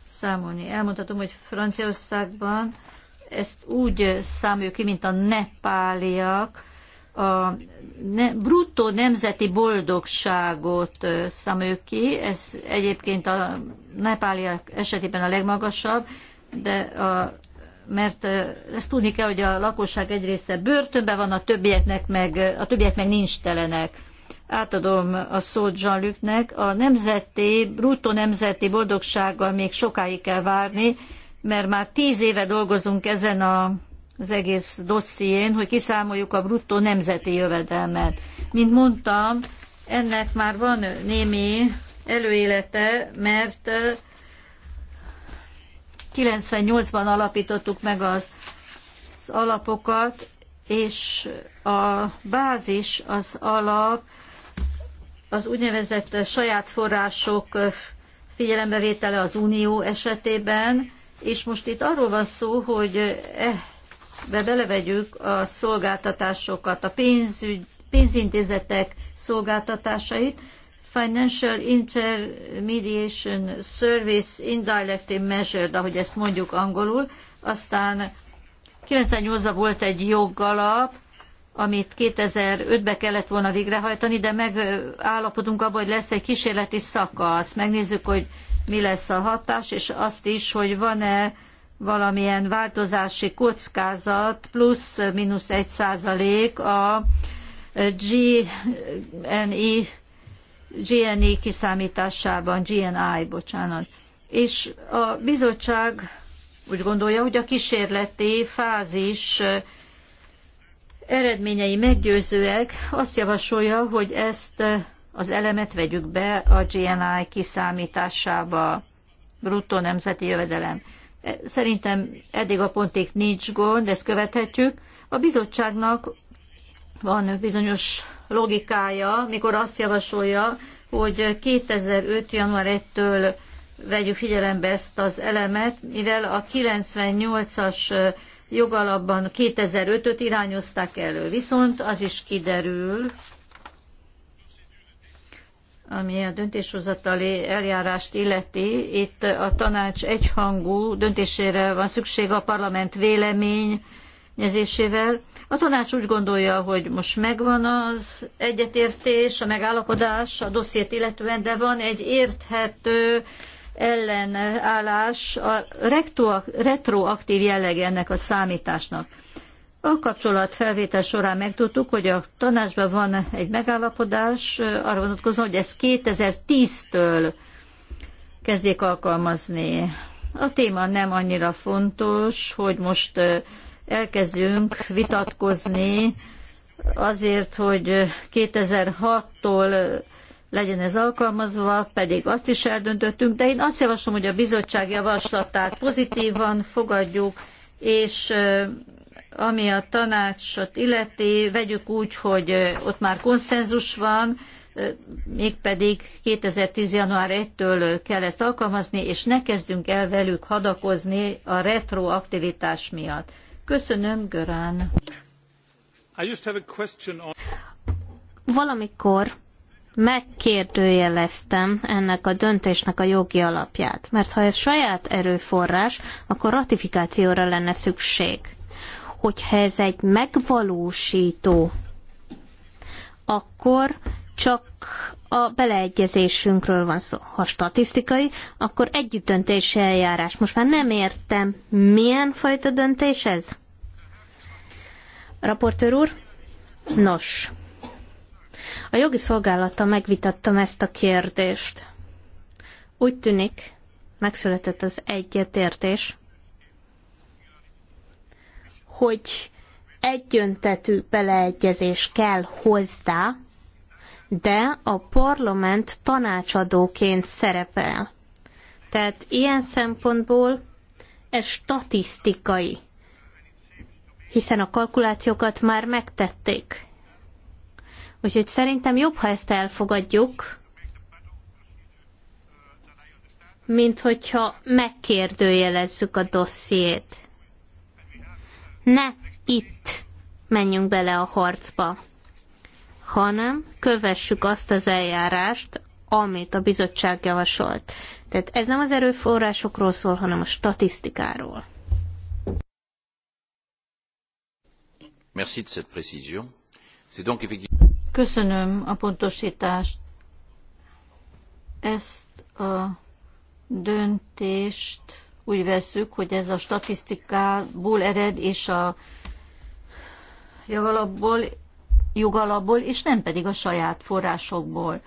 kiszámolni. Elmondhatom, hogy Franciaországban ezt úgy számoljuk ki, mint a nepáliak, a ne, bruttó nemzeti boldogságot számoljuk ki, ez egyébként a nepáliak esetében a legmagasabb, de a, mert ezt tudni kell, hogy a lakosság egy része börtönben van, a többieknek meg, a többiek meg nincs telenek. Átadom a szót A nemzeti, bruttó nemzeti boldogsággal még sokáig kell várni, mert már tíz éve dolgozunk ezen a az egész dosszién, hogy kiszámoljuk a bruttó nemzeti jövedelmet. Mint mondtam, ennek már van némi előélete, mert 98-ban alapítottuk meg az, az alapokat, és a bázis, az alap, az úgynevezett saját források figyelembevétele az unió esetében, és most itt arról van szó, hogy be belevegyük a szolgáltatásokat, a pénzügy, pénzintézetek szolgáltatásait, Financial Intermediation Service Indirectly Measured, ahogy ezt mondjuk angolul, aztán 98-ban volt egy jogalap, amit 2005-ben kellett volna végrehajtani, de megállapodunk abban, hogy lesz egy kísérleti szakasz. Megnézzük, hogy mi lesz a hatás, és azt is, hogy van-e valamilyen változási kockázat plusz-minusz egy százalék a GNI, GNI kiszámításában, GNI, bocsánat. És a bizottság úgy gondolja, hogy a kísérleti fázis eredményei meggyőzőek, azt javasolja, hogy ezt az elemet vegyük be a GNI kiszámításába, bruttó nemzeti jövedelem. Szerintem eddig a pontig nincs gond, ezt követhetjük. A bizottságnak van bizonyos logikája, mikor azt javasolja, hogy 2005. január 1-től vegyük figyelembe ezt az elemet, mivel a 98-as jogalapban 2005-öt irányozták elő. Viszont az is kiderül, ami a döntéshozatali eljárást illeti. Itt a tanács egyhangú döntésére van szükség a parlament vélemény, nyezésével. A tanács úgy gondolja, hogy most megvan az egyetértés, a megállapodás a dossziét illetően, de van egy érthető ellenállás a retroaktív jelleg ennek a számításnak. A kapcsolatfelvétel során megtudtuk, hogy a tanácsban van egy megállapodás arra vonatkozóan, hogy ezt 2010-től kezdjék alkalmazni. A téma nem annyira fontos, hogy most elkezdjünk vitatkozni azért, hogy 2006-tól legyen ez alkalmazva, pedig azt is eldöntöttünk, de én azt javaslom, hogy a bizottság javaslatát pozitívan fogadjuk, és ami a tanácsot illeti, vegyük úgy, hogy ott már konszenzus van, mégpedig 2010. január 1-től kell ezt alkalmazni, és ne kezdünk el velük hadakozni a retroaktivitás miatt. Köszönöm, Görán. On... Valamikor megkérdőjeleztem ennek a döntésnek a jogi alapját, mert ha ez saját erőforrás, akkor ratifikációra lenne szükség hogyha ez egy megvalósító, akkor csak a beleegyezésünkről van szó. Ha statisztikai, akkor együttdöntési eljárás. Most már nem értem, milyen fajta döntés ez? Raportőr úr? Nos. A jogi szolgálata megvitattam ezt a kérdést. Úgy tűnik, megszületett az egyetértés, hogy egyöntetű beleegyezés kell hozzá, de a parlament tanácsadóként szerepel. Tehát ilyen szempontból ez statisztikai, hiszen a kalkulációkat már megtették. Úgyhogy szerintem jobb, ha ezt elfogadjuk, mint hogyha megkérdőjelezzük a dossziét ne itt menjünk bele a harcba, hanem kövessük azt az eljárást, amit a bizottság javasolt. Tehát ez nem az erőforrásokról szól, hanem a statisztikáról. Merci de cette précision. C'est donc effectivement... Köszönöm a pontosítást. Ezt a döntést úgy veszük, hogy ez a statisztikából ered, és a jogalapból, jogalapból, és nem pedig a saját forrásokból.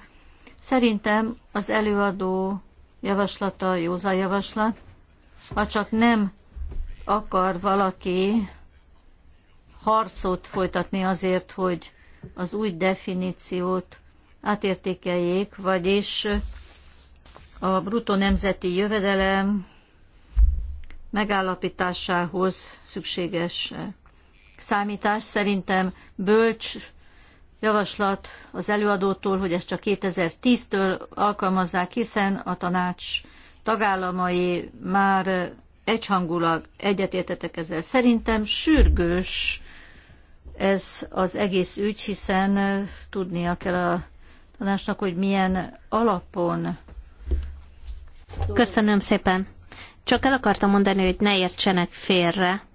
Szerintem az előadó javaslata józa javaslat, ha csak nem akar valaki harcot folytatni azért, hogy az új definíciót átértékeljék, vagyis a bruttó nemzeti jövedelem megállapításához szükséges számítás. Szerintem bölcs javaslat az előadótól, hogy ezt csak 2010-től alkalmazzák, hiszen a tanács tagállamai már egyhangulag egyetértetek ezzel. Szerintem sürgős ez az egész ügy, hiszen tudnia kell a tanácsnak, hogy milyen alapon. Köszönöm szépen. Csak el akartam mondani, hogy ne értsenek félre,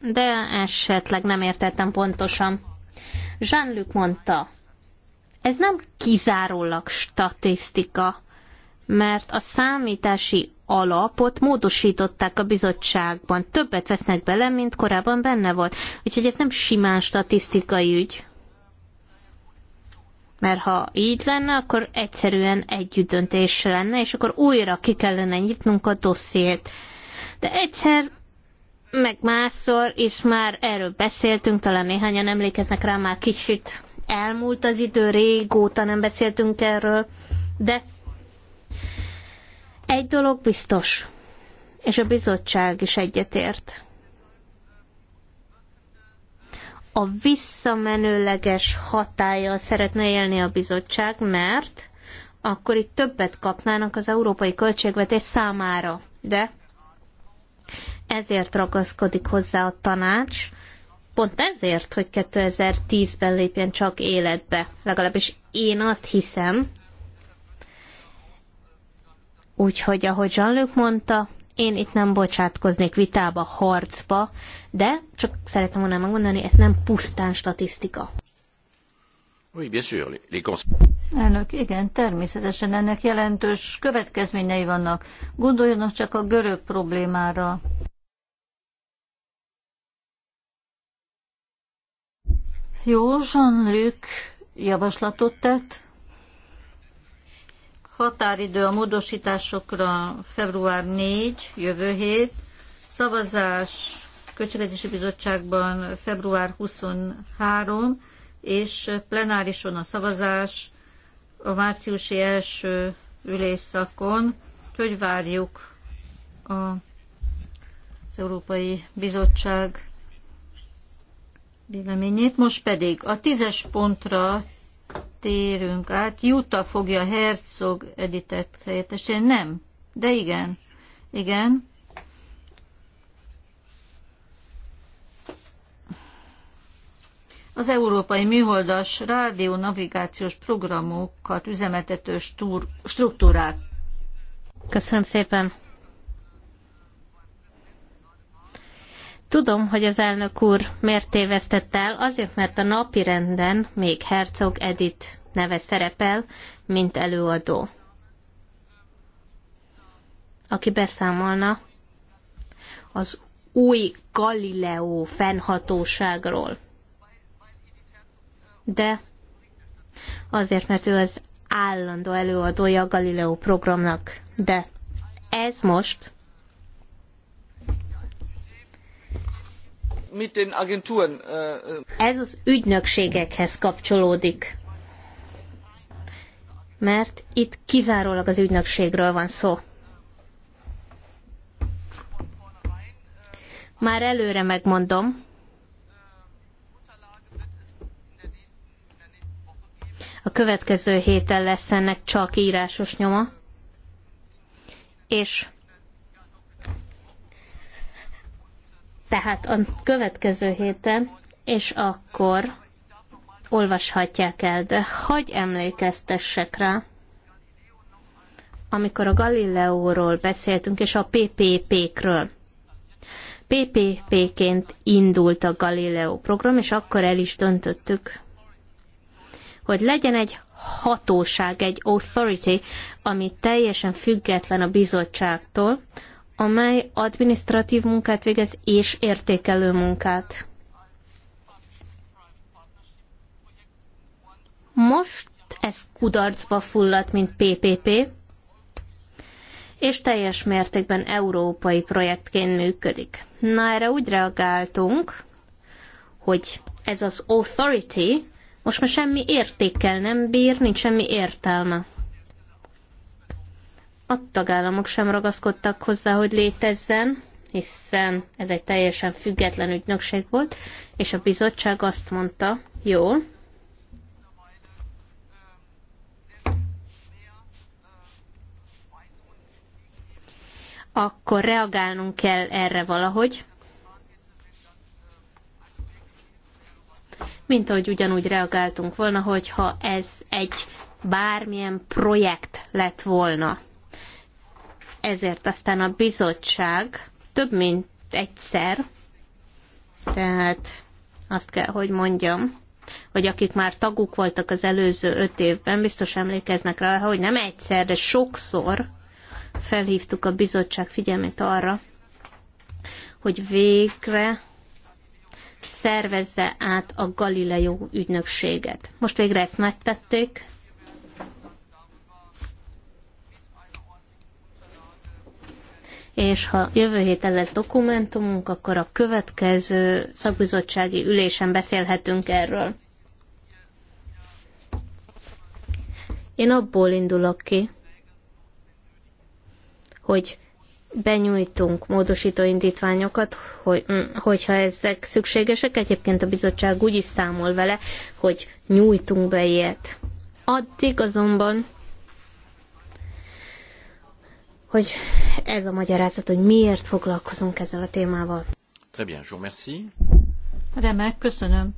de esetleg nem értettem pontosan. Jean-Luc mondta, ez nem kizárólag statisztika, mert a számítási alapot módosították a bizottságban. Többet vesznek bele, mint korábban benne volt. Úgyhogy ez nem simán statisztikai ügy. Mert ha így lenne, akkor egyszerűen együttdöntés lenne, és akkor újra ki kellene nyitnunk a dossziét. De egyszer meg másszor, és már erről beszéltünk, talán néhányan emlékeznek rá, már kicsit elmúlt az idő, régóta nem beszéltünk erről, de egy dolog biztos, és a bizottság is egyetért a visszamenőleges hatája szeretne élni a bizottság, mert akkor itt többet kapnának az európai költségvetés számára. De ezért ragaszkodik hozzá a tanács, pont ezért, hogy 2010-ben lépjen csak életbe. Legalábbis én azt hiszem. Úgyhogy, ahogy Jean-Luc mondta, én itt nem bocsátkoznék vitába, harcba, de csak szeretem volna megmondani, ez nem pusztán statisztika. Oui, bien sûr, les Elnök, igen, természetesen ennek jelentős következményei vannak. Gondoljanak csak a görög problémára. Jó, Jean-Luc javaslatot tett. Határidő a módosításokra február 4, jövő hét. Szavazás Költségvetési Bizottságban február 23, és plenárison a szavazás a márciusi első ülésszakon, hogy várjuk a, az Európai Bizottság véleményét. Most pedig a tízes pontra térünk át. Juta fogja Herzog Editet helyettesen. Nem, de igen. Igen. Az Európai Műholdas Rádió Navigációs Programokat üzemeltető struktúrák. Köszönöm szépen. Tudom, hogy az elnök úr miért tévesztett el, azért, mert a napi renden még Herzog Edith neve szerepel, mint előadó, aki beszámolna az új Galileo fennhatóságról. De azért, mert ő az állandó előadója a Galileo programnak. De ez most mit den Agenturen. Äh, äh, Ez az ügynökségekhez kapcsolódik. Mert itt kizárólag az ügynökségről van szó. Már előre megmondom, A következő héten lesz ennek csak írásos nyoma. És tehát a következő héten, és akkor olvashatják el, de hogy emlékeztessek rá, amikor a Galileóról beszéltünk, és a PPP-kről. PPP-ként indult a Galileo program, és akkor el is döntöttük, hogy legyen egy hatóság, egy authority, ami teljesen független a bizottságtól, amely administratív munkát végez és értékelő munkát. Most ez kudarcba fulladt, mint PPP, és teljes mértékben európai projektként működik. Na erre úgy reagáltunk, hogy ez az authority most már semmi értékkel nem bír, nincs semmi értelme. A tagállamok sem ragaszkodtak hozzá, hogy létezzen, hiszen ez egy teljesen független ügynökség volt, és a bizottság azt mondta, jó, akkor reagálnunk kell erre valahogy, mint ahogy ugyanúgy reagáltunk volna, hogyha ez egy bármilyen projekt lett volna. Ezért aztán a bizottság több mint egyszer, tehát azt kell, hogy mondjam, hogy akik már taguk voltak az előző öt évben, biztos emlékeznek rá, hogy nem egyszer, de sokszor felhívtuk a bizottság figyelmét arra, hogy végre szervezze át a Galileo ügynökséget. Most végre ezt megtették, és ha jövő héten lesz dokumentumunk, akkor a következő szakbizottsági ülésen beszélhetünk erről. Én abból indulok ki, hogy benyújtunk módosító indítványokat, hogy, mm, hogyha ezek szükségesek, egyébként a bizottság úgy is számol vele, hogy nyújtunk be ilyet. Addig azonban hogy ez a magyarázat, hogy miért foglalkozunk ezzel a témával. Très bien, je vous remercie. Remek, köszönöm.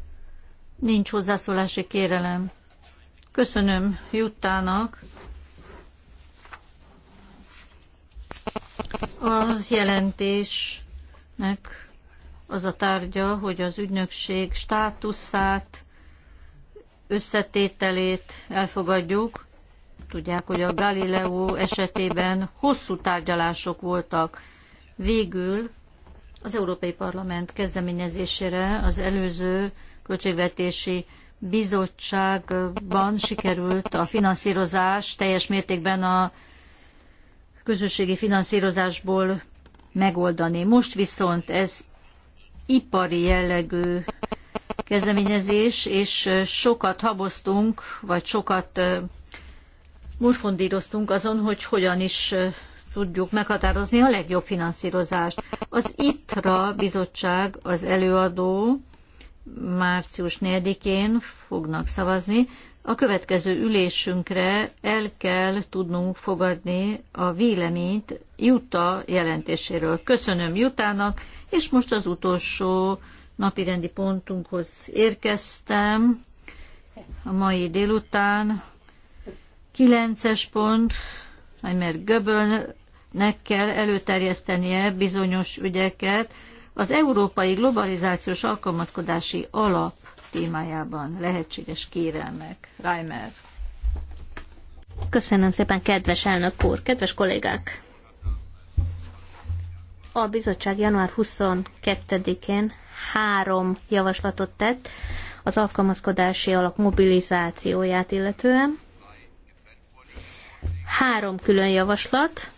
Nincs hozzászólási kérelem. Köszönöm Juttának. A jelentésnek az a tárgya, hogy az ügynökség státuszát, összetételét elfogadjuk, Tudják, hogy a Galileo esetében hosszú tárgyalások voltak. Végül az Európai Parlament kezdeményezésére az előző költségvetési bizottságban sikerült a finanszírozás teljes mértékben a közösségi finanszírozásból megoldani. Most viszont ez ipari jellegű kezdeményezés, és sokat haboztunk, vagy sokat morfondíroztunk azon, hogy hogyan is tudjuk meghatározni a legjobb finanszírozást. Az ITRA bizottság, az előadó március 4-én fognak szavazni. A következő ülésünkre el kell tudnunk fogadni a véleményt Juta jelentéséről. Köszönöm Jutának, és most az utolsó napirendi pontunkhoz érkeztem a mai délután. Kilences pont, mert Göbölnek kell előterjesztenie bizonyos ügyeket az Európai Globalizációs Alkalmazkodási Alap témájában lehetséges kérelmek. Reimer. Köszönöm szépen, kedves elnök úr, kedves kollégák! A bizottság január 22-én három javaslatot tett az alkalmazkodási alap mobilizációját illetően, Három külön javaslat.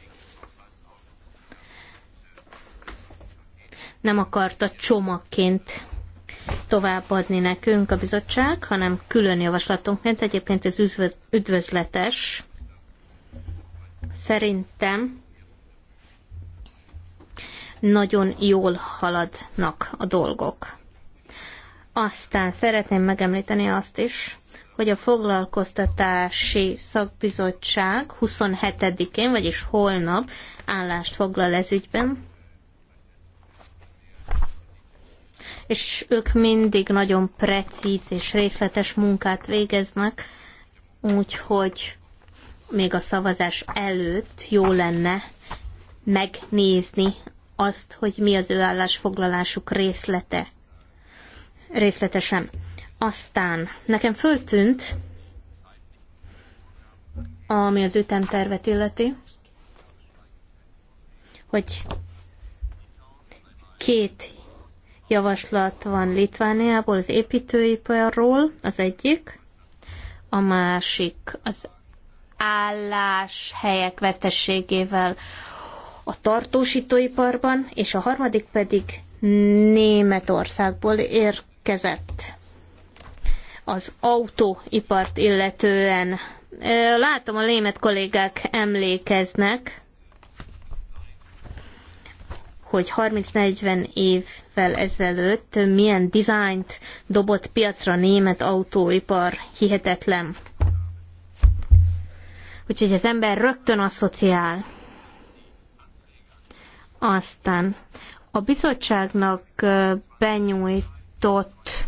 Nem akarta csomagként továbbadni nekünk a bizottság, hanem külön javaslatunkként. Egyébként ez üdvözletes. Szerintem nagyon jól haladnak a dolgok. Aztán szeretném megemlíteni azt is, hogy a foglalkoztatási szakbizottság 27-én, vagyis holnap állást foglal ez ügyben. És ők mindig nagyon precíz és részletes munkát végeznek, úgyhogy még a szavazás előtt jó lenne megnézni azt, hogy mi az ő állásfoglalásuk részlete. Részletesen. Aztán nekem föltűnt, ami az ütemtervet illeti, hogy két javaslat van Litvániából, az építőiparról az egyik, a másik az álláshelyek vesztességével a tartósítóiparban, és a harmadik pedig Németországból érkezett az autóipart illetően. Látom, a német kollégák emlékeznek, hogy 30-40 évvel ezelőtt milyen dizájnt dobott piacra a német autóipar, hihetetlen. Úgyhogy az ember rögtön asszociál. Aztán a bizottságnak benyújtott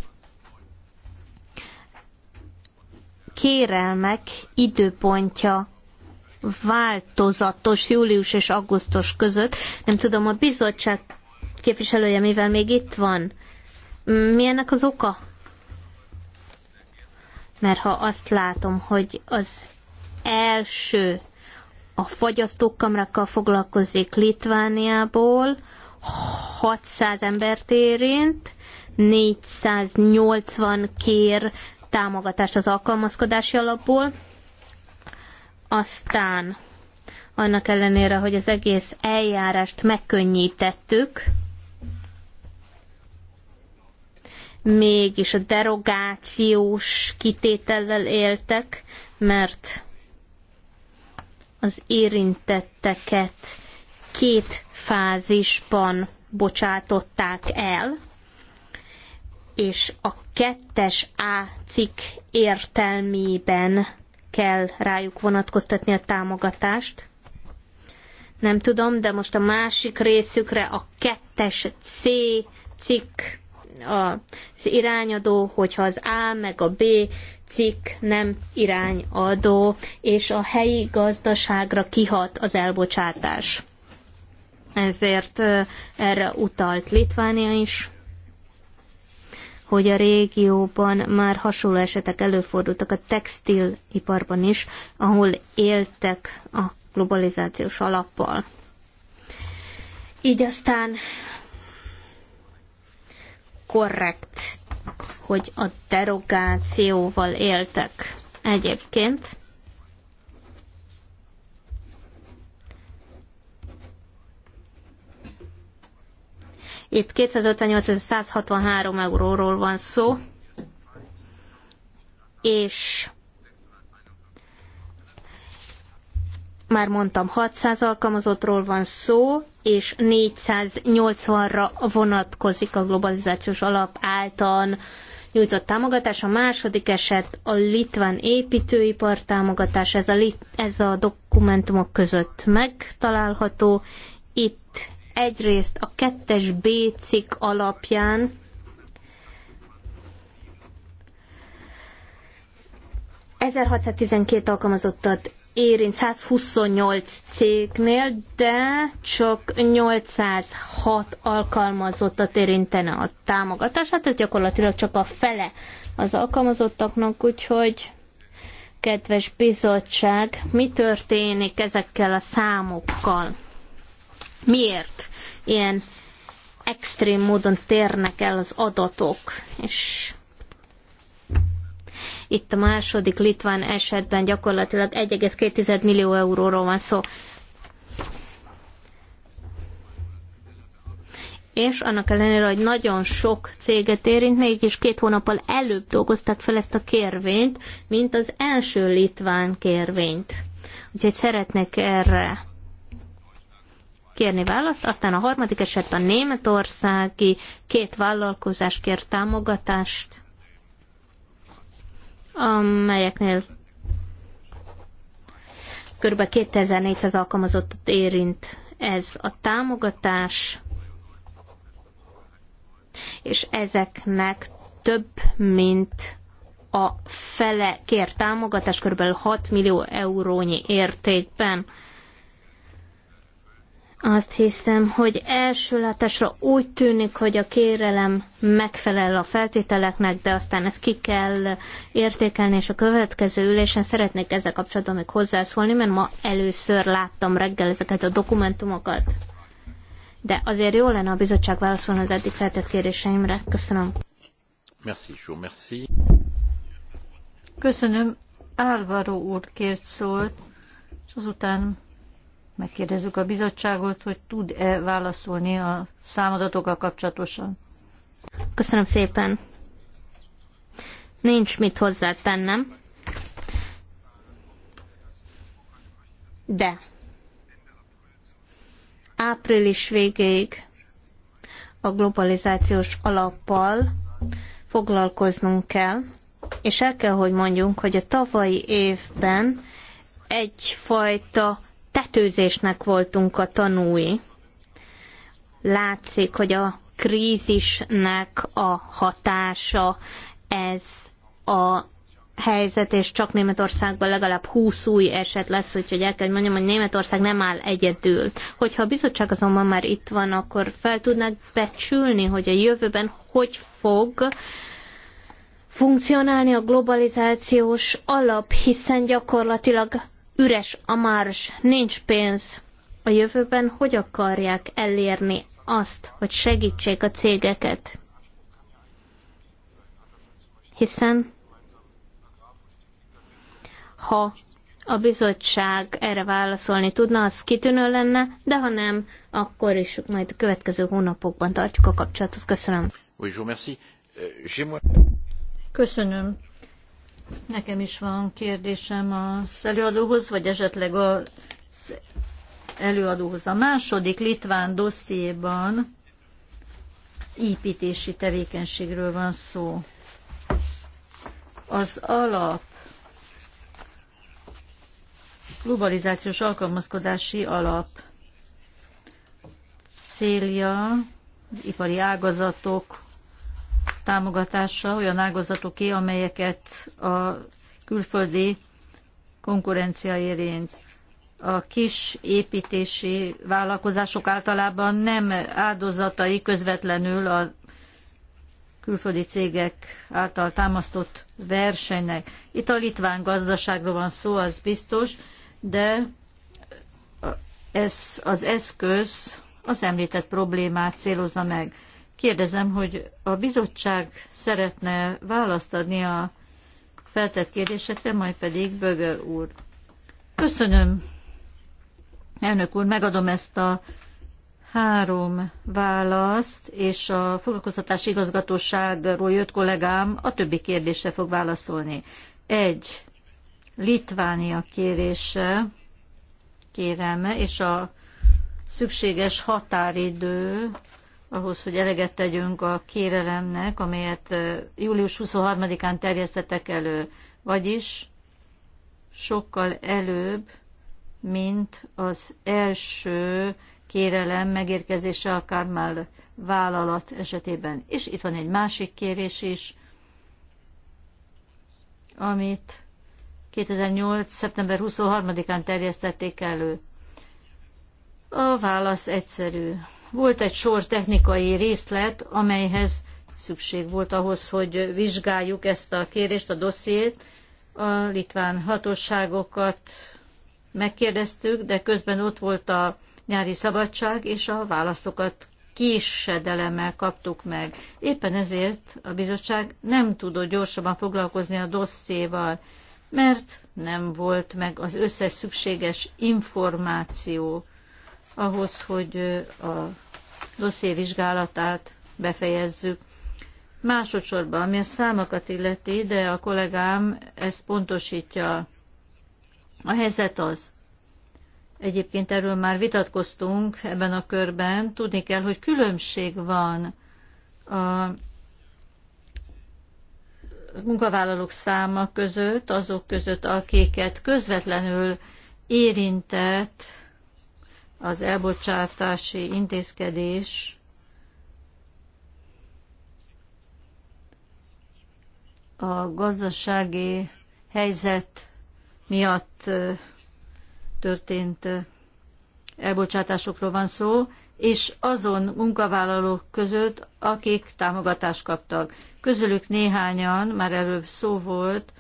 kérelmek időpontja változatos július és augusztus között. Nem tudom, a bizottság képviselője, mivel még itt van, mi ennek az oka? Mert ha azt látom, hogy az első a fogyasztókamrakkal foglalkozik Litvániából, 600 embert érint, 480 kér támogatást az alkalmazkodási alapból. Aztán annak ellenére, hogy az egész eljárást megkönnyítettük, mégis a derogációs kitétellel éltek, mert az érintetteket két fázisban bocsátották el és a kettes A cikk értelmében kell rájuk vonatkoztatni a támogatást. Nem tudom, de most a másik részükre a kettes C cikk az irányadó, hogyha az A meg a B cikk nem irányadó, és a helyi gazdaságra kihat az elbocsátás. Ezért erre utalt Litvánia is hogy a régióban már hasonló esetek előfordultak a textiliparban is, ahol éltek a globalizációs alappal. Így aztán korrekt, hogy a derogációval éltek egyébként Itt 258.163 euróról van szó, és már mondtam, 600 alkalmazottról van szó, és 480-ra vonatkozik a globalizációs alap által nyújtott támogatás. A második eset a litván építőipar támogatás, ez a, lit, ez a dokumentumok között megtalálható. Itt egyrészt a kettes B cikk alapján ...1612 alkalmazottat érint 128 cégnél, de csak 806 alkalmazottat érintene a támogatás. Hát ez gyakorlatilag csak a fele az alkalmazottaknak, úgyhogy kedves bizottság, mi történik ezekkel a számokkal? miért ilyen extrém módon térnek el az adatok, és itt a második litván esetben gyakorlatilag 1,2 millió euróról van szó. És annak ellenére, hogy nagyon sok céget érint, mégis két hónappal előbb dolgozták fel ezt a kérvényt, mint az első litván kérvényt. Úgyhogy szeretnék erre kérni választ. Aztán a harmadik esetben a németországi két vállalkozás kért támogatást, amelyeknél kb. 2400 alkalmazottat érint ez a támogatás, és ezeknek több, mint a fele kér támogatás kb. 6 millió eurónyi értékben. Azt hiszem, hogy első látásra úgy tűnik, hogy a kérelem megfelel a feltételeknek, de aztán ezt ki kell értékelni, és a következő ülésen szeretnék ezzel kapcsolatban még hozzászólni, mert ma először láttam reggel ezeket a dokumentumokat. De azért jó lenne a bizottság válaszolni az eddig feltett kérdéseimre. Köszönöm. Merci, jó, merci. Köszönöm. Álvaro úr kért szólt, és azután Megkérdezzük a bizottságot, hogy tud-e válaszolni a számadatokkal kapcsolatosan. Köszönöm szépen. Nincs mit hozzátennem. De április végéig a globalizációs alappal foglalkoznunk kell, és el kell, hogy mondjunk, hogy a tavalyi évben egyfajta tetőzésnek voltunk a tanúi. Látszik, hogy a krízisnek a hatása ez a helyzet, és csak Németországban legalább 20 új eset lesz, úgyhogy el kell mondjam, hogy Németország nem áll egyedül. Hogyha a bizottság azonban már itt van, akkor fel tudnak becsülni, hogy a jövőben hogy fog funkcionálni a globalizációs alap, hiszen gyakorlatilag üres a márs, nincs pénz. A jövőben hogy akarják elérni azt, hogy segítsék a cégeket? Hiszen ha a bizottság erre válaszolni tudna, az kitűnő lenne, de ha nem, akkor is majd a következő hónapokban tartjuk a kapcsolatot. Köszönöm. Euh, Köszönöm. Nekem is van kérdésem az előadóhoz, vagy esetleg az előadóhoz. A második litván dossziéban építési tevékenységről van szó. Az alap globalizációs alkalmazkodási alap célja ipari ágazatok támogatása olyan ágazatoké, amelyeket a külföldi konkurencia érint. A kis építési vállalkozások általában nem áldozatai közvetlenül a külföldi cégek által támasztott versenynek. Itt a litván gazdaságról van szó, az biztos, de ez az eszköz az említett problémát célozza meg. Kérdezem, hogy a bizottság szeretne választ adni a feltett kérdésekre, majd pedig Böge úr. Köszönöm, elnök úr, megadom ezt a három választ, és a foglalkoztatási igazgatóságról jött kollégám a többi kérdésre fog válaszolni. Egy, Litvánia kérése, kérelme, és a szükséges határidő ahhoz, hogy eleget tegyünk a kérelemnek, amelyet július 23-án terjesztettek elő, vagyis sokkal előbb, mint az első kérelem megérkezése a Kármál vállalat esetében. És itt van egy másik kérés is, amit 2008. szeptember 23-án terjesztették elő. A válasz egyszerű. Volt egy sor technikai részlet, amelyhez szükség volt ahhoz, hogy vizsgáljuk ezt a kérést, a dossziét. A litván hatóságokat megkérdeztük, de közben ott volt a nyári szabadság, és a válaszokat késedelemmel kaptuk meg. Éppen ezért a bizottság nem tudott gyorsabban foglalkozni a dosszéval, mert nem volt meg az összes szükséges információ ahhoz, hogy a dosszé vizsgálatát befejezzük. Másodszorban, ami a számokat illeti, de a kollégám ezt pontosítja. A helyzet az, Egyébként erről már vitatkoztunk ebben a körben. Tudni kell, hogy különbség van a munkavállalók száma között, azok között, akiket közvetlenül érintett az elbocsátási intézkedés a gazdasági helyzet miatt történt elbocsátásokról van szó, és azon munkavállalók között, akik támogatást kaptak. Közülük néhányan, már előbb szó volt,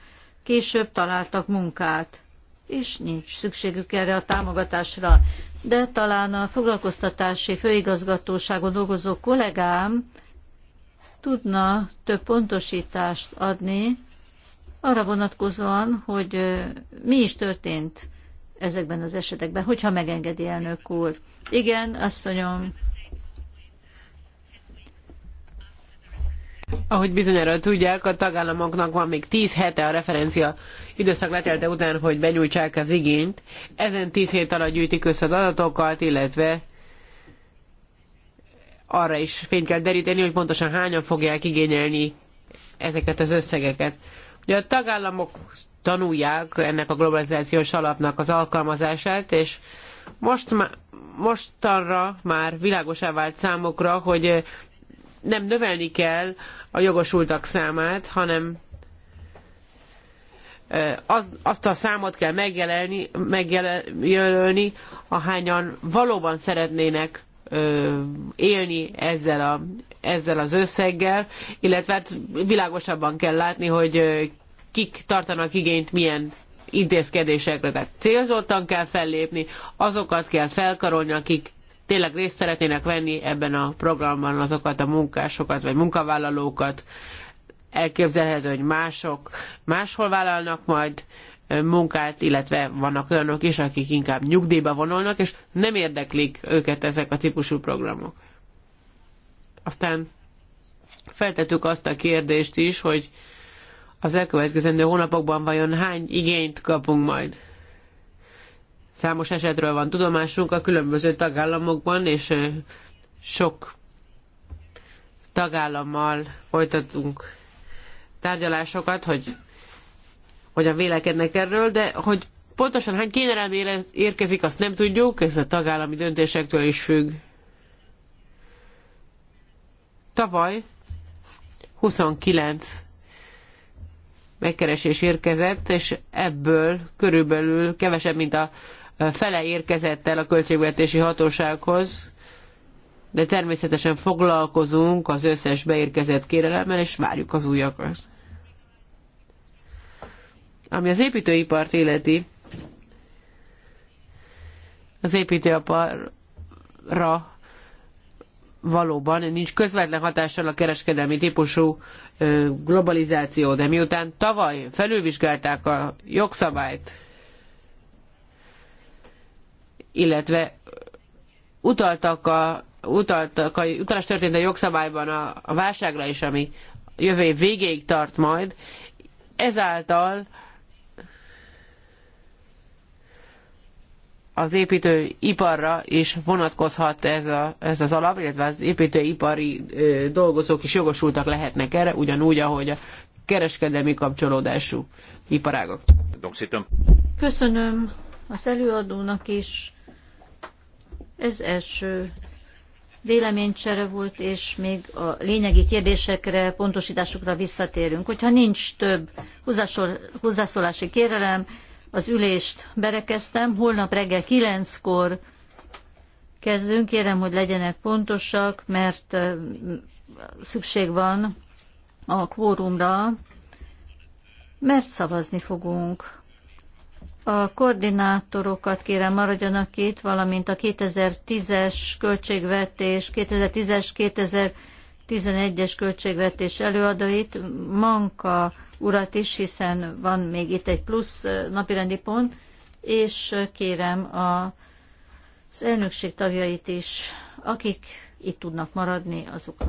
később találtak munkát és nincs szükségük erre a támogatásra. De talán a foglalkoztatási főigazgatóságon dolgozó kollégám tudna több pontosítást adni arra vonatkozóan, hogy mi is történt ezekben az esetekben, hogyha megengedi elnök úr. Igen, asszonyom, Ahogy bizonyára tudják, a tagállamoknak van még 10 hete a referencia időszak letelte után, hogy benyújtsák az igényt. Ezen 10 hét alatt gyűjtik össze az adatokat, illetve arra is fényt kell deríteni, hogy pontosan hányan fogják igényelni ezeket az összegeket. Ugye a tagállamok tanulják ennek a globalizációs alapnak az alkalmazását, és most már mostanra már világosá vált számokra, hogy nem növelni kell a jogosultak számát, hanem az, azt a számot kell megjelölni, megjelölni, ahányan valóban szeretnének élni ezzel, a, ezzel az összeggel, illetve hát világosabban kell látni, hogy kik tartanak igényt milyen intézkedésekre. Tehát célzottan kell fellépni, azokat kell felkarolni, akik tényleg részt szeretnének venni ebben a programban azokat a munkásokat vagy munkavállalókat. Elképzelhető, hogy mások máshol vállalnak majd munkát, illetve vannak olyanok is, akik inkább nyugdíjba vonulnak, és nem érdeklik őket ezek a típusú programok. Aztán feltettük azt a kérdést is, hogy az elkövetkezendő hónapokban vajon hány igényt kapunk majd Számos esetről van tudomásunk a különböző tagállamokban, és sok tagállammal folytatunk tárgyalásokat, hogy hogyan vélekednek erről, de hogy pontosan hány kénelem érkezik, azt nem tudjuk, ez a tagállami döntésektől is függ. Tavaly 29 megkeresés érkezett, és ebből körülbelül kevesebb, mint a, fele érkezett el a költségvetési hatósághoz, de természetesen foglalkozunk az összes beérkezett kérelemmel, és várjuk az újakat. Ami az építőipart illeti, az építőiparra valóban nincs közvetlen hatással a kereskedelmi típusú globalizáció, de miután tavaly felülvizsgálták a jogszabályt, illetve utaltak a, utaltak a utalás történt a jogszabályban a, a válságra is, ami jövő év végéig tart majd. Ezáltal az építőiparra is vonatkozhat ez, a, ez az alap, illetve az építőipari ö, dolgozók is jogosultak lehetnek erre, ugyanúgy, ahogy a kereskedelmi kapcsolódású iparágak. Köszönöm az előadónak is ez első véleménycsere volt, és még a lényegi kérdésekre, pontosításokra visszatérünk. Hogyha nincs több hozzászólási kérelem, az ülést berekeztem. Holnap reggel kilenckor kezdünk. Kérem, hogy legyenek pontosak, mert szükség van a kvórumra, mert szavazni fogunk. A koordinátorokat kérem maradjanak itt, valamint a 2010-es költségvetés, 2010-es, 2011-es költségvetés előadóit, Manka urat is, hiszen van még itt egy plusz napirendi pont, és kérem a, az elnökség tagjait is, akik itt tudnak maradni, azokat.